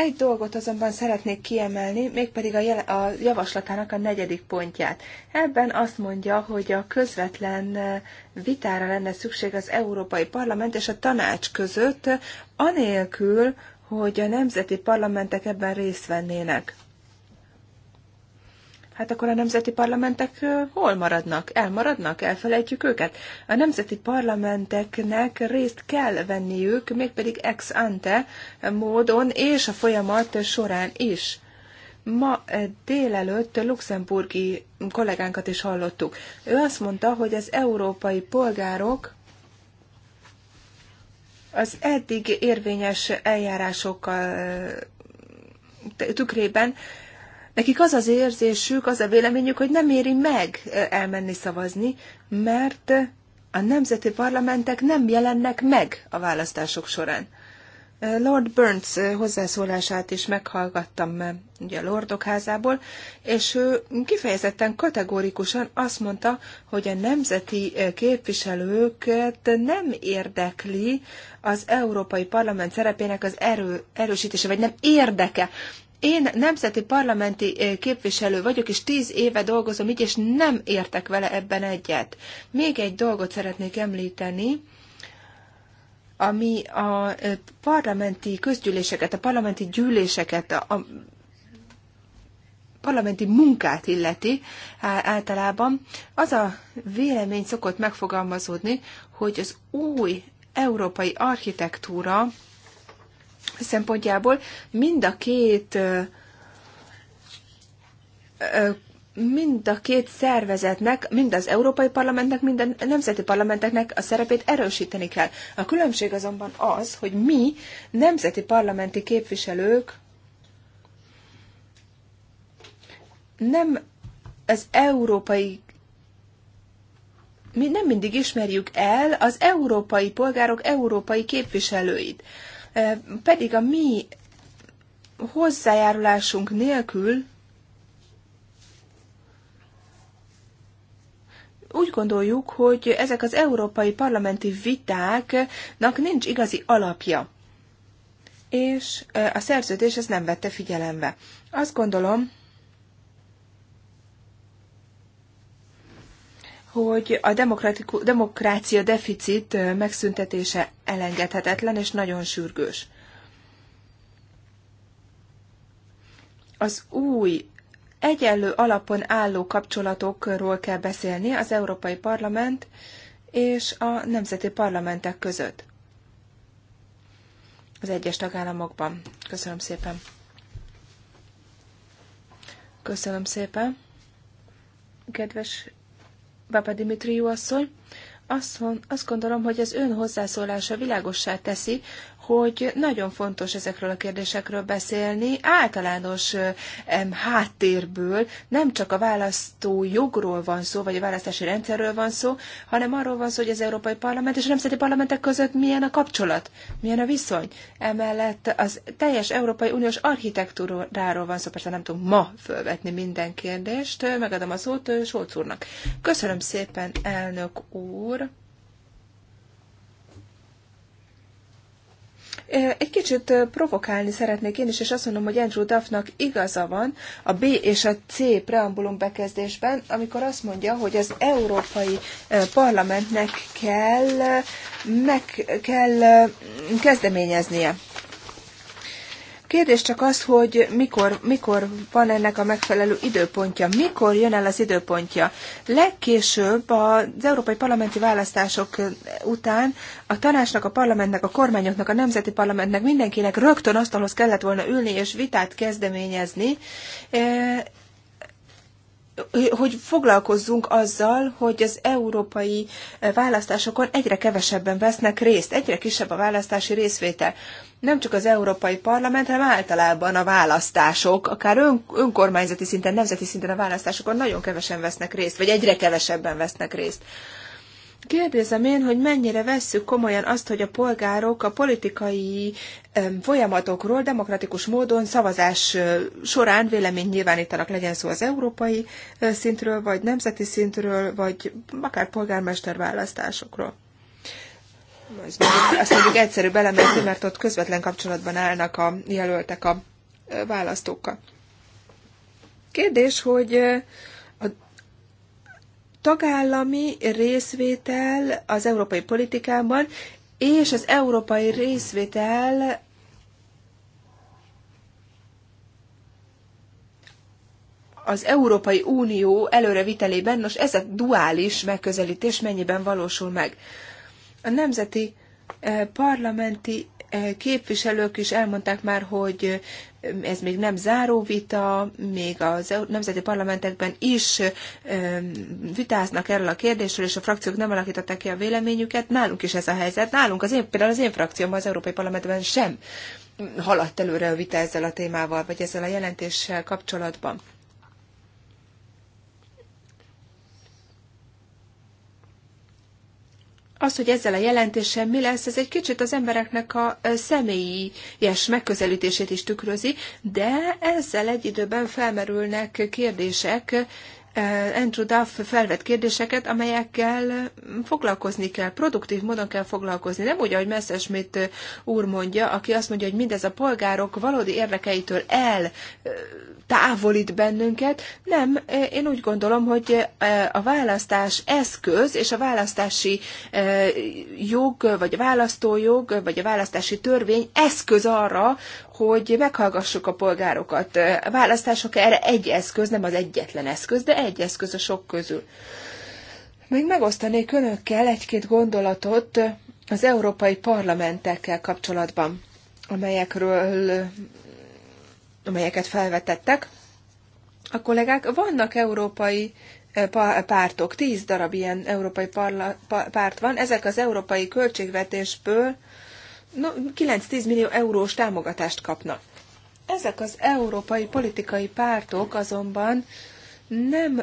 Egy dolgot azonban szeretnék kiemelni, mégpedig a, jel- a javaslatának a negyedik pontját. Ebben azt mondja, hogy a közvetlen vitára lenne szükség az Európai Parlament és a tanács között, anélkül, hogy a nemzeti parlamentek ebben részt vennének. Hát akkor a nemzeti parlamentek hol maradnak? Elmaradnak? Elfelejtjük őket? A nemzeti parlamenteknek részt kell venniük, mégpedig ex ante módon és a folyamat során is. Ma délelőtt luxemburgi kollégánkat is hallottuk. Ő azt mondta, hogy az európai polgárok az eddig érvényes eljárásokkal tükrében Nekik az az érzésük, az a véleményük, hogy nem éri meg elmenni szavazni, mert a nemzeti parlamentek nem jelennek meg a választások során. Lord Burns hozzászólását is meghallgattam ugye a Lordok házából, és ő kifejezetten kategórikusan azt mondta, hogy a nemzeti képviselőket nem érdekli az Európai Parlament szerepének az erő, erősítése, vagy nem érdeke én nemzeti parlamenti képviselő vagyok, és tíz éve dolgozom így, és nem értek vele ebben egyet. Még egy dolgot szeretnék említeni, ami a parlamenti közgyűléseket, a parlamenti gyűléseket, a parlamenti munkát illeti általában, az a vélemény szokott megfogalmazódni, hogy az új európai architektúra szempontjából mind a két mind a két szervezetnek, mind az Európai Parlamentnek, mind a nemzeti parlamenteknek a szerepét erősíteni kell. A különbség azonban az, hogy mi, nemzeti parlamenti képviselők, nem az európai mi nem mindig ismerjük el az európai polgárok európai képviselőit pedig a mi hozzájárulásunk nélkül úgy gondoljuk, hogy ezek az európai parlamenti vitáknak nincs igazi alapja. És a szerződés ezt nem vette figyelembe. Azt gondolom, hogy a demokrácia deficit megszüntetése elengedhetetlen és nagyon sürgős. Az új egyenlő alapon álló kapcsolatokról kell beszélni az Európai Parlament és a nemzeti parlamentek között az egyes tagállamokban. Köszönöm szépen. Köszönöm szépen. Kedves Papa Dimitriú asszony. Azt, azt gondolom, hogy az ön hozzászólása világossá teszi, hogy nagyon fontos ezekről a kérdésekről beszélni általános em, háttérből, nem csak a választó jogról van szó, vagy a választási rendszerről van szó, hanem arról van szó, hogy az Európai Parlament és a nemzeti parlamentek között milyen a kapcsolat, milyen a viszony. Emellett az teljes Európai Uniós architektúráról van szó, persze nem tudom ma fölvetni minden kérdést, megadom a szót Solc úrnak. Köszönöm szépen, elnök úr! Egy kicsit provokálni szeretnék én is, és azt mondom, hogy Andrew Duffnak igaza van a B és a C preambulum bekezdésben, amikor azt mondja, hogy az Európai Parlamentnek kell, meg kell kezdeményeznie Kérdés csak az, hogy mikor, mikor van ennek a megfelelő időpontja, mikor jön el az időpontja. Legkésőbb az európai parlamenti választások után a tanácsnak, a parlamentnek, a kormányoknak, a nemzeti parlamentnek mindenkinek rögtön asztalhoz kellett volna ülni és vitát kezdeményezni, hogy foglalkozzunk azzal, hogy az európai eh, választásokon egyre kevesebben vesznek részt, egyre kisebb a választási részvétel. Nem csak az Európai Parlament, hanem általában a választások, akár ön, önkormányzati szinten, nemzeti szinten a választásokon nagyon kevesen vesznek részt, vagy egyre kevesebben vesznek részt. Kérdezem én, hogy mennyire vesszük komolyan azt, hogy a polgárok a politikai folyamatokról demokratikus módon szavazás során vélemény nyilvánítanak, legyen szó az európai szintről, vagy nemzeti szintről, vagy akár polgármester választásokról. Azt mondjuk, egyszerű belemelni, mert ott közvetlen kapcsolatban állnak a jelöltek a választókkal. Kérdés, hogy tagállami részvétel az európai politikában és az európai részvétel az Európai Unió előrevitelében, nos ez a duális megközelítés mennyiben valósul meg. A nemzeti eh, parlamenti Eh, képviselők is elmondták már, hogy eh, ez még nem záró vita, még a nemzeti parlamentekben is eh, vitáznak erről a kérdésről, és a frakciók nem alakították ki a véleményüket. Nálunk is ez a helyzet. Nálunk az én, például az én frakcióm az Európai Parlamentben sem haladt előre a vita ezzel a témával, vagy ezzel a jelentéssel kapcsolatban. az, hogy ezzel a jelentéssel mi lesz, ez egy kicsit az embereknek a személyes megközelítését is tükrözi, de ezzel egy időben felmerülnek kérdések, Eh, Andrew Duff felvet kérdéseket, amelyekkel foglalkozni kell, produktív módon kell foglalkozni. Nem úgy, ahogy Messerschmitt úr mondja, aki azt mondja, hogy mindez a polgárok valódi érdekeitől el eh, távolít bennünket. Nem, eh, én úgy gondolom, hogy a választás eszköz és a választási jog, vagy a választójog, vagy a választási törvény eszköz arra, hogy meghallgassuk a polgárokat. A választások erre egy eszköz, nem az egyetlen eszköz, de egy egy eszköz a sok közül. Még megosztanék önökkel egy-két gondolatot az európai parlamentekkel kapcsolatban, amelyekről, amelyeket felvetettek. A kollégák, vannak európai eh, pártok, tíz darab ilyen európai parla, párt van, ezek az európai költségvetésből no, 9-10 millió eurós támogatást kapnak. Ezek az európai politikai pártok azonban nem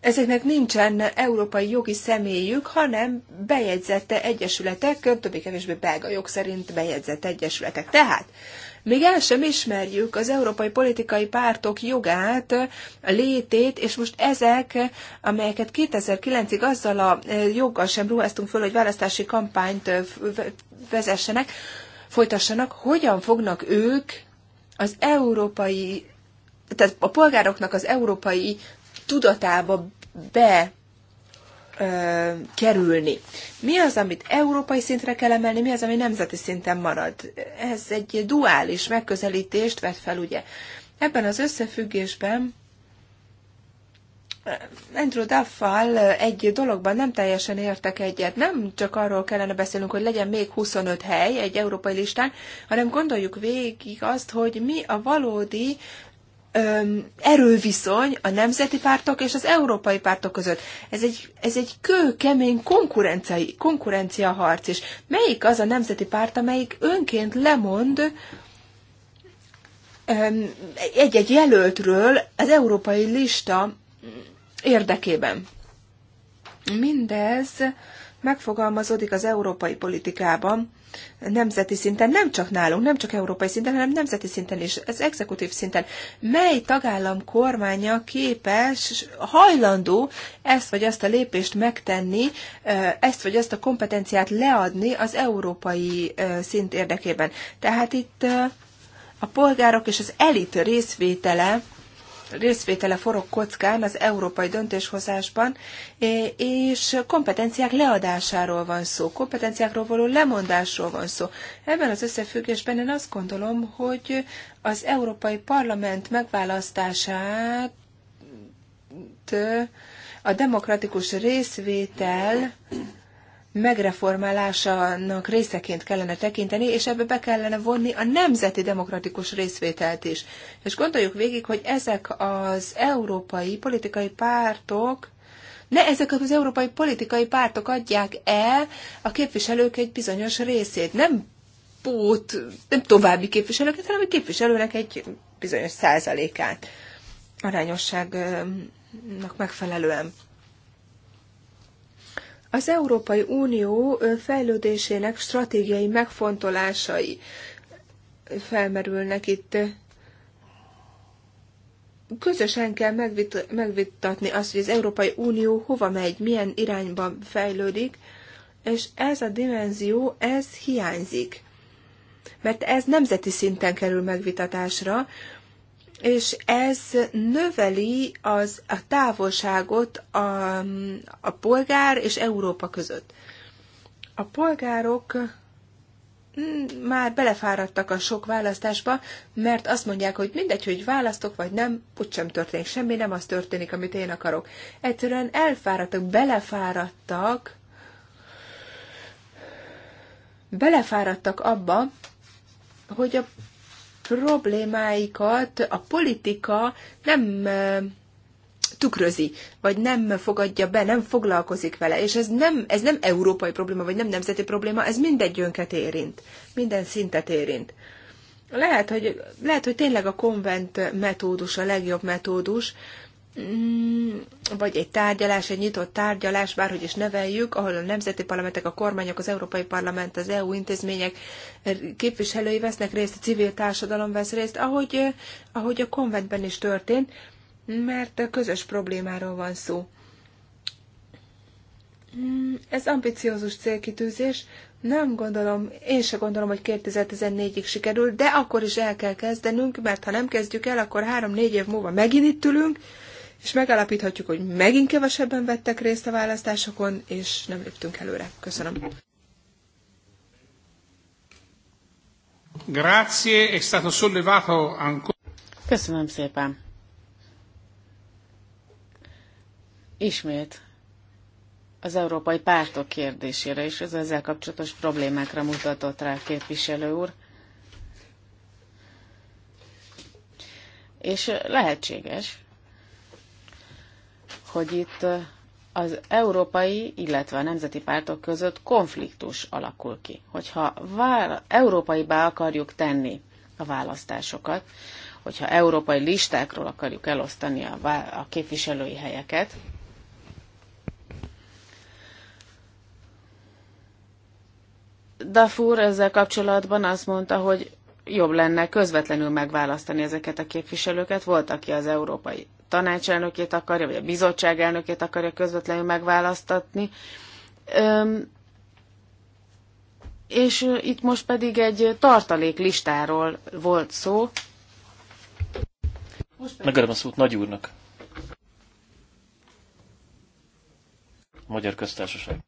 ezeknek nincsen európai jogi személyük, hanem bejegyzette egyesületek, többé-kevésbé belga jog szerint bejegyzett egyesületek. Tehát még el sem ismerjük az európai politikai pártok jogát, a létét, és most ezek, amelyeket 2009-ig azzal a eh, joggal sem ruháztunk föl, hogy választási kampányt eh, vezessenek, folytassanak, hogyan fognak ők az európai tehát a polgároknak az európai tudatába be ö, kerülni. Mi az, amit európai szintre kell emelni, mi az, ami nemzeti szinten marad? Ez egy duális megközelítést vet fel, ugye? Ebben az összefüggésben eh, Andrew Duffal eh, egy dologban nem teljesen értek egyet. Nem csak arról kellene beszélnünk, hogy legyen még 25 hely egy európai listán, hanem gondoljuk végig azt, hogy mi a valódi erőviszony a nemzeti pártok és az európai pártok között. Ez egy, ez egy kőkemény konkurencia, konkurencia harc, és melyik az a nemzeti párt, amelyik önként lemond egy-egy jelöltről az európai lista érdekében. Mindez megfogalmazódik az európai politikában, nemzeti szinten, nem csak nálunk, nem csak európai szinten, hanem nemzeti szinten is, az exekutív szinten. Mely tagállam kormánya képes, hajlandó ezt vagy azt a lépést megtenni, ezt vagy azt a kompetenciát leadni az európai szint érdekében. Tehát itt a polgárok és az elit részvétele részvétele forog kockán az európai döntéshozásban, és kompetenciák leadásáról van szó, kompetenciákról való lemondásról van szó. Ebben az összefüggésben én azt gondolom, hogy az Európai Parlament megválasztását a demokratikus részvétel megreformálásának részeként kellene tekinteni, és ebbe be kellene vonni a nemzeti demokratikus részvételt is. És gondoljuk végig, hogy ezek az európai politikai pártok, ne ezek az európai politikai pártok adják el a képviselők egy bizonyos részét. Nem pót, nem további képviselőket, hanem a képviselőnek egy bizonyos százalékát arányosságnak megfelelően. Az Európai Unió fejlődésének stratégiai megfontolásai felmerülnek itt. Közösen kell megvit- megvitatni azt, hogy az Európai Unió hova megy, milyen irányba fejlődik, és ez a dimenzió, ez hiányzik. Mert ez nemzeti szinten kerül megvitatásra, és ez növeli az, a távolságot a, a polgár és Európa között. A polgárok mm, már belefáradtak a sok választásba, mert azt mondják, hogy mindegy, hogy választok vagy nem, úgysem történik semmi, nem az történik, amit én akarok. Egyszerűen elfáradtak, belefáradtak, belefáradtak abba, hogy a problémáikat a politika nem tükrözi, vagy nem fogadja be, nem foglalkozik vele. És ez nem, ez nem európai probléma, vagy nem nemzeti probléma, ez mindegyünket érint, minden szintet érint. Lehet hogy, lehet, hogy tényleg a konvent metódus a legjobb metódus, Mm, vagy egy tárgyalás, egy nyitott tárgyalás, bárhogy is neveljük, ahol a nemzeti parlamentek, a kormányok, az Európai Parlament, az EU intézmények képviselői vesznek részt, a civil társadalom vesz részt, ahogy, eh, ahogy a konventben is történt, mert közös problémáról van szó. Mm, ez ambiciózus célkitűzés, nem gondolom, én se gondolom, hogy 2014-ig sikerül, de akkor is el kell kezdenünk, mert ha nem kezdjük el, akkor három-négy év múlva megint itt ülünk, és megállapíthatjuk, hogy megint kevesebben vettek részt a választásokon, és nem léptünk előre. Köszönöm.
Grazie, è
stato sollevato ancora. Köszönöm szépen. Ismét az európai pártok kérdésére és az ezzel kapcsolatos problémákra mutatott rá a képviselő úr. És lehetséges, hogy itt az európai, illetve a nemzeti pártok között konfliktus alakul ki. Hogyha európai európaibá akarjuk tenni a választásokat, hogyha európai listákról akarjuk elosztani a, a képviselői helyeket, Dafur ezzel kapcsolatban azt mondta, hogy jobb lenne közvetlenül megválasztani ezeket a képviselőket. Volt, aki az Európai tanácselnökét akarja, vagy a bizottság elnökét akarja közvetlenül megválasztatni. Öm, és itt most pedig egy tartalék listáról volt szó.
Megadom a szót Nagy úrnak. Magyar Köztársaság.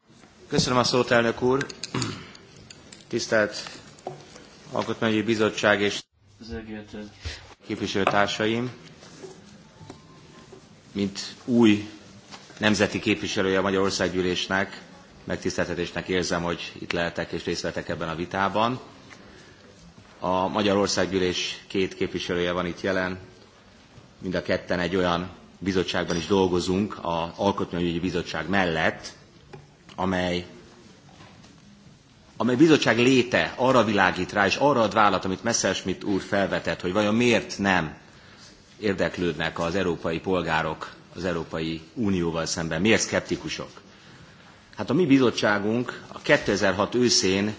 Köszönöm a szót, elnök
úr. Tisztelt Alkotmányi Bizottság és képviselőtársaim, mint új nemzeti képviselője a Magyarországgyűlésnek, megtiszteltetésnek érzem, hogy itt lehetek és részt vetek ebben a vitában. A Magyarországgyűlés két képviselője van itt jelen, mind a ketten egy olyan bizottságban is dolgozunk, az Alkotmányügyi Bizottság mellett, amely amely bizottság léte arra világít rá, és arra ad vállat, amit Messerschmidt úr felvetett, hogy vajon miért nem érdeklődnek az európai polgárok az Európai Unióval szemben, miért szkeptikusok. Hát a mi bizottságunk a 2006 őszén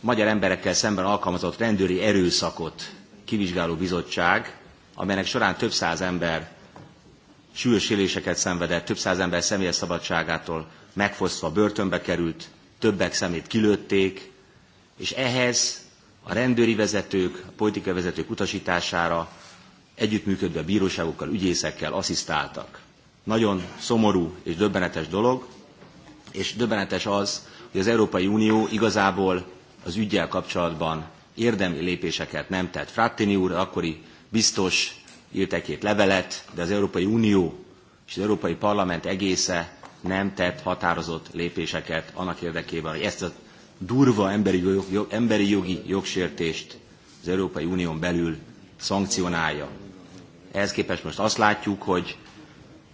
magyar emberekkel szemben alkalmazott rendőri erőszakot kivizsgáló bizottság, amelynek során több száz ember súlyos éléseket szenvedett, több száz ember személyes szabadságától megfosztva börtönbe került, többek szemét kilőtték, és ehhez a rendőri vezetők, a politikai vezetők utasítására együttműködve bíróságokkal, ügyészekkel asszisztáltak. Nagyon szomorú és döbbenetes dolog, és döbbenetes az, hogy az Európai Unió igazából az ügyel kapcsolatban érdemi lépéseket nem tett. Frattini úr, akkori biztos írt levelet, de az Európai Unió és az Európai Parlament egésze nem tett határozott lépéseket annak érdekében, hogy ezt a durva emberi, jog, emberi jogi jogsértést az Európai Unión belül szankcionálja. Ehhez képest most azt látjuk, hogy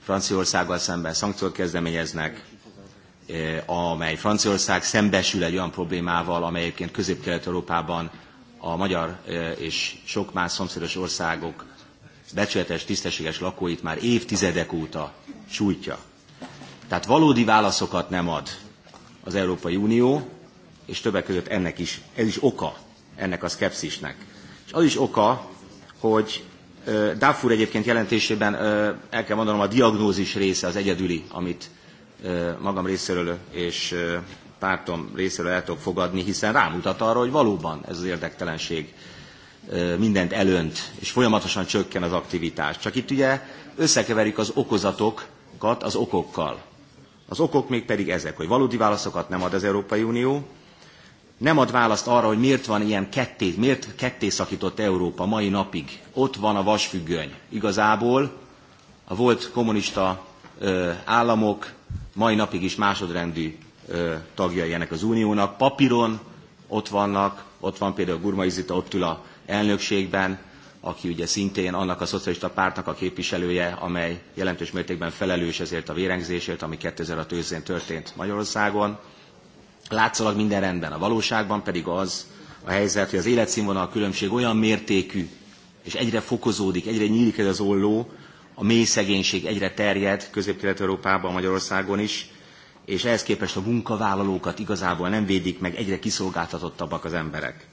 Franciaországgal szemben szankciót kezdeményeznek, eh, amely Franciaország szembesül egy olyan problémával, amely egyébként Közép-Kelet-Európában a magyar eh, és sok más szomszédos országok becsületes, tisztességes lakóit már évtizedek óta sújtja. Tehát valódi válaszokat nem ad az Európai Unió, és többek között ennek is, ez is oka ennek a szkepszisnek. És az is oka, hogy Dáfúr egyébként jelentésében el kell mondanom, a diagnózis része az egyedüli, amit magam részéről és pártom részéről el tudok fogadni, hiszen rámutat arra, hogy valóban ez az érdektelenség mindent elönt, és folyamatosan csökken az aktivitás. Csak itt ugye összekeverik az okozatokat az okokkal. Az okok még pedig ezek, hogy valódi válaszokat nem ad az Európai Unió, nem ad választ arra, hogy miért van ilyen ketté, miért ketté szakított Európa mai napig. Ott van a vasfüggöny. Igazából a volt kommunista ö, államok mai napig is másodrendű ö, tagjai ennek az uniónak. Papíron ott vannak, ott van például Gurmai Zita, ott ül a elnökségben, aki ugye szintén annak a szocialista pártnak a képviselője, amely jelentős mértékben felelős ezért a vérengzésért, ami 2006 őszén történt Magyarországon. Látszólag minden rendben, a valóságban pedig az a helyzet, hogy az életszínvonal különbség olyan mértékű, és egyre fokozódik, egyre nyílik ez az olló, a mély szegénység egyre terjed Közép-Kelet-Európában, Magyarországon is, és ehhez képest a munkavállalókat igazából nem védik meg, egyre kiszolgáltatottabbak az emberek.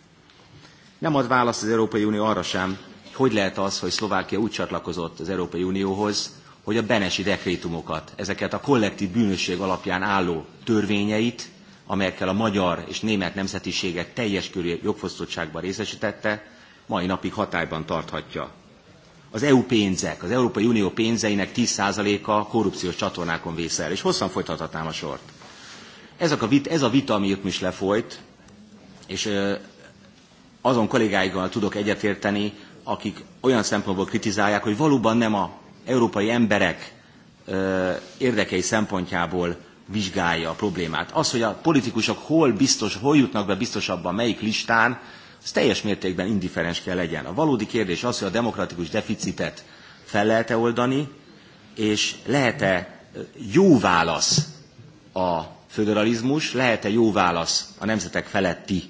Nem ad választ az Európai Unió arra sem, hogy lehet az, hogy Szlovákia úgy csatlakozott az Európai Unióhoz, hogy a benesi dekrétumokat, ezeket a kollektív bűnösség alapján álló törvényeit, amelyekkel a magyar és német nemzetiséget teljes körű jogfosztottságban részesítette, mai napig hatályban tarthatja. Az EU pénzek, az Európai Unió pénzeinek 10%-a korrupciós csatornákon vészel, és hosszan folytathatnám a sort. Ez a vita, ez a vita, ami itt is lefolyt, és azon kollégáikkal tudok egyetérteni, akik olyan szempontból kritizálják, hogy valóban nem a európai emberek érdekei szempontjából vizsgálja a problémát. Az, hogy a politikusok hol biztos, hol jutnak be biztosabban, melyik listán, az teljes mértékben indiferens kell legyen. A valódi kérdés az, hogy a demokratikus deficitet fel lehet-e oldani, és lehet-e jó válasz a föderalizmus, lehet-e jó válasz a nemzetek feletti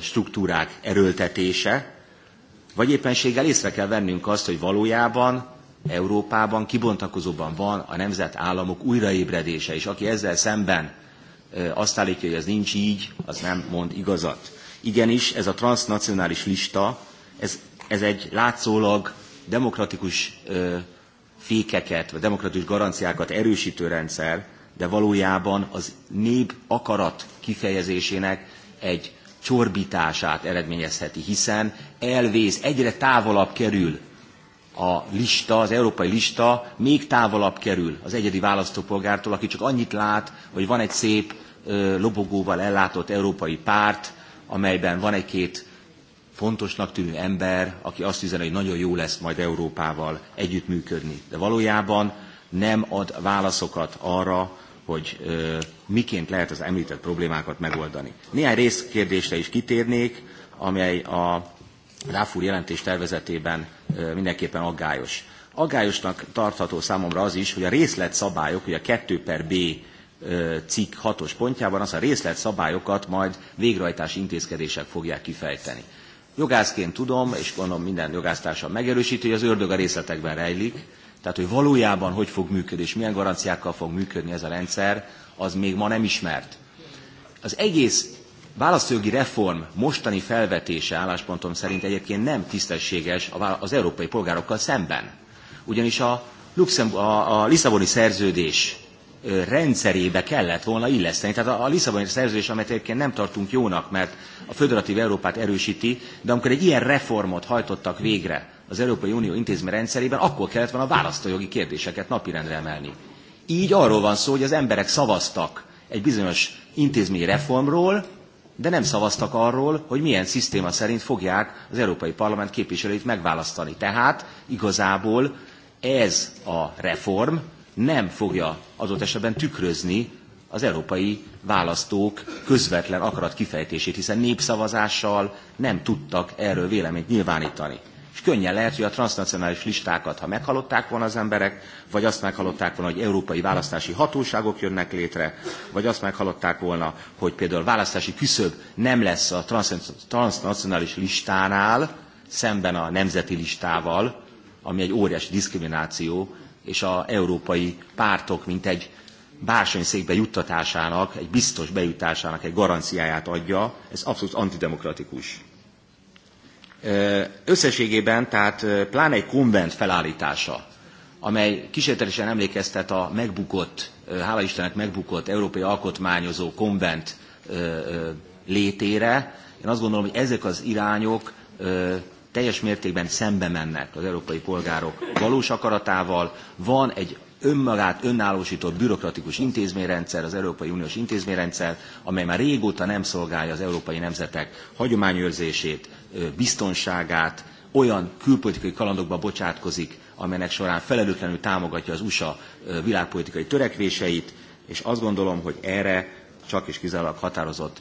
struktúrák erőltetése, vagy éppenséggel észre kell vennünk azt, hogy valójában Európában kibontakozóban van a nemzetállamok újraébredése, és aki ezzel szemben azt állítja, hogy ez nincs így, az nem mond igazat. Igenis, ez a transnacionális lista, ez, ez egy látszólag demokratikus ö, fékeket, vagy demokratikus garanciákat erősítő rendszer, de valójában az nép akarat kifejezésének egy csorbítását eredményezheti, hiszen elvész, egyre távolabb kerül a lista, az európai lista még távolabb kerül az egyedi választópolgártól, aki csak annyit lát, hogy van egy szép lobogóval ellátott európai párt, amelyben van egy-két fontosnak tűnő ember, aki azt üzeni, hogy nagyon jó lesz majd Európával együttműködni. De valójában nem ad válaszokat arra, hogy ö, miként lehet az említett problémákat megoldani. Néhány részkérdésre is kitérnék, amely a Ráfúr jelentés tervezetében ö, mindenképpen aggályos. Aggályosnak tartható számomra az is, hogy a részletszabályok, hogy a 2 per B cikk 6-os pontjában az a részletszabályokat majd végrehajtási intézkedések fogják kifejteni. Jogászként tudom, és gondolom minden jogásztársam megerősíti, hogy az ördög a részletekben rejlik, tehát, hogy valójában hogy fog működni és milyen garanciákkal fog működni ez a rendszer, az még ma nem ismert. Az egész választójogi reform mostani felvetése álláspontom szerint egyébként nem tisztességes az európai polgárokkal szemben. Ugyanis a, Luxemb- a, a Lisszaboni szerződés rendszerébe kellett volna illeszteni. Tehát a, a Lisszaboni szerződés, amelyet egyébként nem tartunk jónak, mert a föderatív Európát erősíti, de amikor egy ilyen reformot hajtottak végre az Európai Unió intézményrendszerében, akkor kellett volna a választójogi kérdéseket napirendre emelni. Így arról van szó, hogy az emberek szavaztak egy bizonyos intézményi reformról, de nem szavaztak arról, hogy milyen szisztéma szerint fogják az Európai Parlament képviselőit megválasztani. Tehát igazából ez a reform nem fogja adott esetben tükrözni az európai választók közvetlen akarat kifejtését, hiszen népszavazással nem tudtak erről véleményt nyilvánítani és könnyen lehet, hogy a transnacionális listákat, ha meghalották volna az emberek, vagy azt meghalották volna, hogy európai választási hatóságok jönnek létre, vagy azt meghalották volna, hogy például választási küszöb nem lesz a transnacionális listánál, szemben a nemzeti listával, ami egy óriási diszkrimináció, és a európai pártok, mint egy bársonyszékbe juttatásának, egy biztos bejutásának egy garanciáját adja, ez abszolút antidemokratikus. Összességében tehát pláne egy konvent felállítása, amely kísérletesen emlékeztet a megbukott, hála Istennek megbukott európai alkotmányozó konvent létére. Én azt gondolom, hogy ezek az irányok teljes mértékben szembe mennek az európai polgárok valós akaratával. Van egy önmagát önállósított bürokratikus intézményrendszer, az Európai Uniós intézményrendszer, amely már régóta nem szolgálja az európai nemzetek hagyományőrzését, biztonságát olyan külpolitikai kalandokba bocsátkozik, amelynek során felelőtlenül támogatja az USA világpolitikai törekvéseit, és azt gondolom, hogy erre csak és kizárólag határozott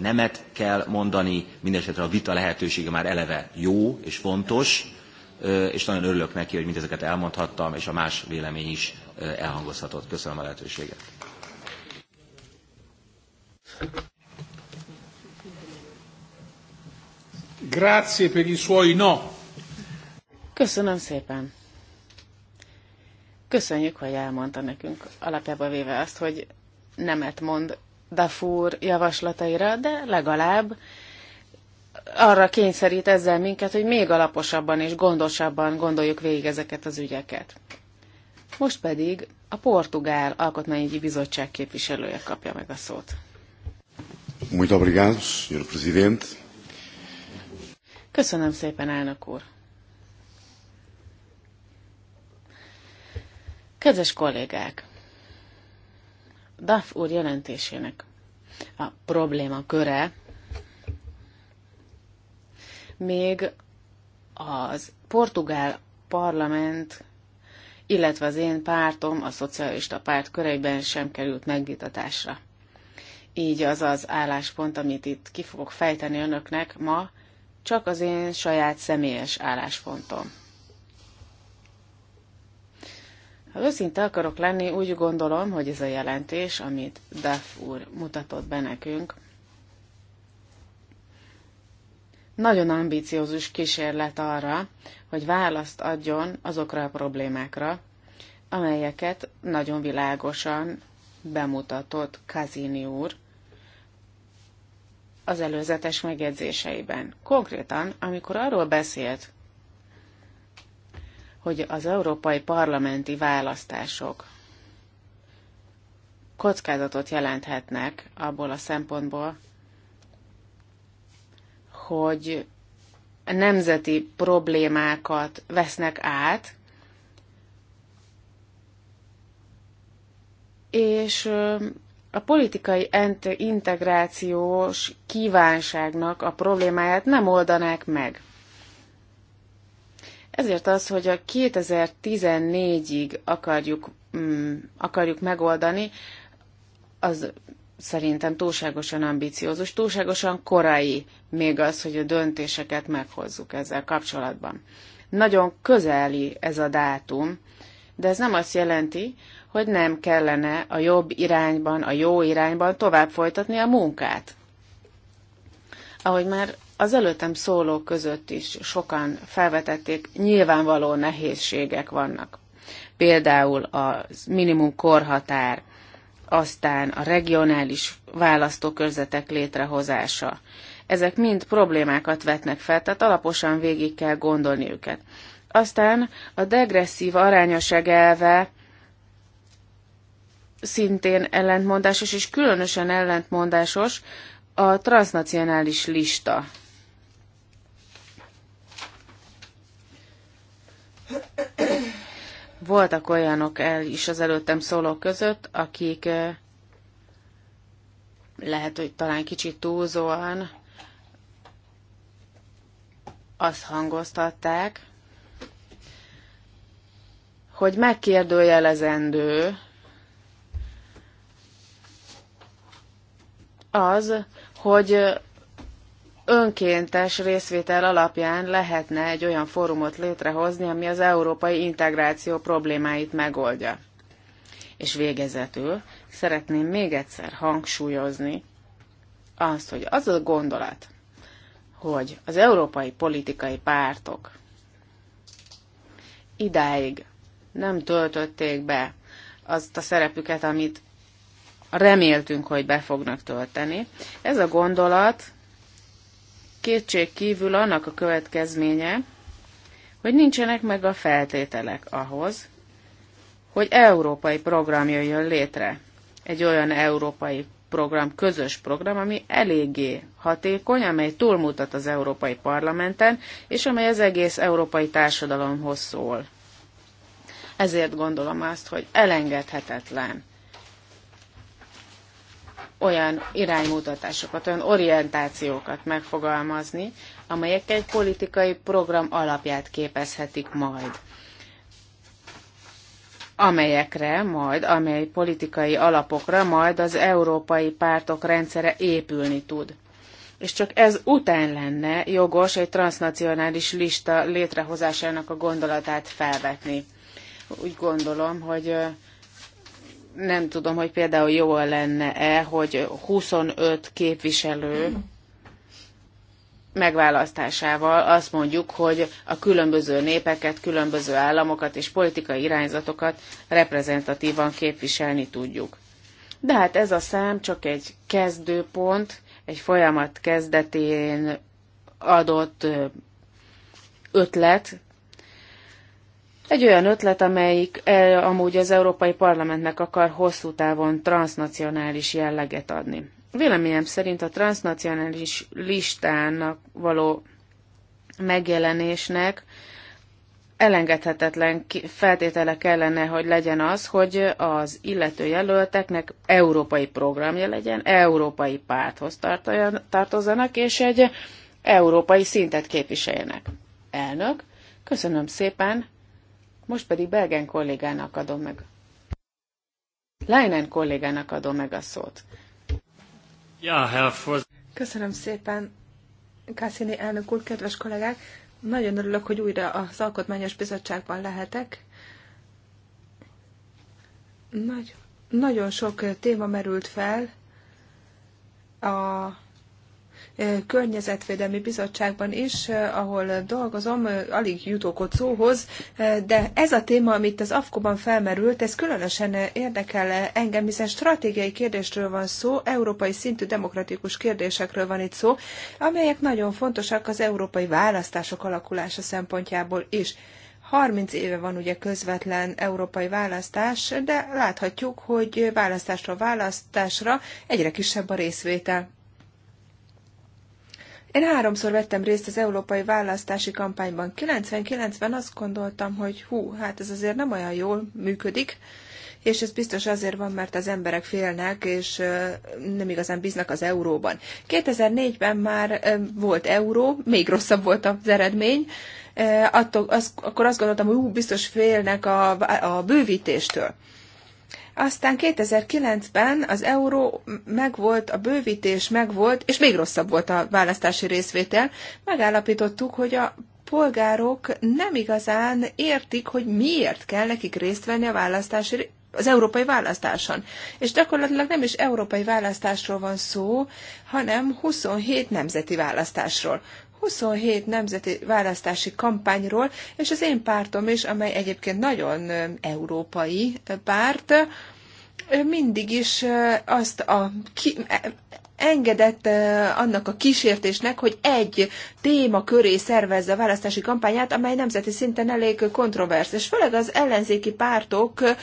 nemet kell mondani, mindesetre a vita lehetősége már eleve jó és fontos, és nagyon örülök neki, hogy mindezeket elmondhattam, és a más vélemény is elhangozhatott. Köszönöm a lehetőséget.
Köszönöm szépen. Köszönjük, hogy elmondta nekünk alapjába véve azt, hogy nemet mond Dafur javaslataira, de legalább arra kényszerít ezzel minket, hogy még alaposabban és gondosabban gondoljuk végig ezeket az ügyeket. Most pedig a Portugál Alkotmányügyi Bizottság képviselője kapja meg a szót.
Muito obrigado, Sr. Presidente.
Köszönöm szépen, elnök úr! Kedves kollégák! DAF úr jelentésének a probléma köre még az portugál parlament, illetve az én pártom, a szocialista párt köreiben sem került megvitatásra. Így az az álláspont, amit itt ki fogok fejteni önöknek ma, csak az én saját személyes álláspontom. Ha őszinte akarok lenni, úgy gondolom, hogy ez a jelentés, amit Duff úr mutatott be nekünk, nagyon ambiciózus kísérlet arra, hogy választ adjon azokra a problémákra, amelyeket nagyon világosan bemutatott Kazini úr az előzetes megjegyzéseiben. Konkrétan, amikor arról beszélt, hogy az európai parlamenti választások kockázatot jelenthetnek abból a szempontból, hogy nemzeti problémákat vesznek át, és a politikai integrációs kívánságnak a problémáját nem oldanák meg. Ezért az, hogy a 2014-ig akarjuk, mm, akarjuk megoldani, az szerintem túlságosan ambiciózus, túlságosan korai még az, hogy a döntéseket meghozzuk ezzel kapcsolatban. Nagyon közeli ez a dátum, de ez nem azt jelenti, hogy nem kellene a jobb irányban, a jó irányban tovább folytatni a munkát. Ahogy már az előttem szólók között is sokan felvetették, nyilvánvaló nehézségek vannak. Például a minimum korhatár, aztán a regionális választókörzetek létrehozása. Ezek mind problémákat vetnek fel, tehát alaposan végig kell gondolni őket. Aztán a degresszív arányosság elve szintén ellentmondásos, és különösen ellentmondásos a transnacionális lista. Voltak olyanok el is az előttem szólók között, akik eh, lehet, hogy talán kicsit túlzóan azt hangoztatták, hogy megkérdőjelezendő az, hogy önkéntes részvétel alapján lehetne egy olyan fórumot létrehozni, ami az európai integráció problémáit megoldja. És végezetül szeretném még egyszer hangsúlyozni azt, hogy az a gondolat, hogy az európai politikai pártok idáig nem töltötték be azt a szerepüket, amit reméltünk, hogy be fognak tölteni. Ez a gondolat kétség kívül annak a következménye, hogy nincsenek meg a feltételek ahhoz, hogy európai program jöjjön létre. Egy olyan európai program, közös program, ami eléggé hatékony, amely túlmutat az Európai Parlamenten, és amely az egész európai társadalomhoz szól. Ezért gondolom azt, hogy elengedhetetlen, olyan iránymutatásokat, olyan orientációkat megfogalmazni, amelyek egy politikai program alapját képezhetik majd amelyekre majd, amely politikai alapokra majd az európai pártok rendszere épülni tud. És csak ez után lenne jogos egy transnacionális lista létrehozásának a gondolatát felvetni. Úgy gondolom, hogy nem tudom, hogy például jó lenne-e, hogy 25 képviselő megválasztásával azt mondjuk, hogy a különböző népeket, különböző államokat és politikai irányzatokat reprezentatívan képviselni tudjuk. De hát ez a szám csak egy kezdőpont, egy folyamat kezdetén adott ötlet, egy olyan ötlet, amelyik eh, amúgy az Európai Parlamentnek akar hosszú távon transnacionális jelleget adni. Véleményem szerint a transnacionális listának való megjelenésnek elengedhetetlen feltétele kellene, hogy legyen az, hogy az illető jelölteknek európai programja legyen, európai párthoz tartozzanak, és egy európai szintet képviseljenek. Elnök, köszönöm szépen, most pedig Belgen kollégának adom meg. Leinen kollégának adom meg a szót.
Ja, Herr
Köszönöm szépen, Kászini elnök úr, kedves kollégák! Nagyon örülök, hogy újra az Alkotmányos Bizottságban lehetek. Nagy, nagyon sok téma merült fel a Környezetvédelmi Bizottságban is, ahol dolgozom, alig jutok ott szóhoz, de ez a téma, amit az AFKO-ban felmerült, ez különösen érdekel engem, hiszen stratégiai kérdésről van szó, európai szintű demokratikus kérdésekről van itt szó, amelyek nagyon fontosak az európai választások alakulása szempontjából is. 30 éve van ugye közvetlen európai választás, de láthatjuk, hogy választásról választásra egyre kisebb a részvétel. Én háromszor vettem részt az európai választási kampányban. 99-ben azt gondoltam, hogy hú, hát ez azért nem olyan jól működik, és ez biztos azért van, mert az emberek félnek, és nem igazán bíznak az euróban. 2004-ben már volt euró, még rosszabb volt az eredmény, attól, az, akkor azt gondoltam, hogy hú, biztos félnek a, a bővítéstől. Aztán 2009-ben az euró megvolt, a bővítés megvolt, és még rosszabb volt a választási részvétel. Megállapítottuk, hogy a polgárok nem igazán értik, hogy miért kell nekik részt venni a választási az európai választáson. És gyakorlatilag nem is európai választásról van szó, hanem 27 nemzeti választásról. 27 nemzeti választási kampányról, és az én pártom is, amely egyébként nagyon európai párt, mindig is azt a ki, e, engedett annak a kísértésnek, hogy egy téma köré szervezze a választási kampányát, amely nemzeti szinten elég kontroversz. És főleg az ellenzéki pártok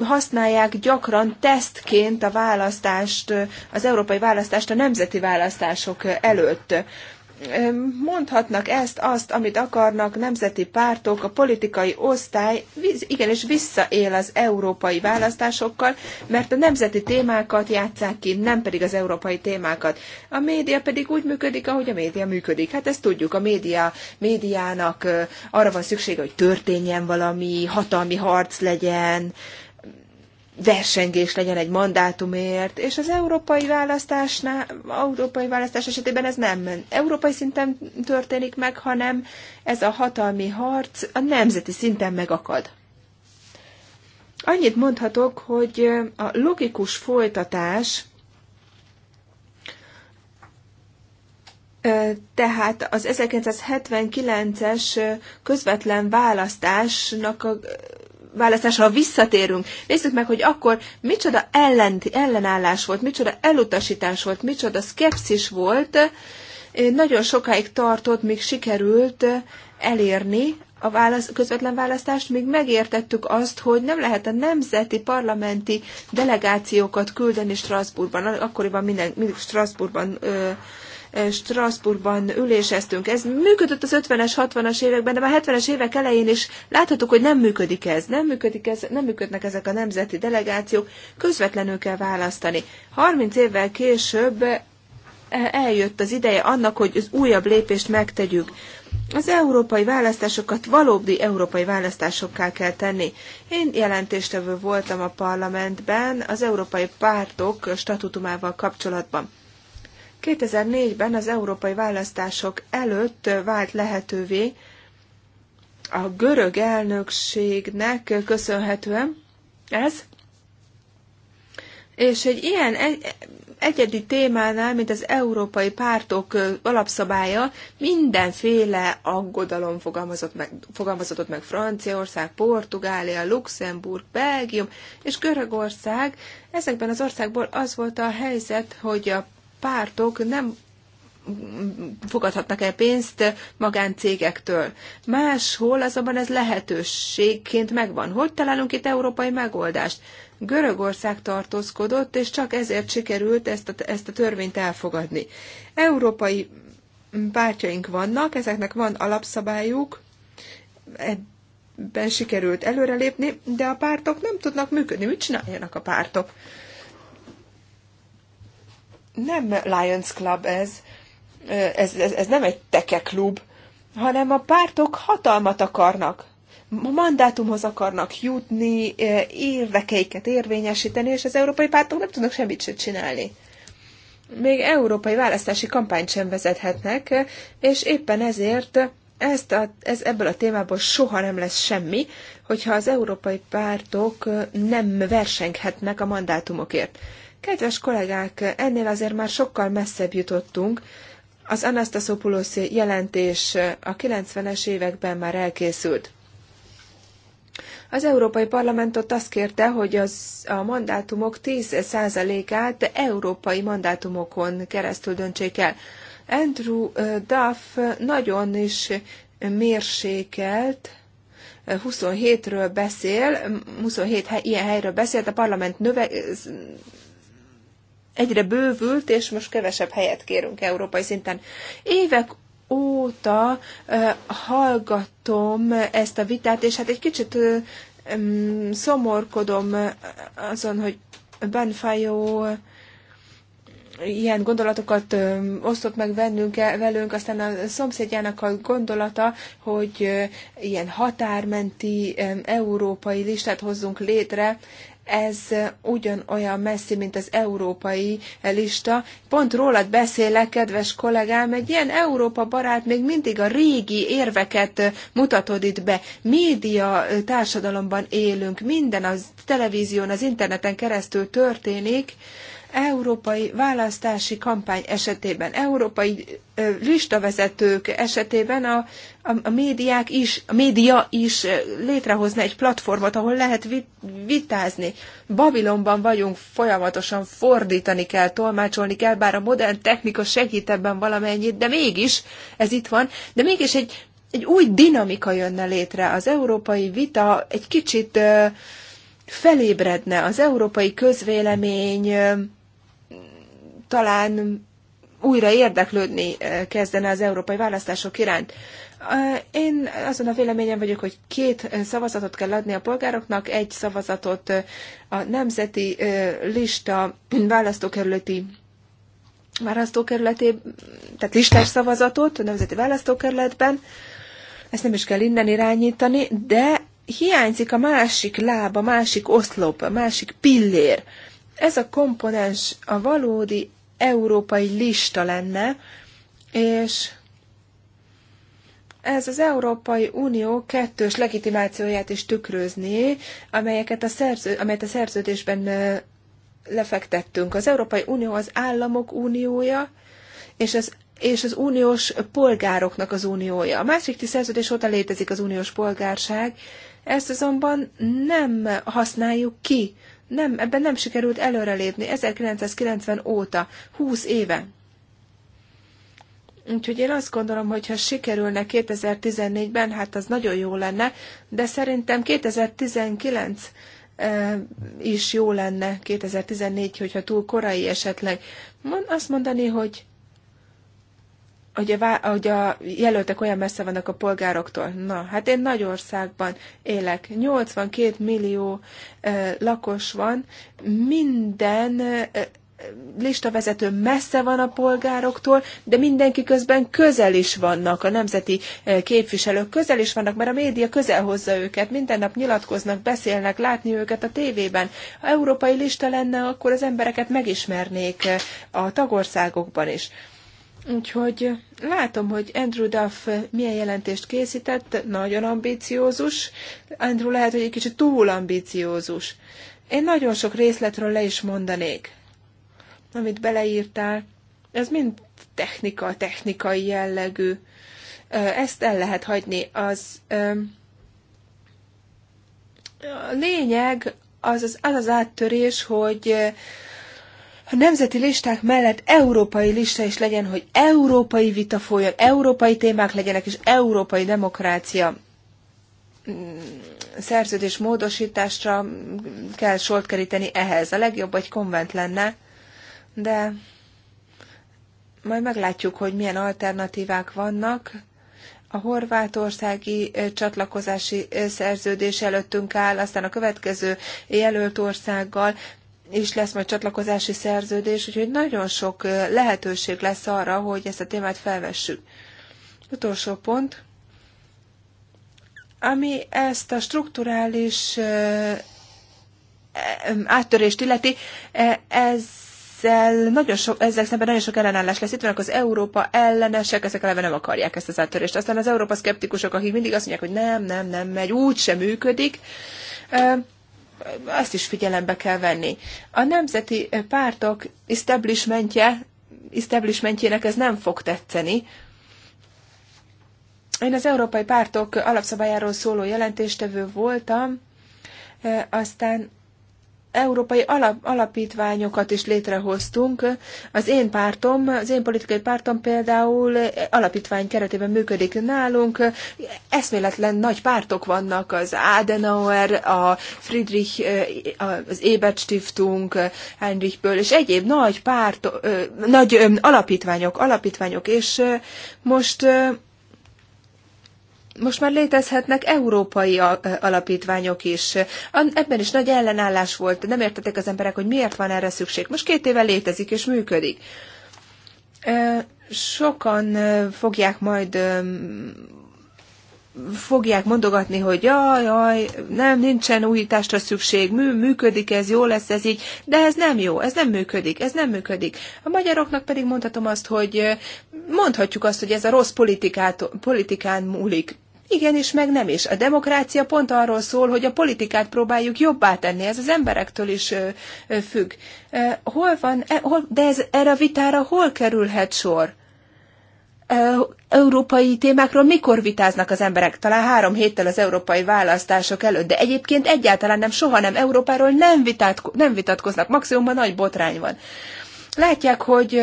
használják gyakran tesztként a választást, az európai választást a nemzeti választások előtt mondhatnak ezt, azt, amit akarnak nemzeti pártok, a politikai osztály igenis visszaél az európai választásokkal, mert a nemzeti témákat játszák ki, nem pedig az európai témákat. A média pedig úgy működik, ahogy a média működik. Hát ezt tudjuk, a média, médiának arra van szüksége, hogy történjen valami, hatalmi harc legyen, versengés legyen egy mandátumért, és az európai választásnál, európai választás esetében ez nem európai szinten történik meg, hanem ez a hatalmi harc a nemzeti szinten megakad. Annyit mondhatok, hogy a logikus folytatás, tehát az 1979-es közvetlen választásnak a választásra, ha visszatérünk, nézzük meg, hogy akkor micsoda ellent, ellenállás volt, micsoda elutasítás volt, micsoda szkepszis volt, nagyon sokáig tartott, míg sikerült elérni a válasz, közvetlen választást, még megértettük azt, hogy nem lehet a nemzeti parlamenti delegációkat küldeni Strasbourgban. Akkoriban minden, mindig Strasbourgban ö, Strasbourgban üléseztünk. Ez működött az 50-es, 60-as években, de már 70-es évek elején is láthatjuk, hogy nem működik ez. Nem, működik ez, nem működnek ezek a nemzeti delegációk. Közvetlenül kell választani. 30 évvel később eljött az ideje annak, hogy az újabb lépést megtegyük. Az európai választásokat valódi európai választásokká kell tenni. Én jelentéstevő voltam a parlamentben az európai pártok statutumával kapcsolatban. 2004-ben az európai választások előtt vált lehetővé a görög elnökségnek köszönhetően ez, és egy ilyen egyedi témánál, mint az európai pártok alapszabálya, mindenféle aggodalom fogalmazott meg, fogalmazott meg Franciaország, Portugália, Luxemburg, Belgium és Görögország. Ezekben az országból az volt a helyzet, hogy a pártok nem fogadhatnak el pénzt magáncégektől. Máshol azonban ez lehetőségként megvan. Hogy találunk itt európai megoldást? Görögország tartózkodott, és csak ezért sikerült ezt a, ezt a törvényt elfogadni. Európai pártjaink vannak, ezeknek van alapszabályuk, ebben sikerült előrelépni, de a pártok nem tudnak működni. Mit csináljanak a pártok? nem Lions Club ez, ez, ez, ez nem egy tekeklub, hanem a pártok hatalmat akarnak, a mandátumhoz akarnak jutni, érdekeiket érvényesíteni, és az európai pártok nem tudnak semmit sem csinálni. Még európai választási kampányt sem vezethetnek, és éppen ezért ezt a, ez ebből a témából soha nem lesz semmi, hogyha az európai pártok nem versenghetnek a mandátumokért. Kedves kollégák, ennél azért már sokkal messzebb jutottunk. Az Anastasopoulos jelentés a 90-es években már elkészült. Az Európai Parlamentot azt kérte, hogy az, a mandátumok 10%-át európai mandátumokon keresztül döntsék el. Andrew Duff nagyon is mérsékelt, 27-ről beszél, 27 ilyen helyről beszélt, a parlament növe, egyre bővült, és most kevesebb helyet kérünk európai szinten. Évek óta hallgatom ezt a vitát, és hát egy kicsit szomorkodom azon, hogy Benfajó ilyen gondolatokat osztott meg bennünk, e, velünk, aztán a szomszédjának a gondolata, hogy ilyen határmenti európai listát hozzunk létre, ez ugyanolyan messzi, mint az európai lista. Pont rólad beszélek, kedves kollégám, egy ilyen Európa barát még mindig a régi érveket mutatod itt be. Média társadalomban élünk, minden az televízión, az interneten keresztül történik, európai választási kampány esetében, európai listavezetők esetében a, a, a médiák is, a média is létrehozna egy platformot, ahol lehet vitázni. Babilonban vagyunk, folyamatosan fordítani kell, tolmácsolni kell, bár a modern technika segít ebben valamennyit, de mégis, ez itt van, de mégis egy, egy új dinamika jönne létre. Az európai vita egy kicsit felébredne, az európai közvélemény talán újra érdeklődni eh, kezdene az európai választások iránt. Eh, én azon a véleményem vagyok, hogy két eh, szavazatot kell adni a polgároknak, egy szavazatot a nemzeti lista választókerületi választókerületé, tehát listás szavazatot a nemzeti választókerületben, ezt nem is kell innen irányítani, de hiányzik a másik láb, a másik oszlop, a másik pillér. Ez a komponens, a valódi európai lista lenne, és ez az Európai Unió kettős legitimációját is tükrözni, amelyeket a szerző, amelyet a szerződésben lefektettünk. Az Európai Unió az államok uniója, és az és az uniós polgároknak az uniója. A Maastrichti szerződés óta létezik az uniós polgárság, ezt azonban nem használjuk ki nem, ebben nem sikerült előrelépni 1990 óta, 20 éve. Úgyhogy én azt gondolom, hogy ha sikerülne 2014-ben, hát az nagyon jó lenne, de szerintem 2019 eh, is jó lenne 2014, hogyha túl korai esetleg. Azt mondani, hogy hogy a, hogy a jelöltek olyan messze vannak a polgároktól. Na, hát én nagy országban élek. 82 millió e, lakos van, minden e, listavezető messze van a polgároktól, de mindenki közben közel is vannak, a nemzeti képviselők közel is vannak, mert a média közel hozza őket, minden nap nyilatkoznak, beszélnek, látni őket a tévében. Ha európai lista lenne, akkor az embereket megismernék a tagországokban is. Úgyhogy látom, hogy Andrew Duff milyen jelentést készített, nagyon ambiciózus. Andrew lehet, hogy egy kicsit túl ambiciózus. Én nagyon sok részletről le is mondanék, amit beleírtál. Ez mind technika, technikai jellegű. Ezt el lehet hagyni. Az a lényeg az az, az, az áttörés, hogy a nemzeti listák mellett európai lista is legyen, hogy európai vita folyjon, európai témák legyenek, és európai demokrácia mm, szerződés módosításra kell sort keríteni ehhez. A legjobb egy konvent lenne, de majd meglátjuk, hogy milyen alternatívák vannak. A horvátországi csatlakozási szerződés előttünk áll, aztán a következő jelölt országgal is lesz majd csatlakozási szerződés, úgyhogy nagyon sok lehetőség lesz arra, hogy ezt a témát felvessük. Utolsó pont, ami ezt a strukturális áttörést illeti, ez ezzel nagyon sok, ezzel szemben nagyon sok ellenállás lesz. Itt vannak az Európa ellenesek, ezek eleve nem akarják ezt az áttörést. Aztán az Európa szkeptikusok, akik mindig azt mondják, hogy nem, nem, nem megy, úgy sem működik azt is figyelembe kell venni. A nemzeti pártok establishmentje, establishmentjének ez nem fog tetszeni. Én az európai pártok alapszabályáról szóló jelentéstevő voltam, e, aztán európai alap, alapítványokat is létrehoztunk. Az én pártom, az én politikai pártom például alapítvány keretében működik nálunk. Eszméletlen nagy pártok vannak, az Adenauer, a Friedrich, eh, az Ebert Stiftung, Heinrichből, és egyéb nagy párt, nagy alapítványok, alapítványok, és most most már létezhetnek európai alapítványok is. Ebben is nagy ellenállás volt, nem értették az emberek, hogy miért van erre szükség. Most két éve létezik és működik. Sokan fogják majd fogják mondogatni, hogy jaj, jaj, nem, nincsen újításra szükség, mű, működik ez, jó lesz ez így, de ez nem jó, ez nem működik, ez nem működik. A magyaroknak pedig mondhatom azt, hogy mondhatjuk azt, hogy ez a rossz politikát, politikán múlik. Igen, és meg nem is. A demokrácia pont arról szól, hogy a politikát próbáljuk jobbá tenni. Ez az emberektől is függ. Hol van, e, de ez, erre a vitára hol kerülhet sor? európai témákról mikor vitáznak az emberek? Talán három héttel az európai választások előtt, de egyébként egyáltalán nem, soha nem Európáról nem, vitátko- nem vitatkoznak, maximum a nagy botrány van. Látják, hogy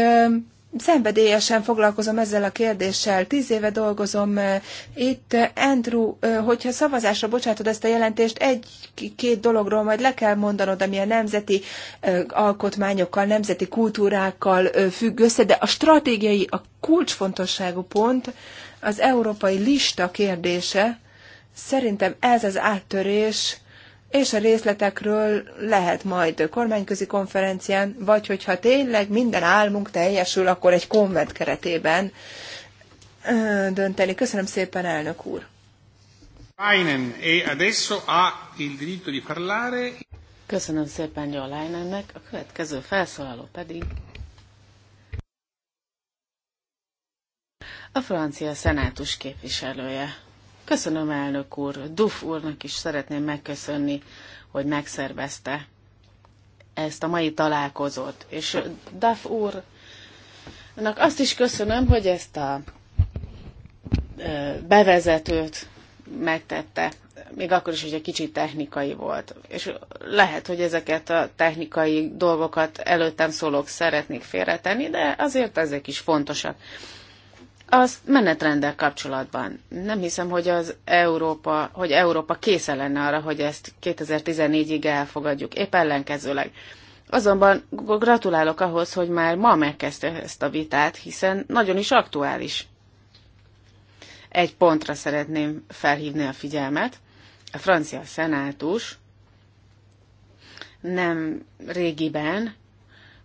szenvedélyesen foglalkozom ezzel a kérdéssel. Tíz éve dolgozom eh, itt. Eh, Andrew, eh, hogyha szavazásra bocsátod ezt a jelentést, egy-két dologról majd le kell mondanod, ami a nemzeti alkotmányokkal, nemzeti kultúrákkal függ össze, de a stratégiai, a kulcsfontosságú pont az európai lista kérdése. Szerintem ez az áttörés, és a részletekről lehet majd kormányközi konferencián, vagy hogyha tényleg minden álmunk teljesül, akkor egy konvent keretében dönteni. Köszönöm szépen, elnök úr!
E
Köszönöm szépen Jó Lájnennek, a következő felszólaló pedig a francia szenátus képviselője. Köszönöm, elnök úr. Duf úrnak is szeretném megköszönni, hogy megszervezte ezt a mai találkozót. És Duff úrnak azt is köszönöm, hogy ezt a bevezetőt megtette, még akkor is, hogy egy kicsit technikai volt. És lehet, hogy ezeket a technikai dolgokat előttem szólók szeretnék félretenni, de azért ezek is fontosak az menetrendel kapcsolatban. Nem hiszem, hogy az Európa, hogy Európa készen lenne arra, hogy ezt 2014-ig elfogadjuk. Épp ellenkezőleg. Azonban gratulálok ahhoz, hogy már ma megkezdte ezt a vitát, hiszen nagyon is aktuális. Egy pontra szeretném felhívni a figyelmet. A francia szenátus nem régiben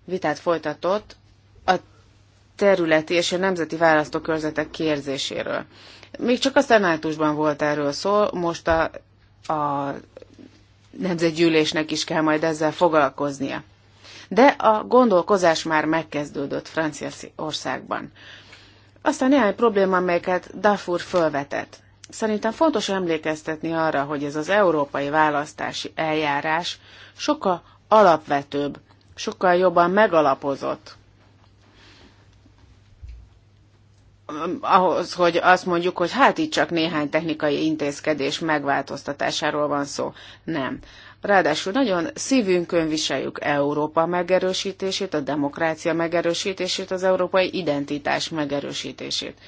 vitát folytatott területi és a nemzeti választókörzetek kérzéséről. Még csak a szenátusban volt erről szó, most a, a nemzetgyűlésnek is kell majd ezzel foglalkoznia. De a gondolkozás már megkezdődött Franciaországban. Aztán néhány probléma, amelyeket Dafur fölvetett. Szerintem fontos emlékeztetni arra, hogy ez az európai választási eljárás sokkal alapvetőbb, sokkal jobban megalapozott, ahhoz, hogy azt mondjuk, hogy hát itt csak néhány technikai intézkedés megváltoztatásáról van szó. Nem. Ráadásul nagyon szívünkön viseljük Európa megerősítését, a demokrácia megerősítését, az európai identitás megerősítését.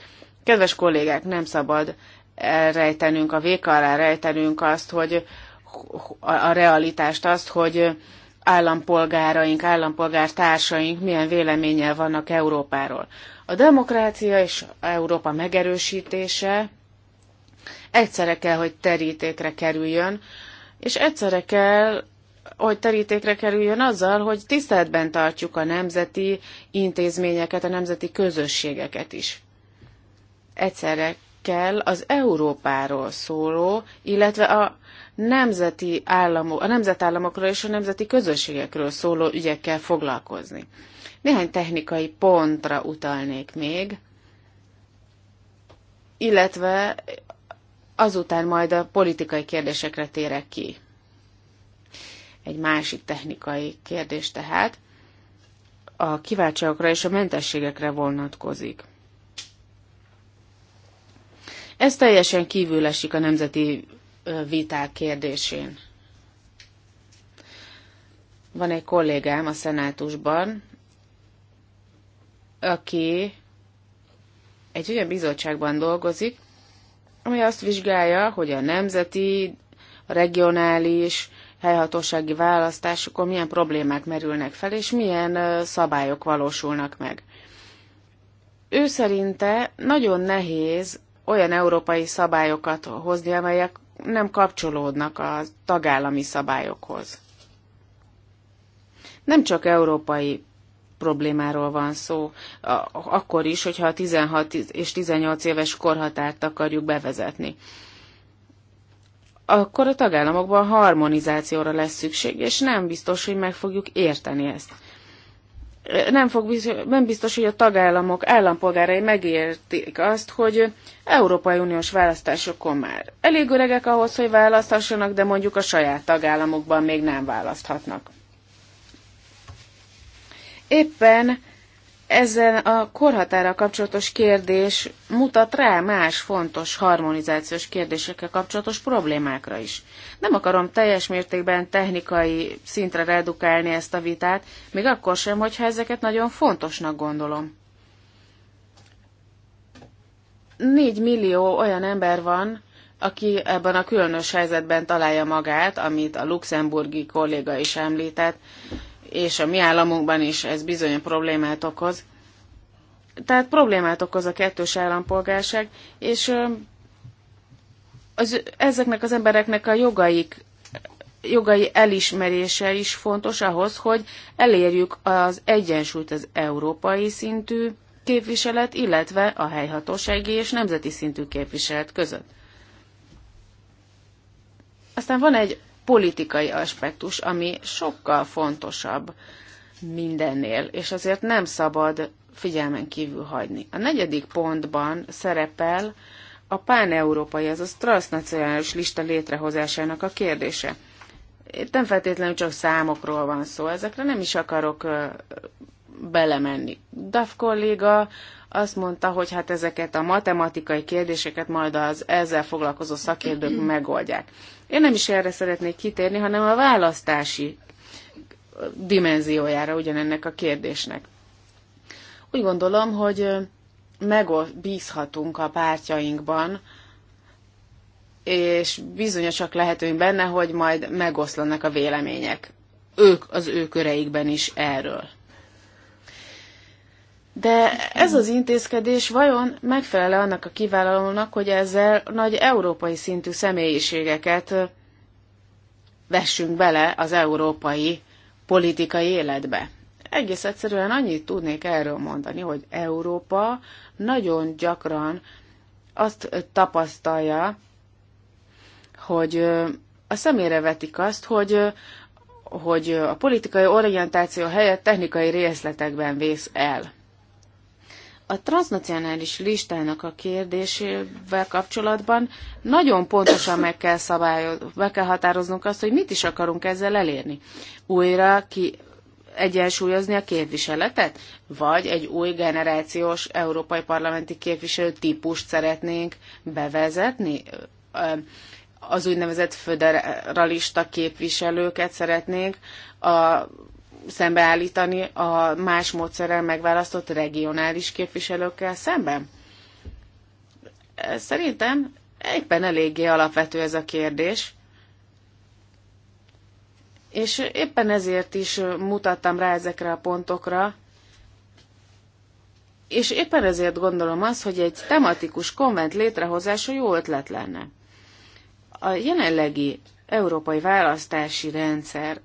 Kedves kollégák, nem szabad elrejtenünk, a véka alá rejtenünk azt, hogy a realitást, azt, hogy állampolgáraink, állampolgártársaink milyen véleménnyel vannak Európáról. A demokrácia és Európa megerősítése egyszerre kell, hogy terítékre kerüljön, és egyszerre kell, hogy terítékre kerüljön azzal, hogy tiszteletben tartjuk a nemzeti intézményeket, a nemzeti közösségeket is. Egyszerre kell az Európáról szóló, illetve a nemzeti államok, a nemzetállamokról és a nemzeti közösségekről szóló ügyekkel foglalkozni. Néhány technikai pontra utalnék még, illetve azután majd a politikai kérdésekre térek ki. Egy másik technikai kérdés tehát a kiváltságokra és a mentességekre vonatkozik. Ez teljesen kívül esik a nemzeti viták kérdésén. Van egy kollégám a szenátusban, aki egy olyan bizottságban dolgozik, ami azt vizsgálja, hogy a nemzeti, a regionális, helyhatósági választásokon milyen problémák merülnek fel, és milyen szabályok valósulnak meg. Ő szerinte nagyon nehéz olyan európai szabályokat hozni, amelyek nem kapcsolódnak a tagállami szabályokhoz. Nem csak európai problémáról van szó, akkor is, hogyha a 16 és 18 éves korhatárt akarjuk bevezetni. Akkor a tagállamokban harmonizációra lesz szükség, és nem biztos, hogy meg fogjuk érteni ezt nem, fog biztos, nem biztos, hogy a tagállamok állampolgárai megértik azt, hogy Európai Uniós választásokon már elég öregek ahhoz, hogy választhassanak, de mondjuk a saját tagállamokban még nem választhatnak. Éppen ezen a korhatára kapcsolatos kérdés mutat rá más fontos harmonizációs kérdésekkel kapcsolatos problémákra is. Nem akarom teljes mértékben technikai szintre redukálni ezt a vitát, még akkor sem, hogyha ezeket nagyon fontosnak gondolom. Négy millió olyan ember van, aki ebben a különös helyzetben találja magát, amit a luxemburgi kolléga is említett, és a mi államunkban is ez bizony problémát okoz. Tehát problémát okoz a kettős állampolgárság, és az, ezeknek az embereknek a jogaik, jogai elismerése is fontos ahhoz, hogy elérjük az egyensúlyt az európai szintű képviselet, illetve a helyhatósági és nemzeti szintű képviselet között. Aztán van egy politikai aspektus, ami sokkal fontosabb mindennél, és azért nem szabad figyelmen kívül hagyni. A negyedik pontban szerepel a páneurópai, azaz transznacionális lista létrehozásának a kérdése. Itt nem feltétlenül csak számokról van szó, ezekre nem is akarok belemenni. DAF kolléga azt mondta, hogy hát ezeket a matematikai kérdéseket majd az ezzel foglalkozó szakértők megoldják. Én nem is erre szeretnék kitérni, hanem a választási dimenziójára ugyanennek a kérdésnek. Úgy gondolom, hogy megbízhatunk a pártjainkban, és bizonyosak lehetünk benne, hogy majd megoszlanak a vélemények. Ők az ő köreikben is erről. De ez az intézkedés vajon megfelele annak a kivállalónak, hogy ezzel nagy európai szintű személyiségeket vessünk bele az európai politikai életbe? Egész egyszerűen annyit tudnék erről mondani, hogy Európa nagyon gyakran azt tapasztalja, hogy a szemére vetik azt, hogy hogy a politikai orientáció helyett technikai részletekben vész el. A transnacionális listának a kérdésével kapcsolatban nagyon pontosan meg kell, szabályoz, meg kell határoznunk azt, hogy mit is akarunk ezzel elérni. Újra ki egyensúlyozni a képviseletet? Vagy egy új generációs európai parlamenti képviselő típust szeretnénk bevezetni? Az úgynevezett föderalista képviselőket szeretnénk a szembeállítani a más módszerrel megválasztott regionális képviselőkkel szemben? Szerintem éppen eléggé alapvető ez a kérdés. És éppen ezért is mutattam rá ezekre a pontokra, és éppen ezért gondolom azt, hogy egy tematikus konvent létrehozása jó ötlet lenne. A jelenlegi európai választási rendszer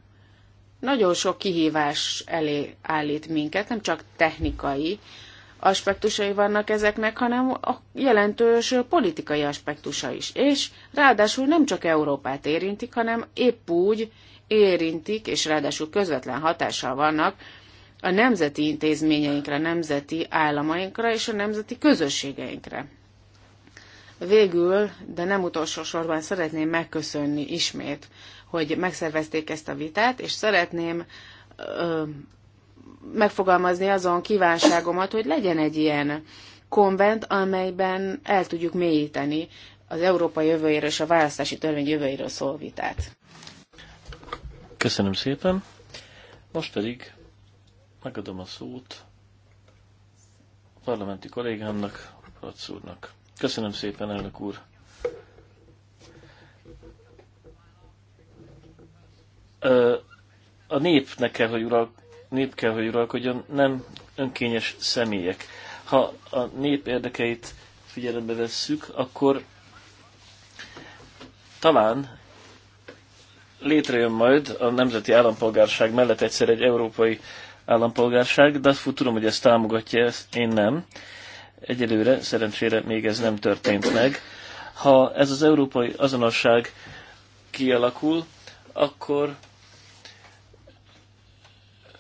nagyon sok kihívás elé állít minket, nem csak technikai aspektusai vannak ezeknek, hanem a jelentős politikai aspektusa is. És ráadásul nem csak Európát érintik, hanem épp úgy érintik, és ráadásul közvetlen hatással vannak a nemzeti intézményeinkre, a nemzeti államainkra és a nemzeti közösségeinkre. Végül, de nem utolsó sorban szeretném megköszönni ismét hogy megszervezték ezt a vitát, és szeretném ö, megfogalmazni azon kívánságomat, hogy legyen egy ilyen konvent, amelyben el tudjuk mélyíteni az Európa jövőjéről és a választási törvény jövőjéről szóló vitát.
Köszönöm szépen. Most pedig megadom a szót a parlamenti kollégámnak, Ratsz úrnak. Köszönöm szépen, elnök úr. a népnek kell, hogy ural, nép kell, hogy uralkodjon, nem önkényes személyek. Ha a nép érdekeit figyelembe vesszük, akkor talán létrejön majd a nemzeti állampolgárság mellett egyszer egy európai állampolgárság, de azt tudom, hogy ezt támogatja, ezt én nem. Egyelőre, szerencsére még ez nem történt meg. Ha ez az európai azonosság kialakul, akkor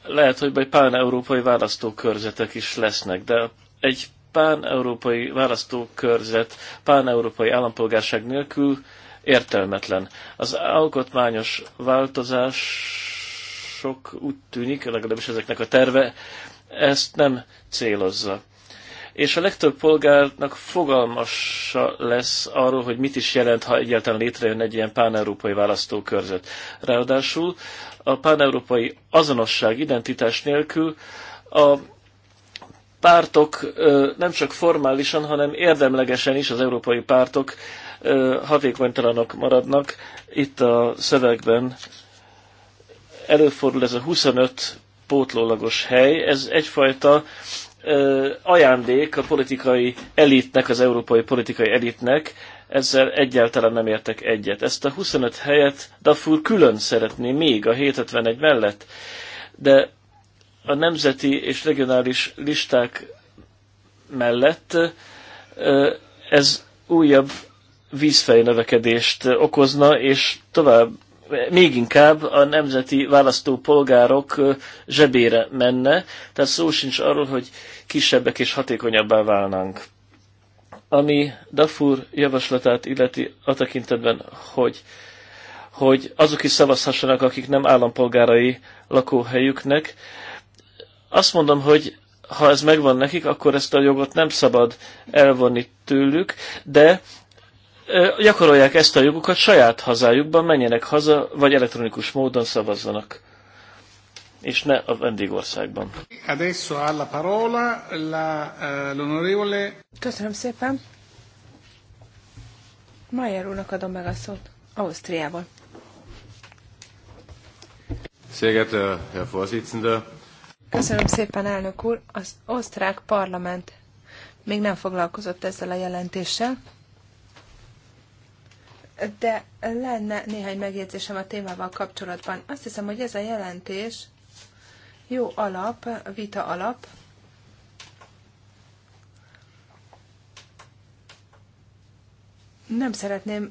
lehet, hogy majd pán-európai választókörzetek is lesznek, de egy pán-európai választókörzet, pán-európai állampolgárság nélkül értelmetlen. Az alkotmányos változás sok úgy tűnik, legalábbis ezeknek a terve, ezt nem célozza. És a legtöbb polgárnak fogalmasa lesz arról, hogy mit is jelent, ha egyáltalán létrejön egy ilyen pán-európai választókörzet. Ráadásul a páneurópai azonosság, identitás nélkül a pártok nem csak formálisan, hanem érdemlegesen is az európai pártok hatékonytalanok maradnak. Itt a szövegben előfordul ez a 25 pótlólagos hely. Ez egyfajta ajándék a politikai elitnek, az európai politikai elitnek, ezzel egyáltalán nem értek egyet. Ezt a 25 helyet Dafur külön szeretné még a 751 mellett, de a nemzeti és regionális listák mellett ez újabb növekedést okozna, és tovább még inkább a nemzeti választópolgárok zsebére menne, tehát szó sincs arról, hogy kisebbek és hatékonyabbá válnánk. Ami Dafur javaslatát illeti a tekintetben, hogy, hogy azok is szavazhassanak, akik nem állampolgárai lakóhelyüknek, azt mondom, hogy ha ez megvan nekik, akkor ezt a jogot nem szabad elvonni tőlük, de gyakorolják ezt a jogukat saját hazájukban, menjenek haza, vagy elektronikus módon szavazzanak és ne a vendégországban.
Adesso alla parola la, eh, l'onorevole... Köszönöm szépen. Mayer
úrnak adom meg a szót. Ausztriából. Köszönöm szépen, elnök úr. Az osztrák parlament még nem foglalkozott ezzel a jelentéssel, de lenne néhány megjegyzésem a témával kapcsolatban. Azt hiszem, hogy ez a jelentés jó alap, vita alap, nem szeretném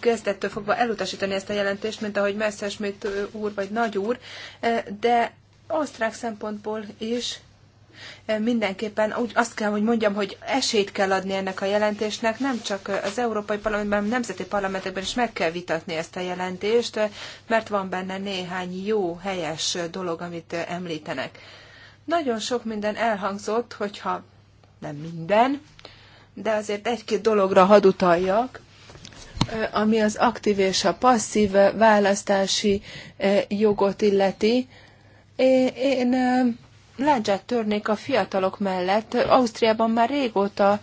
kezdettől fogva elutasítani ezt a jelentést, mint ahogy mint úr vagy nagy úr, de osztrák szempontból is mindenképpen úgy azt kell, hogy mondjam, hogy esélyt kell adni ennek a jelentésnek, nem csak az Európai Parlamentben, hanem nemzeti parlamentekben is meg kell vitatni ezt a jelentést, mert van benne néhány jó, helyes dolog, amit említenek. Nagyon sok minden elhangzott, hogyha nem minden, de azért egy-két dologra hadd utaljak ami az aktív és a passzív választási eh, jogot illeti. Én eh, láncsát törnék a fiatalok mellett. Ausztriában már régóta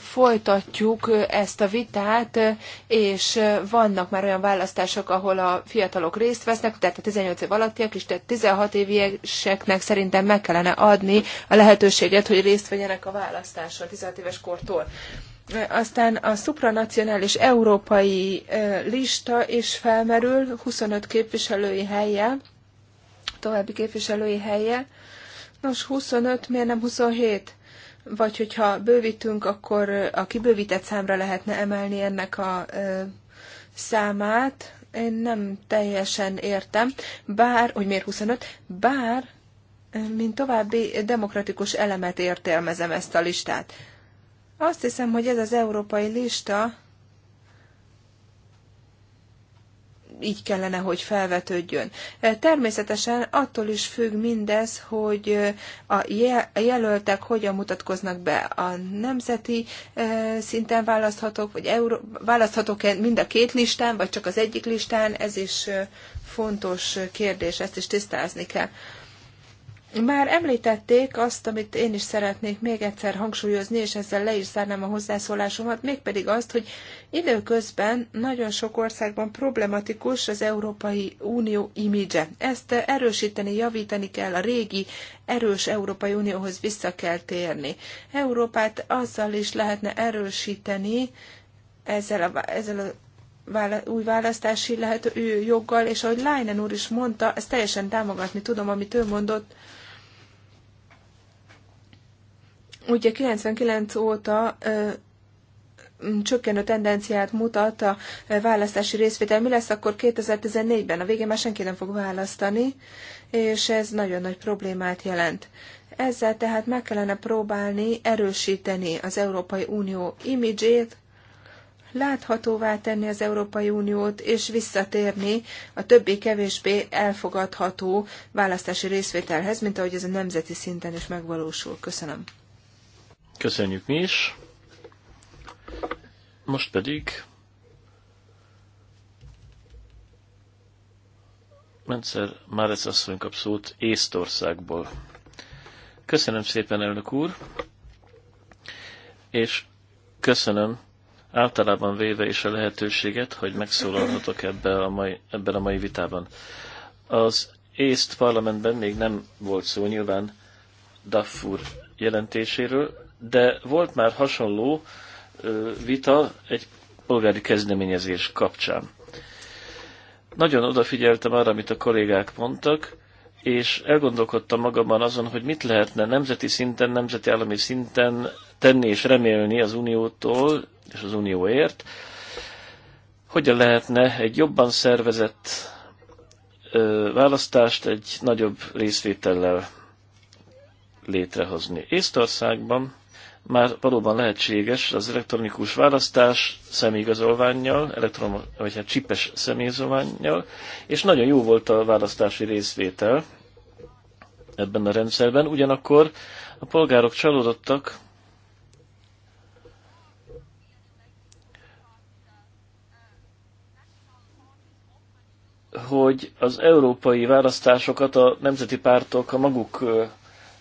folytatjuk ezt a vitát, és vannak már olyan választások, ahol a fiatalok részt vesznek, tehát a 18 év alattiak is, tehát 16 évieseknek szerintem meg kellene adni a lehetőséget, hogy részt vegyenek a választáson 16 éves kortól. Aztán a szupranacionális európai lista is felmerül, 25 képviselői helye, további képviselői helye Nos, 25, miért nem 27? Vagy hogyha bővítünk, akkor a kibővített számra lehetne emelni ennek a ö, számát. Én nem teljesen értem, bár, hogy miért 25, bár, mint további demokratikus elemet értelmezem ezt a listát. Azt hiszem, hogy ez az európai lista így kellene, hogy felvetődjön. E, természetesen attól is függ mindez, hogy e, a jelöltek hogyan mutatkoznak be a nemzeti e, szinten választhatók, vagy Euró- választhatók-e mind a két listán, vagy csak az egyik listán, ez is fontos kérdés, ezt is tisztázni kell. Már említették azt, amit én is szeretnék még egyszer hangsúlyozni, és ezzel le is zárnám a hozzászólásomat, mégpedig azt, hogy időközben nagyon sok országban problematikus az Európai Unió imidzse. Ezt erősíteni, javítani kell, a régi erős Európai Unióhoz vissza kell térni. Európát azzal is lehetne erősíteni, ezzel a, ezzel a új választási lehető joggal, és ahogy Leinen úr is mondta, ezt teljesen támogatni tudom, amit ő mondott, Ugye 99 óta ö, csökkenő tendenciát mutat a választási részvétel. Mi lesz akkor 2014-ben? A végén már senki nem fog választani, és ez nagyon nagy problémát jelent. Ezzel tehát meg kellene próbálni erősíteni az Európai Unió imidzsét, láthatóvá tenni az Európai Uniót, és visszatérni a többi kevésbé elfogadható választási részvételhez, mint ahogy ez a nemzeti szinten is megvalósul. Köszönöm.
Köszönjük mi is. Most pedig már ez asszony kap szót Észtországból. Köszönöm szépen, elnök úr, és köszönöm általában véve is a lehetőséget, hogy megszólalhatok ebbe a mai, ebben a mai vitában. Az észt parlamentben még nem volt szó nyilván Daffur jelentéséről, de volt már hasonló vita egy polgári kezdeményezés kapcsán. Nagyon odafigyeltem arra, amit a kollégák mondtak, és elgondolkodtam magamban azon, hogy mit lehetne nemzeti szinten, nemzeti állami szinten tenni és remélni az Uniótól és az Unióért, hogyan lehetne egy jobban szervezett ö, választást egy nagyobb részvétellel létrehozni. Észtországban már valóban lehetséges az elektronikus választás személyigazolványjal, elektron, vagy hát csipes személyigazolványjal, és nagyon jó volt a választási részvétel ebben a rendszerben. Ugyanakkor a polgárok csalódottak, hogy az európai választásokat a nemzeti pártok a maguk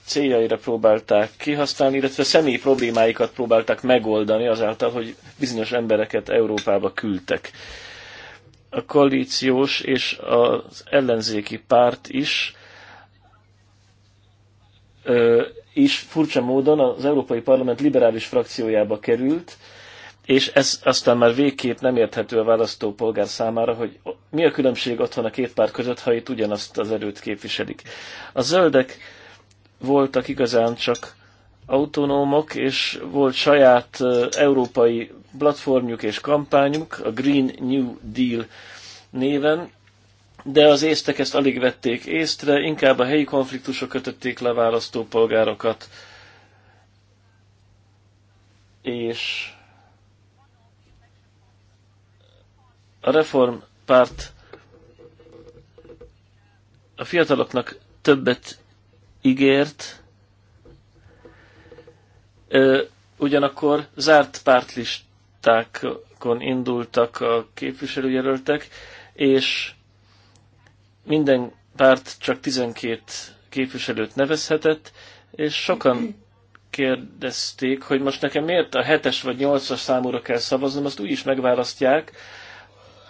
céljaira próbálták kihasználni, illetve személyi problémáikat próbálták megoldani azáltal, hogy bizonyos embereket Európába küldtek. A koalíciós és az ellenzéki párt is ö, is furcsa módon az Európai Parlament liberális frakciójába került, és ez aztán már végképp nem érthető a választópolgár számára, hogy mi a különbség otthon a két párt között, ha itt ugyanazt az erőt képviselik. A zöldek voltak igazán csak autonómok, és volt saját európai platformjuk és kampányuk, a Green New Deal néven, de az észtek ezt alig vették észre, inkább a helyi konfliktusok kötötték le választópolgárokat, és a reformpárt a fiataloknak többet ígért, ugyanakkor zárt pártlistákon indultak a képviselőjelöltek, és minden párt csak 12 képviselőt nevezhetett, és sokan kérdezték, hogy most nekem miért a 7-es vagy 8-as számúra kell szavaznom, azt úgy is megválasztják,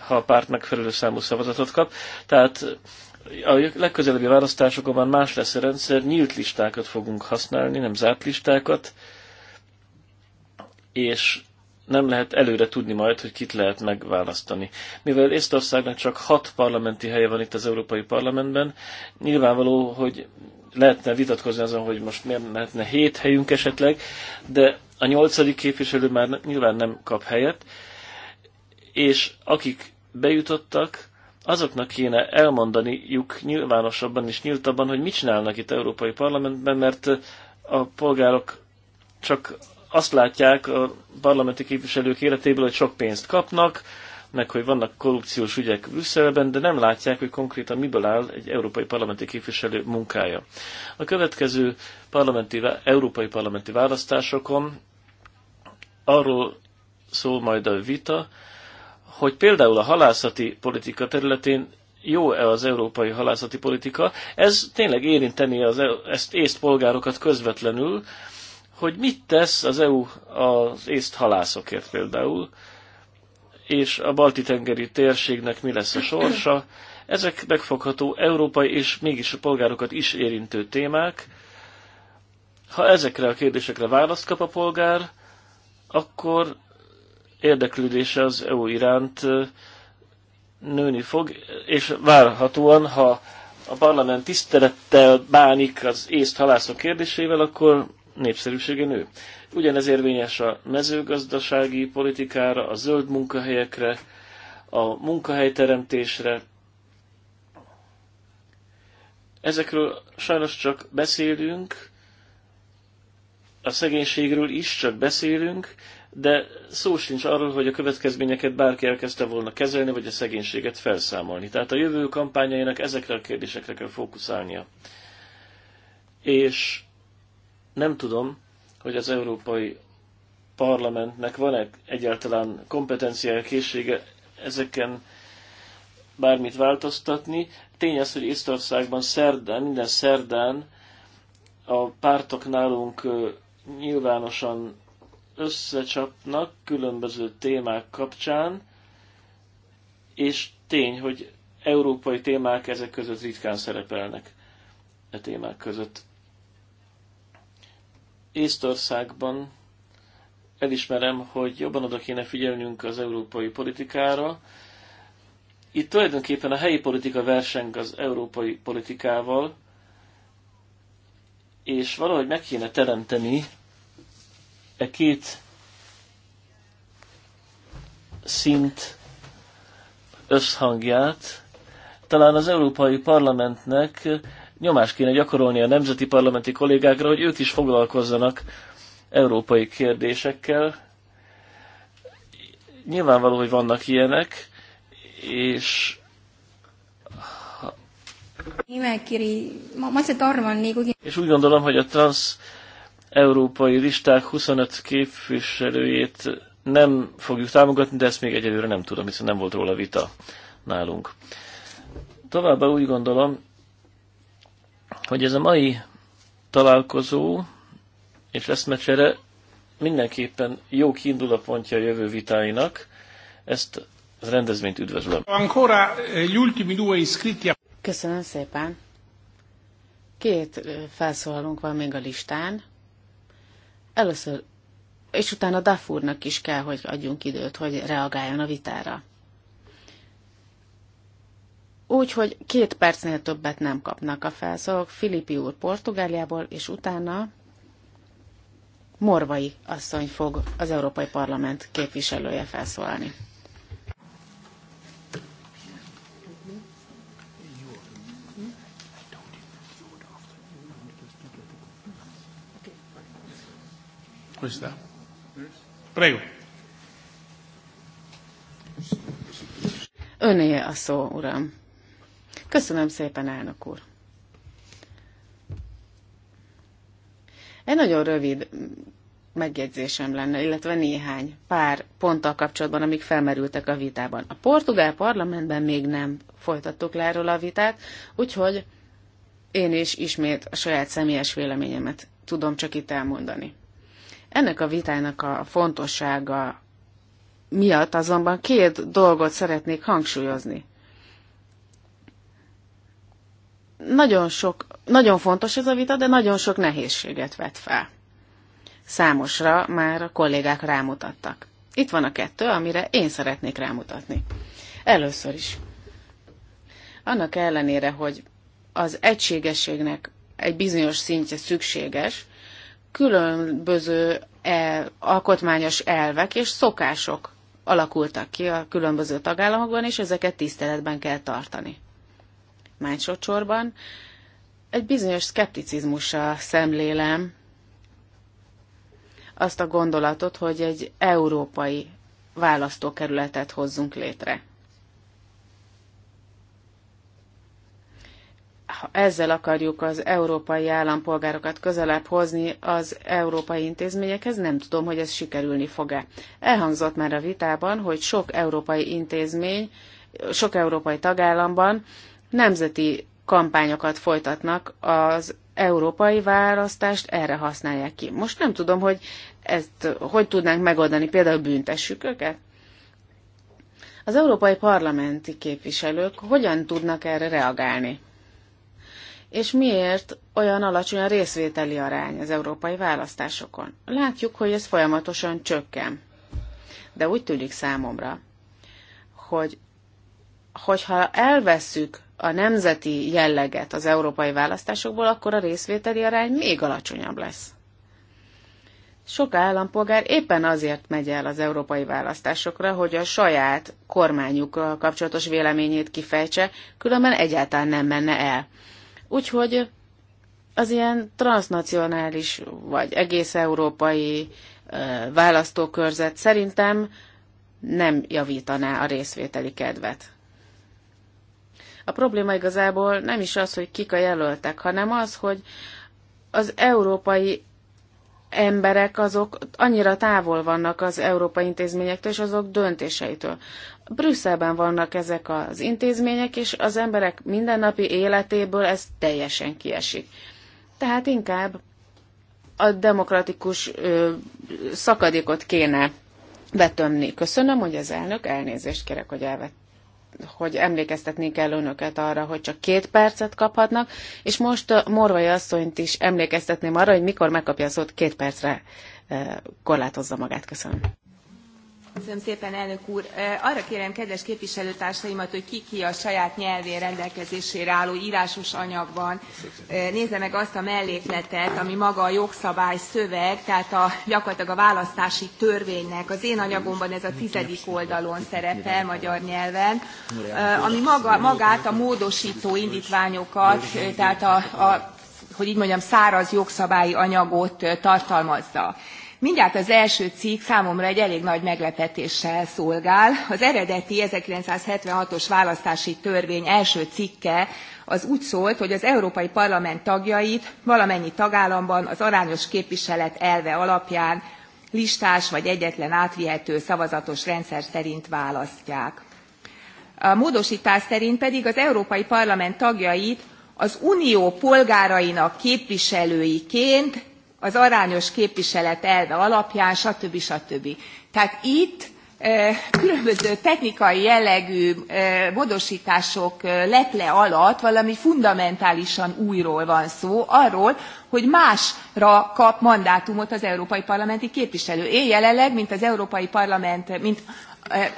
ha a párt megfelelő számú szavazatot kap. Tehát a legközelebbi választásokon már más lesz a rendszer, nyílt listákat fogunk használni, nem zárt listákat, és nem lehet előre tudni majd, hogy kit lehet megválasztani. Mivel Észtországnak csak hat parlamenti helye van itt az Európai Parlamentben, nyilvánvaló, hogy lehetne vitatkozni azon, hogy most miért lehetne hét helyünk esetleg, de a nyolcadik képviselő már nyilván nem kap helyet, és akik bejutottak, azoknak kéne elmondaniuk nyilvánosabban és nyíltabban, hogy mit csinálnak itt Európai Parlamentben, mert a polgárok csak azt látják a parlamenti képviselők életéből, hogy sok pénzt kapnak, meg hogy vannak korrupciós ügyek Brüsszelben, de nem látják, hogy konkrétan miből áll egy európai parlamenti képviselő munkája. A következő parlamenti, európai parlamenti választásokon arról szól majd a vita, hogy például a halászati politika területén jó-e az európai halászati politika, ez tényleg érinteni az e- ezt észt polgárokat közvetlenül, hogy mit tesz az EU az észt halászokért például, és a balti-tengeri térségnek mi lesz a sorsa. Ezek megfogható európai és mégis a polgárokat is érintő témák. Ha ezekre a kérdésekre választ kap a polgár, akkor érdeklődése az EU iránt nőni fog, és várhatóan, ha a parlament tisztelettel bánik az észt halászok kérdésével, akkor népszerűsége nő. Ugyanez érvényes a mezőgazdasági politikára, a zöld munkahelyekre, a munkahelyteremtésre. Ezekről sajnos csak beszélünk, a szegénységről is csak beszélünk, de szó sincs arról, hogy a következményeket bárki elkezdte volna kezelni, vagy a szegénységet felszámolni. Tehát a jövő kampányainak ezekre a kérdésekre kell fókuszálnia. És nem tudom, hogy az Európai Parlamentnek van-e egyáltalán kompetenciája, készsége ezeken bármit változtatni. Tény az, hogy Észtországban szerdán, minden szerdán a pártok nálunk nyilvánosan összecsapnak különböző témák kapcsán, és tény, hogy európai témák ezek között ritkán szerepelnek e témák között. Észtországban elismerem, hogy jobban oda kéne figyelnünk az európai politikára. Itt tulajdonképpen a helyi politika verseng az európai politikával, és valahogy meg kéne teremteni E két szint összhangját talán az Európai Parlamentnek nyomást kéne gyakorolni a nemzeti parlamenti kollégákra, hogy ők is foglalkozzanak európai kérdésekkel. Nyilvánvaló, hogy vannak ilyenek, és és úgy gondolom, hogy a trans európai listák 25 képviselőjét nem fogjuk támogatni, de ezt még egyelőre nem tudom, hiszen nem volt róla vita nálunk. Továbbá úgy gondolom, hogy ez a mai találkozó és eszmecsere mindenképpen jó kiindul pontja a jövő vitáinak. Ezt az rendezvényt üdvözlöm. Ancora eh, Köszönöm
szépen. Két eh, felszólalunk van még a listán. Először, és utána Dafurnak is kell, hogy adjunk időt, hogy reagáljon a vitára. Úgyhogy két percnél többet nem kapnak a felszólók. Filippi úr Portugáliából, és utána Morvai asszony fog az Európai Parlament képviselője felszólalni.
questa. Prego.
Öné a szó, uram. Köszönöm szépen, elnök úr. Egy nagyon rövid megjegyzésem lenne, illetve néhány pár ponttal kapcsolatban, amik felmerültek a vitában. A portugál parlamentben még nem folytattuk le erről a vitát, úgyhogy én is ismét a saját személyes véleményemet tudom csak itt elmondani. Ennek a vitának a fontossága miatt azonban két dolgot szeretnék hangsúlyozni. Nagyon, sok, nagyon fontos ez a vita, de nagyon sok nehézséget vet fel. Számosra már a kollégák rámutattak. Itt van a kettő, amire én szeretnék rámutatni. Először is. Annak ellenére, hogy az egységességnek egy bizonyos szintje szükséges, különböző e, alkotmányos elvek és szokások alakultak ki a különböző tagállamokban, és ezeket tiszteletben kell tartani. Másodszorban egy bizonyos szkepticizmussal szemlélem azt a gondolatot, hogy egy európai választókerületet hozzunk létre. ha ezzel akarjuk az európai állampolgárokat közelebb hozni az európai intézményekhez, nem tudom, hogy ez sikerülni fog-e. Elhangzott már a vitában, hogy sok európai intézmény, sok európai tagállamban nemzeti kampányokat folytatnak az európai választást erre használják ki. Most nem tudom, hogy ezt hogy tudnánk megoldani, például büntessük őket? Az európai parlamenti képviselők hogyan tudnak erre reagálni? és miért olyan alacsony a részvételi arány az európai választásokon. Látjuk, hogy ez folyamatosan csökken. De úgy tűnik számomra, hogy hogyha elvesszük a nemzeti jelleget az európai választásokból, akkor a részvételi arány még alacsonyabb lesz. Sok állampolgár éppen azért megy el az európai választásokra, hogy a saját kormányukkal kapcsolatos véleményét kifejtse, különben egyáltalán nem menne el. Úgyhogy az ilyen transnacionális vagy egész európai választókörzet szerintem nem javítaná a részvételi kedvet. A probléma igazából nem is az, hogy kik a jelöltek, hanem az, hogy az európai emberek azok annyira távol vannak az európai intézményektől és azok döntéseitől. Brüsszelben vannak ezek az intézmények, és az emberek mindennapi életéből ez teljesen kiesik. Tehát inkább a demokratikus ö, szakadékot kéne betömni. Köszönöm, hogy az elnök elnézést kérek, hogy elvett hogy emlékeztetni kell önöket arra, hogy csak két percet kaphatnak, és most uh, Morvai asszonyt is emlékeztetném arra, hogy mikor megkapja a szót, két percre uh, korlátozza magát. Köszönöm.
Köszönöm szépen, elnök úr. Arra kérem kedves képviselőtársaimat, hogy ki ki a saját nyelvén rendelkezésére álló írásos anyagban nézze meg azt a mellékletet, ami maga a jogszabály szöveg, tehát a, gyakorlatilag a választási törvénynek. Az én anyagomban ez a tizedik oldalon szerepel magyar nyelven,
ami maga, magát a
módosító indítványokat, tehát a, a hogy így mondjam, száraz jogszabályi anyagot tartalmazza mindjárt az első cikk számomra egy elég nagy meglepetéssel szolgál az eredeti 1976 os választási törvény első cikke az úgy szólt hogy az európai parlament tagjait valamennyi tagállamban az arányos képviselet elve alapján listás vagy egyetlen átvihető szavazatos rendszer szerint választják. a módosítás szerint pedig az európai parlament tagjait az unió polgárainak képviselőiként az arányos képviselet elve alapján stb. stb. tehát itt különböző technikai jellegű módostások leple alatt valami fundamentálisan újról van szó arról hogy másra kap mandátumot az európai parlamenti képviselő. én jelenleg mint az európai parlament mint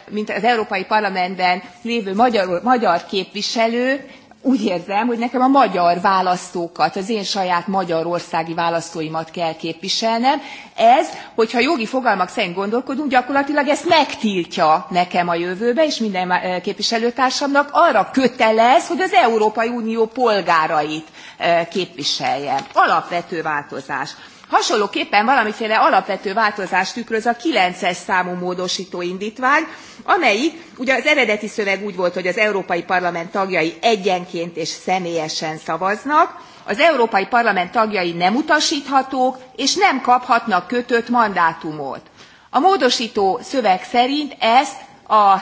mint az európai parlamentben lévő magyar, magyar képviselő úgy érzem, hogy nekem a magyar választókat, az én saját magyarországi választóimat kell képviselnem. Ez, hogyha jogi fogalmak szerint gondolkodunk, gyakorlatilag ezt megtiltja nekem a jövőbe, és minden eh, képviselőtársamnak arra kötelez, hogy az Európai Unió polgárait eh, képviseljem. Alapvető változás hasonlóképpen valamiféle alapvető változást tükröz a 9 es számú módosító indítvány, amelyik ugye az eredeti szöveg úgy volt hogy az európai parlament tagjai egyenként és személyesen szavaznak az európai parlament tagjai nem utasíthatók, és nem kaphatnak kötött mandátumot. a módosító szöveg szerint ezt a e,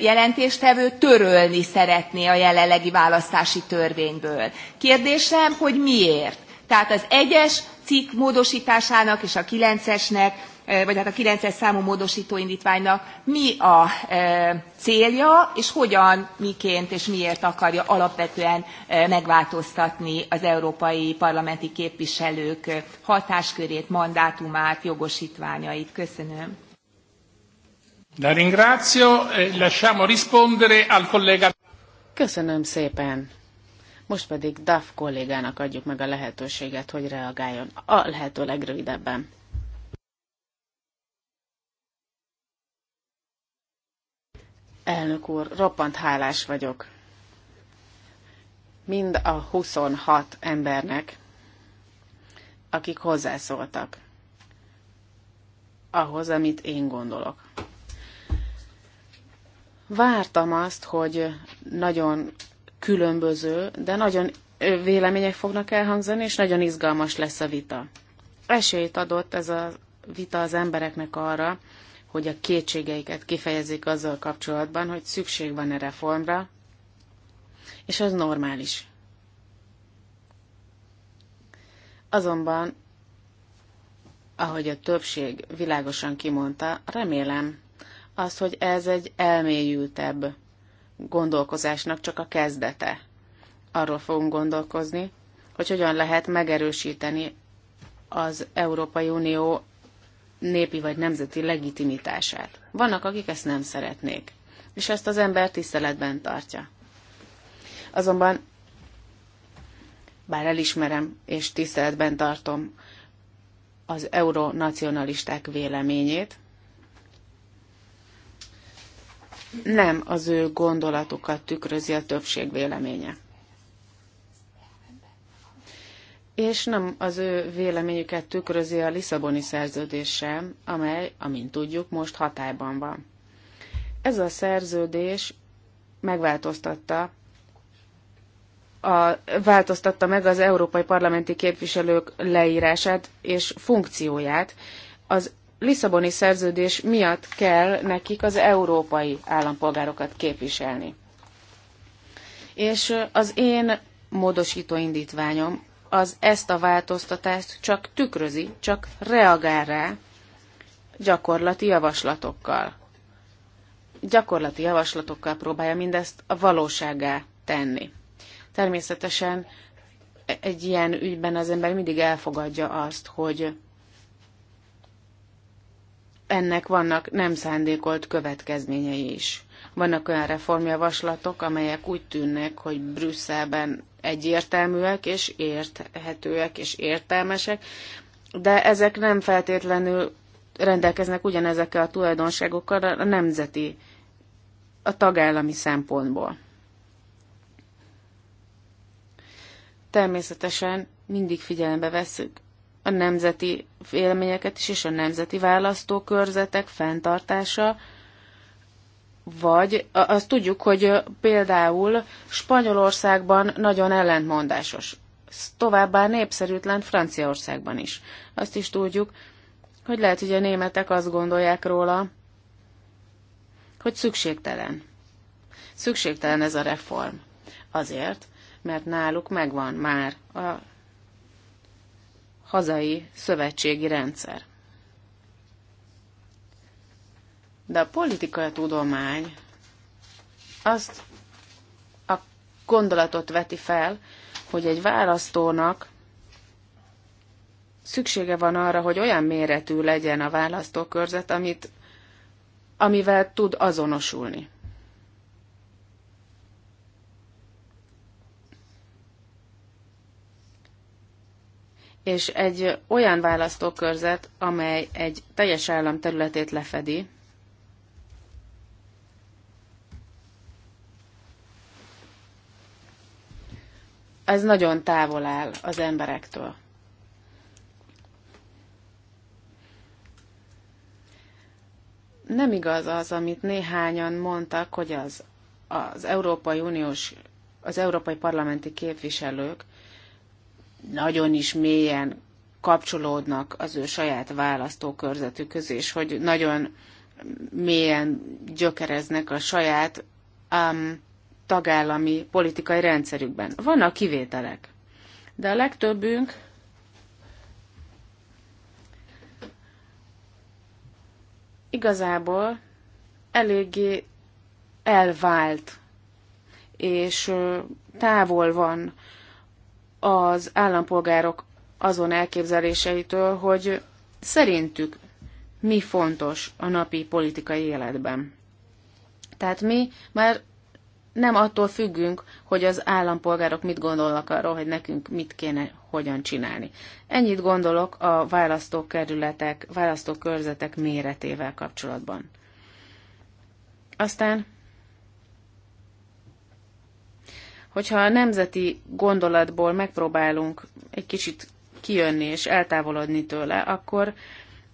jelentéstevő törölni szeretné a jelenlegi választási törvényből. kérdésem hogy miért? tehát az egyes cikk módostásának és a kilencesnek eh, vagy hát a kilences számú módostó mi a eh, célja és hogyan miként és miért akarja alapvetően eh, megváltoztatni az európai parlamenti képviselők hatáskörét mandátumát jogosítványait. köszönöm. E köszönöm szépen. Most pedig
DAF kollégának adjuk meg a lehetőséget, hogy reagáljon a lehető legrövidebben. Elnök úr, roppant hálás vagyok. Mind a 26 embernek, akik hozzászóltak ahhoz, amit én gondolok. Vártam azt, hogy nagyon különböző, de nagyon vélemények fognak elhangzani, és nagyon izgalmas lesz a vita. Esélyt adott ez a vita az embereknek arra, hogy a kétségeiket kifejezik azzal kapcsolatban, hogy szükség van-e reformra, és az normális. Azonban, ahogy a többség világosan kimondta, remélem azt, hogy ez egy elmélyültebb gondolkozásnak csak a kezdete. Arról fogunk gondolkozni, hogy hogyan lehet megerősíteni az Európai Unió népi vagy nemzeti legitimitását. Vannak, akik ezt nem szeretnék, és ezt az ember tiszteletben tartja. Azonban, bár elismerem és tiszteletben tartom az euronacionalisták véleményét, nem az ő gondolatukat tükrözi a többség véleménye. És nem az ő véleményüket tükrözi a Lisszaboni szerződés sem, amely, amint tudjuk, most hatályban van. Ez a szerződés megváltoztatta a, változtatta meg az európai parlamenti képviselők leírását és funkcióját, az Lisszaboni szerződés miatt kell nekik az európai állampolgárokat képviselni. És az én módosító indítványom az ezt a változtatást csak tükrözi, csak reagál rá gyakorlati javaslatokkal. Gyakorlati javaslatokkal próbálja mindezt a valóságá tenni. Természetesen e- egy ilyen ügyben az ember mindig elfogadja azt, hogy ennek vannak nem szándékolt következményei is. Vannak olyan reformjavaslatok, amelyek úgy tűnnek, hogy Brüsszelben egyértelműek és érthetőek és értelmesek, de ezek nem feltétlenül rendelkeznek ugyanezekkel a tulajdonságokkal a nemzeti, a tagállami szempontból. Természetesen mindig figyelembe vesszük a nemzeti véleményeket is, és a nemzeti választókörzetek fenntartása, vagy azt tudjuk, hogy például Spanyolországban nagyon ellentmondásos. Továbbá népszerűtlen Franciaországban is. Azt is tudjuk, hogy lehet, hogy a németek azt gondolják róla, hogy szükségtelen. Szükségtelen ez a reform. Azért, mert náluk megvan már a hazai szövetségi rendszer. De a politikai tudomány azt a gondolatot veti fel, hogy egy választónak szüksége van arra, hogy olyan méretű legyen a választókörzet, amit, amivel tud azonosulni. és egy olyan választókörzet, amely egy teljes állam területét lefedi, ez nagyon távol áll az emberektől. Nem igaz az, amit néhányan mondtak, hogy az, az Európai Uniós, az Európai Parlamenti képviselők nagyon is mélyen kapcsolódnak az ő saját választókörzetükhöz, és hogy nagyon mélyen gyökereznek a saját um, tagállami politikai rendszerükben. Vannak kivételek, de a legtöbbünk igazából eléggé elvált és távol van az állampolgárok azon elképzeléseitől, hogy szerintük mi fontos a napi politikai életben. Tehát mi már nem attól függünk, hogy az állampolgárok mit gondolnak arról, hogy nekünk mit kéne hogyan csinálni. Ennyit gondolok a választókerületek, választókörzetek méretével kapcsolatban. Aztán Hogyha a nemzeti gondolatból megpróbálunk egy kicsit kijönni és eltávolodni tőle, akkor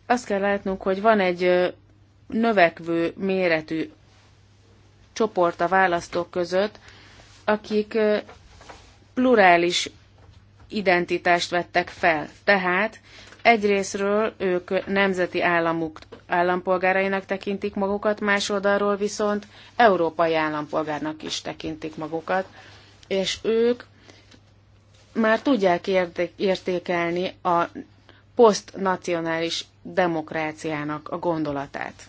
azt kell látnunk, hogy van egy növekvő méretű csoport a választók között, akik plurális identitást vettek fel. Tehát egyrésztről ők nemzeti államuk állampolgárainak tekintik magukat, másoldalról viszont európai állampolgárnak is tekintik magukat és ők már tudják értékelni a posztnacionális demokráciának a gondolatát.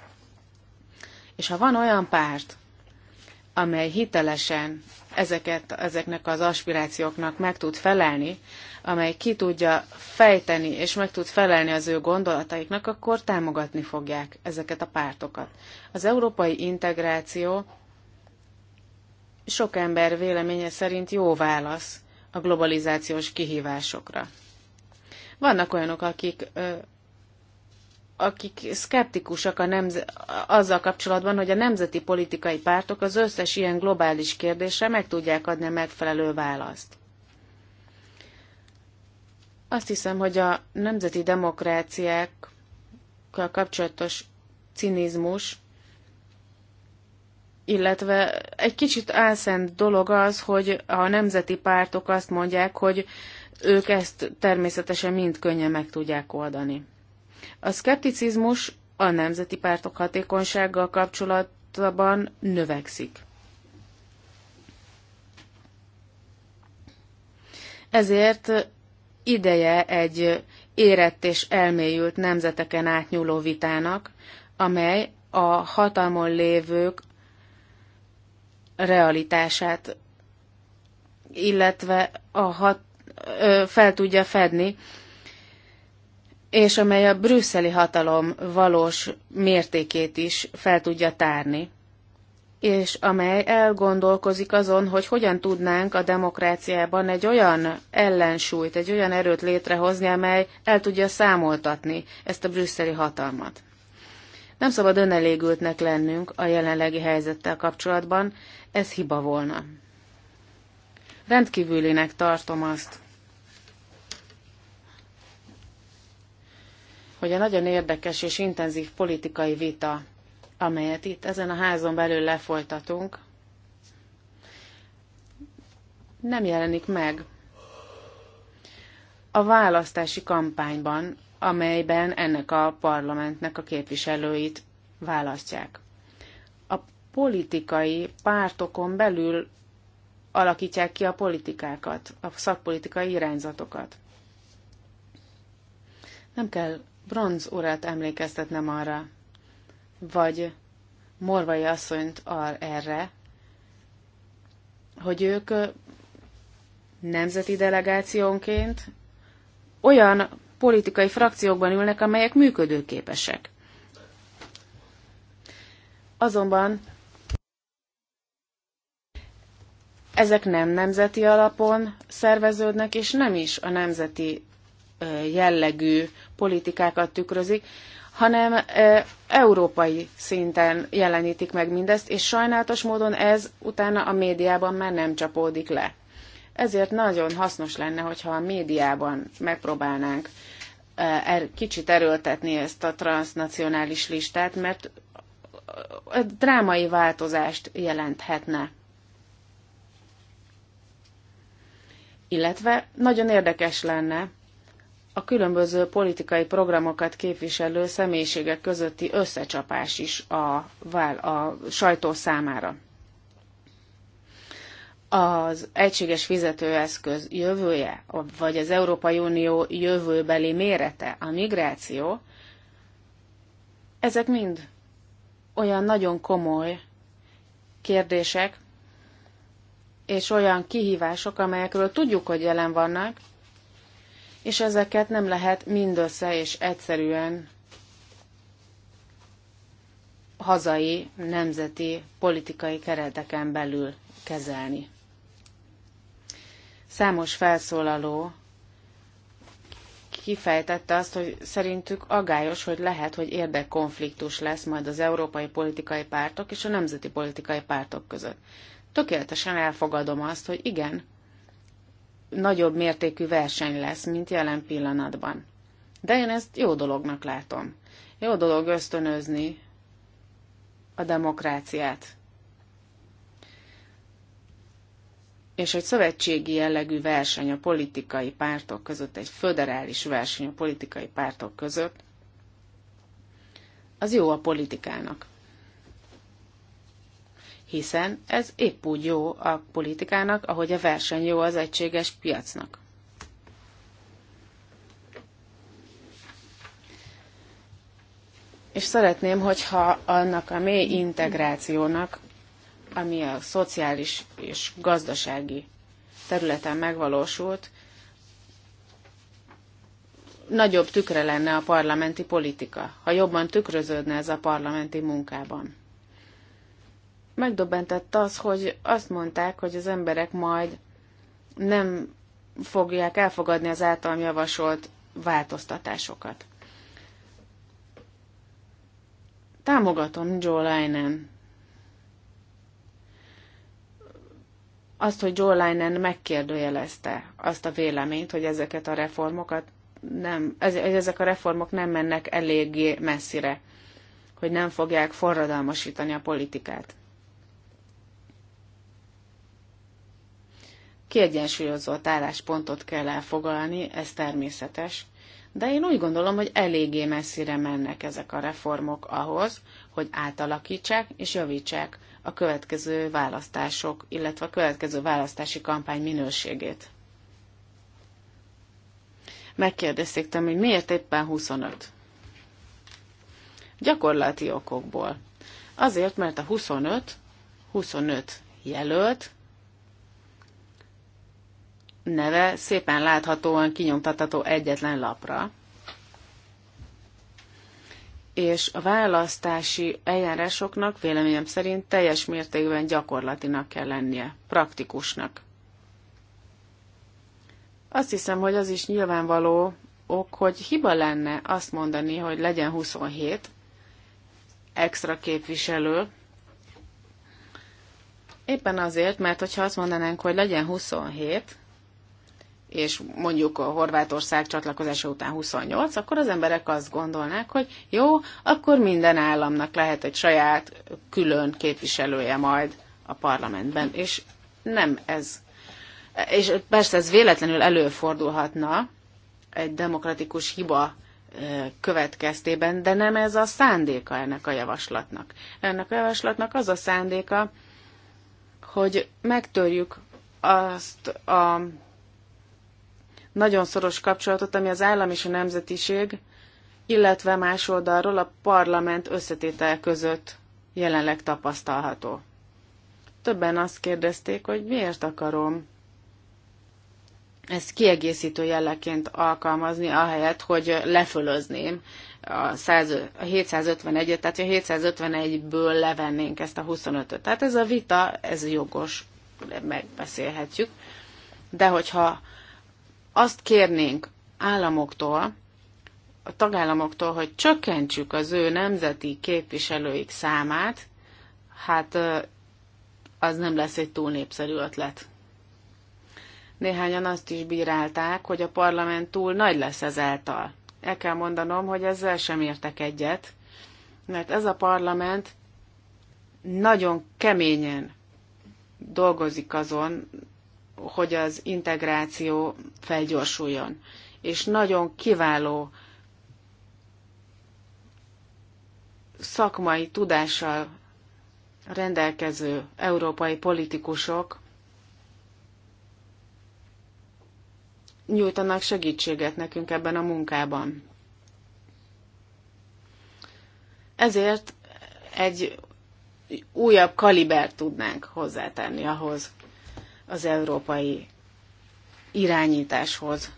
És ha van olyan párt, amely hitelesen ezeket, ezeknek az aspirációknak meg tud felelni, amely ki tudja fejteni és meg tud felelni az ő gondolataiknak, akkor támogatni fogják ezeket a pártokat. Az európai integráció sok ember véleménye szerint jó válasz a globalizációs kihívásokra. Vannak olyanok, akik akik szkeptikusak a nemze- azzal kapcsolatban, hogy a nemzeti politikai pártok az összes ilyen globális kérdésre meg tudják adni a megfelelő választ. Azt hiszem, hogy a nemzeti demokráciákkal kapcsolatos cinizmus illetve egy kicsit álszent dolog az, hogy a nemzeti pártok azt mondják, hogy ők ezt természetesen mind könnyen meg tudják oldani. A szkepticizmus a nemzeti pártok hatékonysággal kapcsolatban növekszik. Ezért ideje egy érett és elmélyült nemzeteken átnyúló vitának, amely a hatalmon lévők realitását, illetve a hat, ö, fel tudja fedni, és amely a brüsszeli hatalom valós mértékét is fel tudja tárni, és amely elgondolkozik azon, hogy hogyan tudnánk a demokráciában egy olyan ellensúlyt, egy olyan erőt létrehozni, amely el tudja számoltatni ezt a brüsszeli hatalmat. Nem szabad önelégültnek lennünk a jelenlegi helyzettel kapcsolatban, ez hiba volna. Rendkívülinek tartom azt, hogy a nagyon érdekes és intenzív politikai vita, amelyet itt ezen a házon belül lefolytatunk, nem jelenik meg a választási kampányban, amelyben ennek a parlamentnek a képviselőit választják politikai pártokon belül alakítják ki a politikákat, a szakpolitikai irányzatokat. Nem kell bronz urát emlékeztetnem arra, vagy morvai asszonyt ar erre, hogy ők nemzeti delegációnként olyan politikai frakciókban ülnek, amelyek működőképesek. Azonban Ezek nem nemzeti alapon szerveződnek, és nem is a nemzeti jellegű politikákat tükrözik, hanem európai szinten jelenítik meg mindezt, és sajnálatos módon ez utána a médiában már nem csapódik le. Ezért nagyon hasznos lenne, hogyha a médiában megpróbálnánk er, kicsit erőltetni ezt a transnacionális listát, mert drámai változást jelenthetne. Illetve nagyon érdekes lenne a különböző politikai programokat képviselő személyiségek közötti összecsapás is a, a sajtó számára. Az egységes fizetőeszköz jövője, vagy az Európai Unió jövőbeli mérete, a migráció, ezek mind olyan nagyon komoly kérdések, és olyan kihívások, amelyekről tudjuk, hogy jelen vannak, és ezeket nem lehet mindössze és egyszerűen hazai, nemzeti, politikai kereteken belül kezelni. Számos felszólaló kifejtette azt, hogy szerintük agályos, hogy lehet, hogy érdekkonfliktus lesz majd az európai politikai pártok és a nemzeti politikai pártok között tökéletesen elfogadom azt, hogy igen, nagyobb mértékű verseny lesz, mint jelen pillanatban. De én ezt jó dolognak látom. Jó dolog ösztönözni a demokráciát. És egy szövetségi jellegű verseny a politikai pártok között, egy föderális verseny a politikai pártok között, az jó a politikának hiszen ez épp úgy jó a politikának, ahogy a verseny jó az egységes piacnak. És szeretném, hogyha annak a mély integrációnak, ami a szociális és gazdasági területen megvalósult, nagyobb tükre lenne a parlamenti politika, ha jobban tükröződne ez a parlamenti munkában megdöbbentett az, hogy azt mondták, hogy az emberek majd nem fogják elfogadni az általam javasolt változtatásokat. Támogatom Joe Linen. Azt, hogy Joe Linen megkérdőjelezte azt a véleményt, hogy ezeket a reformokat nem, ez, ezek a reformok nem mennek eléggé messzire, hogy nem fogják forradalmasítani a politikát. kiegyensúlyozott álláspontot kell elfogalni, ez természetes, de én úgy gondolom, hogy eléggé messzire mennek ezek a reformok ahhoz, hogy átalakítsák és javítsák a következő választások, illetve a következő választási kampány minőségét. Megkérdezték tőlem, hogy miért éppen 25? Gyakorlati okokból. Azért, mert a 25, 25 jelölt, neve szépen láthatóan kinyomtatható egyetlen lapra. És a választási eljárásoknak véleményem szerint teljes mértékben gyakorlatinak kell lennie, praktikusnak. Azt hiszem, hogy az is nyilvánvaló ok, hogy hiba lenne azt mondani, hogy legyen 27 extra képviselő, Éppen azért, mert hogyha azt mondanánk, hogy legyen 27, és mondjuk a Horvátország csatlakozása után 28, akkor az emberek azt gondolnák, hogy jó, akkor minden államnak lehet egy saját külön képviselője majd a parlamentben, és nem ez. És persze ez véletlenül előfordulhatna egy demokratikus hiba következtében, de nem ez a szándéka ennek a javaslatnak. Ennek a javaslatnak az a szándéka, hogy megtörjük azt a nagyon szoros kapcsolatot, ami az állam és a nemzetiség, illetve más oldalról a parlament összetétel között jelenleg tapasztalható. Többen azt kérdezték, hogy miért akarom ezt kiegészítő jelleként alkalmazni, ahelyett, hogy lefölözném a, 100, a 751-et, tehát a 751-ből levennénk ezt a 25-öt. Tehát ez a vita, ez jogos, megbeszélhetjük. De hogyha azt kérnénk államoktól, a tagállamoktól, hogy csökkentsük az ő nemzeti képviselőik számát, hát az nem lesz egy túl népszerű ötlet. Néhányan azt is bírálták, hogy a parlament túl nagy lesz ezáltal. El kell mondanom, hogy ezzel sem értek egyet, mert ez a parlament nagyon keményen dolgozik azon, hogy az integráció felgyorsuljon. És nagyon kiváló szakmai tudással rendelkező európai politikusok nyújtanak segítséget nekünk ebben a munkában. Ezért egy újabb kalibert tudnánk hozzátenni ahhoz, az európai irányításhoz,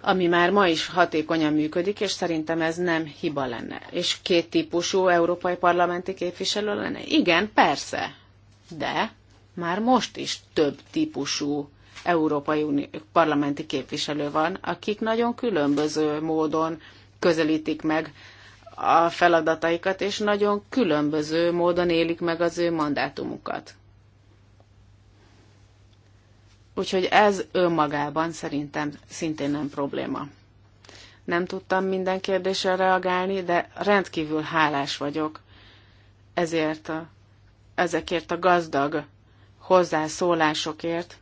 ami már ma is hatékonyan működik, és szerintem ez nem hiba lenne. És két típusú európai parlamenti képviselő lenne? Igen, persze, de már most is több típusú európai parlamenti képviselő van, akik nagyon különböző módon közelítik meg a feladataikat, és nagyon különböző módon élik meg az ő mandátumukat. Úgyhogy ez önmagában szerintem szintén nem probléma. Nem tudtam minden kérdésre reagálni, de rendkívül hálás vagyok ezért a, ezekért a gazdag hozzászólásokért,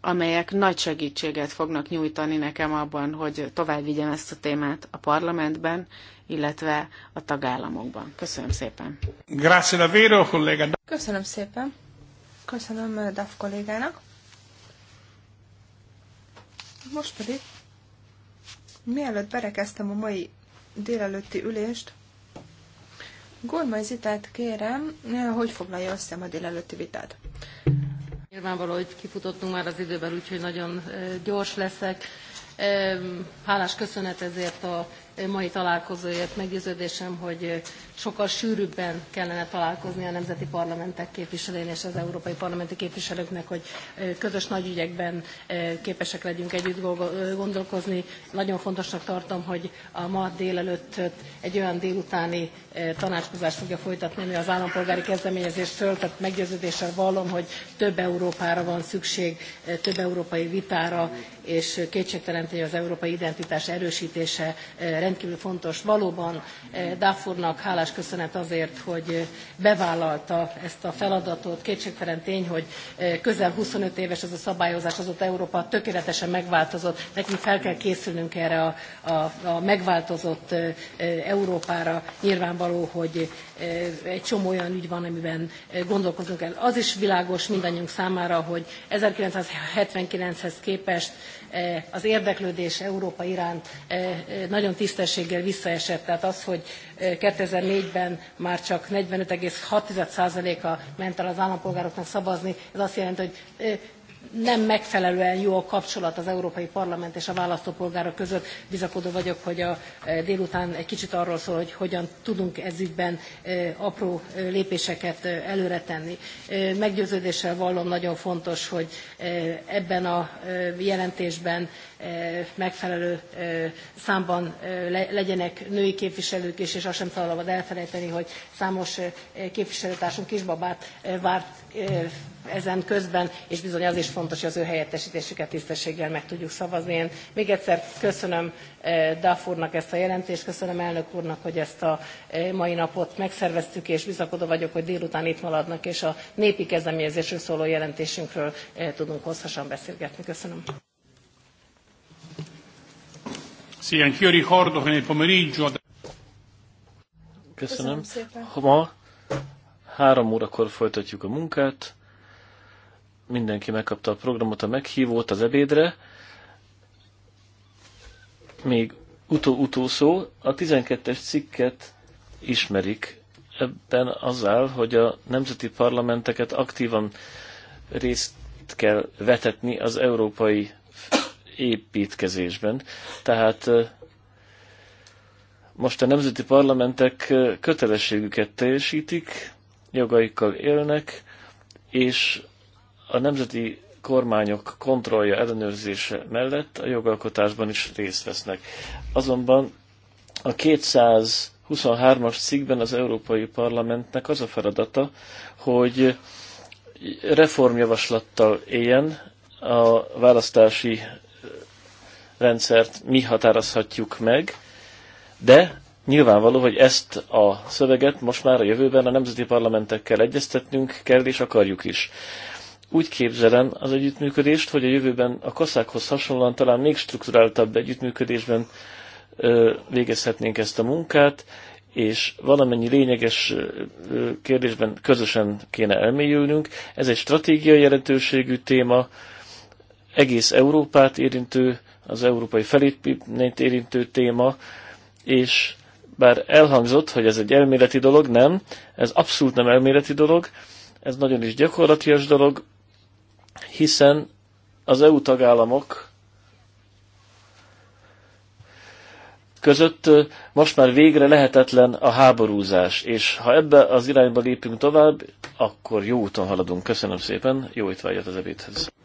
amelyek nagy segítséget fognak nyújtani nekem abban, hogy tovább vigyem ezt a témát a parlamentben,
illetve a
tagállamokban. Köszönöm szépen.
Grazie davvero, collega.
Köszönöm szépen. Köszönöm eh, DAF kollégának. Most pedig, mielőtt berekeztem a mai délelőtti ülést, Gormai Zitát kérem, eh, hogy foglalja össze a délelőtti vitát.
Nyilvánvaló, hogy kifutottunk már az időben, úgyhogy nagyon eh, gyors leszek. Hálás köszönet ezért a mai találkozóért meggyőződésem, hogy sokkal sűrűbben kellene találkozni a nemzeti parlamentek képviselőinek és az európai parlamenti képviselőknek, hogy közös nagy ügyekben képesek legyünk együtt gondolkozni. Nagyon fontosnak tartom, hogy a ma délelőtt egy olyan délutáni tanácskozást fogja folytatni, ami az állampolgári kezdeményezésről, tehát meggyőződéssel vallom, hogy több Európára van szükség, több európai vitára, és kétségtelen, hogy az európai identitás erősítése rendkívül fontos. Valóban eh, Dáfurnak hálás köszönet azért, hogy eh, bevállalta ezt a feladatot. Kétségtelen tény, hogy eh, közel 25 éves ez a szabályozás, azóta Európa tökéletesen megváltozott. Nekünk fel kell készülnünk erre a, a, a megváltozott Európára. Nyilvánvaló, hogy egy csomó olyan ügy van, amiben gondolkozunk el. Az is világos mindannyiunk számára, hogy 1979-hez képest E, az érdeklődés Európa iránt e, e, nagyon tisztességgel visszaesett. Tehát az, hogy 2004-ben már csak 45,6%-a ment el az állampolgároknak szavazni, ez azt jelenti, hogy nem megfelelően jó a kapcsolat az Európai Parlament és a választópolgárok között. Bizakodó vagyok, hogy a e, délután egy kicsit arról szól, hogy hogyan tudunk ezügyben e, apró e, lépéseket előre tenni. Meggyőződéssel vallom nagyon fontos, hogy ebben a jelentésben megfelelő számban legyenek női képviselők is, és azt sem szabad elfelejteni, hogy számos képviselőtársunk kisbabát várt ezen közben, és bizony az is fontos, hogy az ő helyettesítésüket tisztességgel meg tudjuk szavazni. Én még egyszer köszönöm eh, Duff úrnak ezt a jelentést, köszönöm elnök úrnak, hogy ezt a eh, mai napot megszerveztük, és bizakodó vagyok, hogy délután itt maradnak, és a népi kezdeményezésről szóló jelentésünkről eh, tudunk hosszasan beszélgetni. Köszönöm.
Köszönöm. Köszönöm szépen. Ma három órakor folytatjuk a munkát mindenki megkapta a programot, a meghívót az ebédre. Még utó-utó szó, a 12-es cikket ismerik. Ebben az áll, hogy a nemzeti parlamenteket aktívan részt kell vetetni az európai építkezésben. Tehát most a nemzeti parlamentek kötelességüket teljesítik, jogaikkal élnek, és a nemzeti kormányok kontrollja, ellenőrzése mellett a jogalkotásban is részt vesznek. Azonban a 223-as cikkben az Európai Parlamentnek az a feladata, hogy reformjavaslattal éljen a választási rendszert mi határozhatjuk meg, de nyilvánvaló, hogy ezt a szöveget most már a jövőben a nemzeti parlamentekkel egyeztetnünk kell és akarjuk is úgy képzelem az együttműködést, hogy a jövőben a kaszákhoz hasonlóan talán még strukturáltabb együttműködésben végezhetnénk ezt a munkát, és valamennyi lényeges kérdésben közösen kéne elmélyülnünk. Ez egy stratégiai jelentőségű téma, egész Európát érintő, az európai felépítményt érintő téma, és bár elhangzott, hogy ez egy elméleti dolog, nem, ez abszolút nem elméleti dolog, ez nagyon is gyakorlatias dolog, hiszen az EU tagállamok között most már végre lehetetlen a háborúzás, és ha ebbe az irányba lépünk tovább, akkor jó úton haladunk. Köszönöm szépen, jó étvágyat az ebédhez!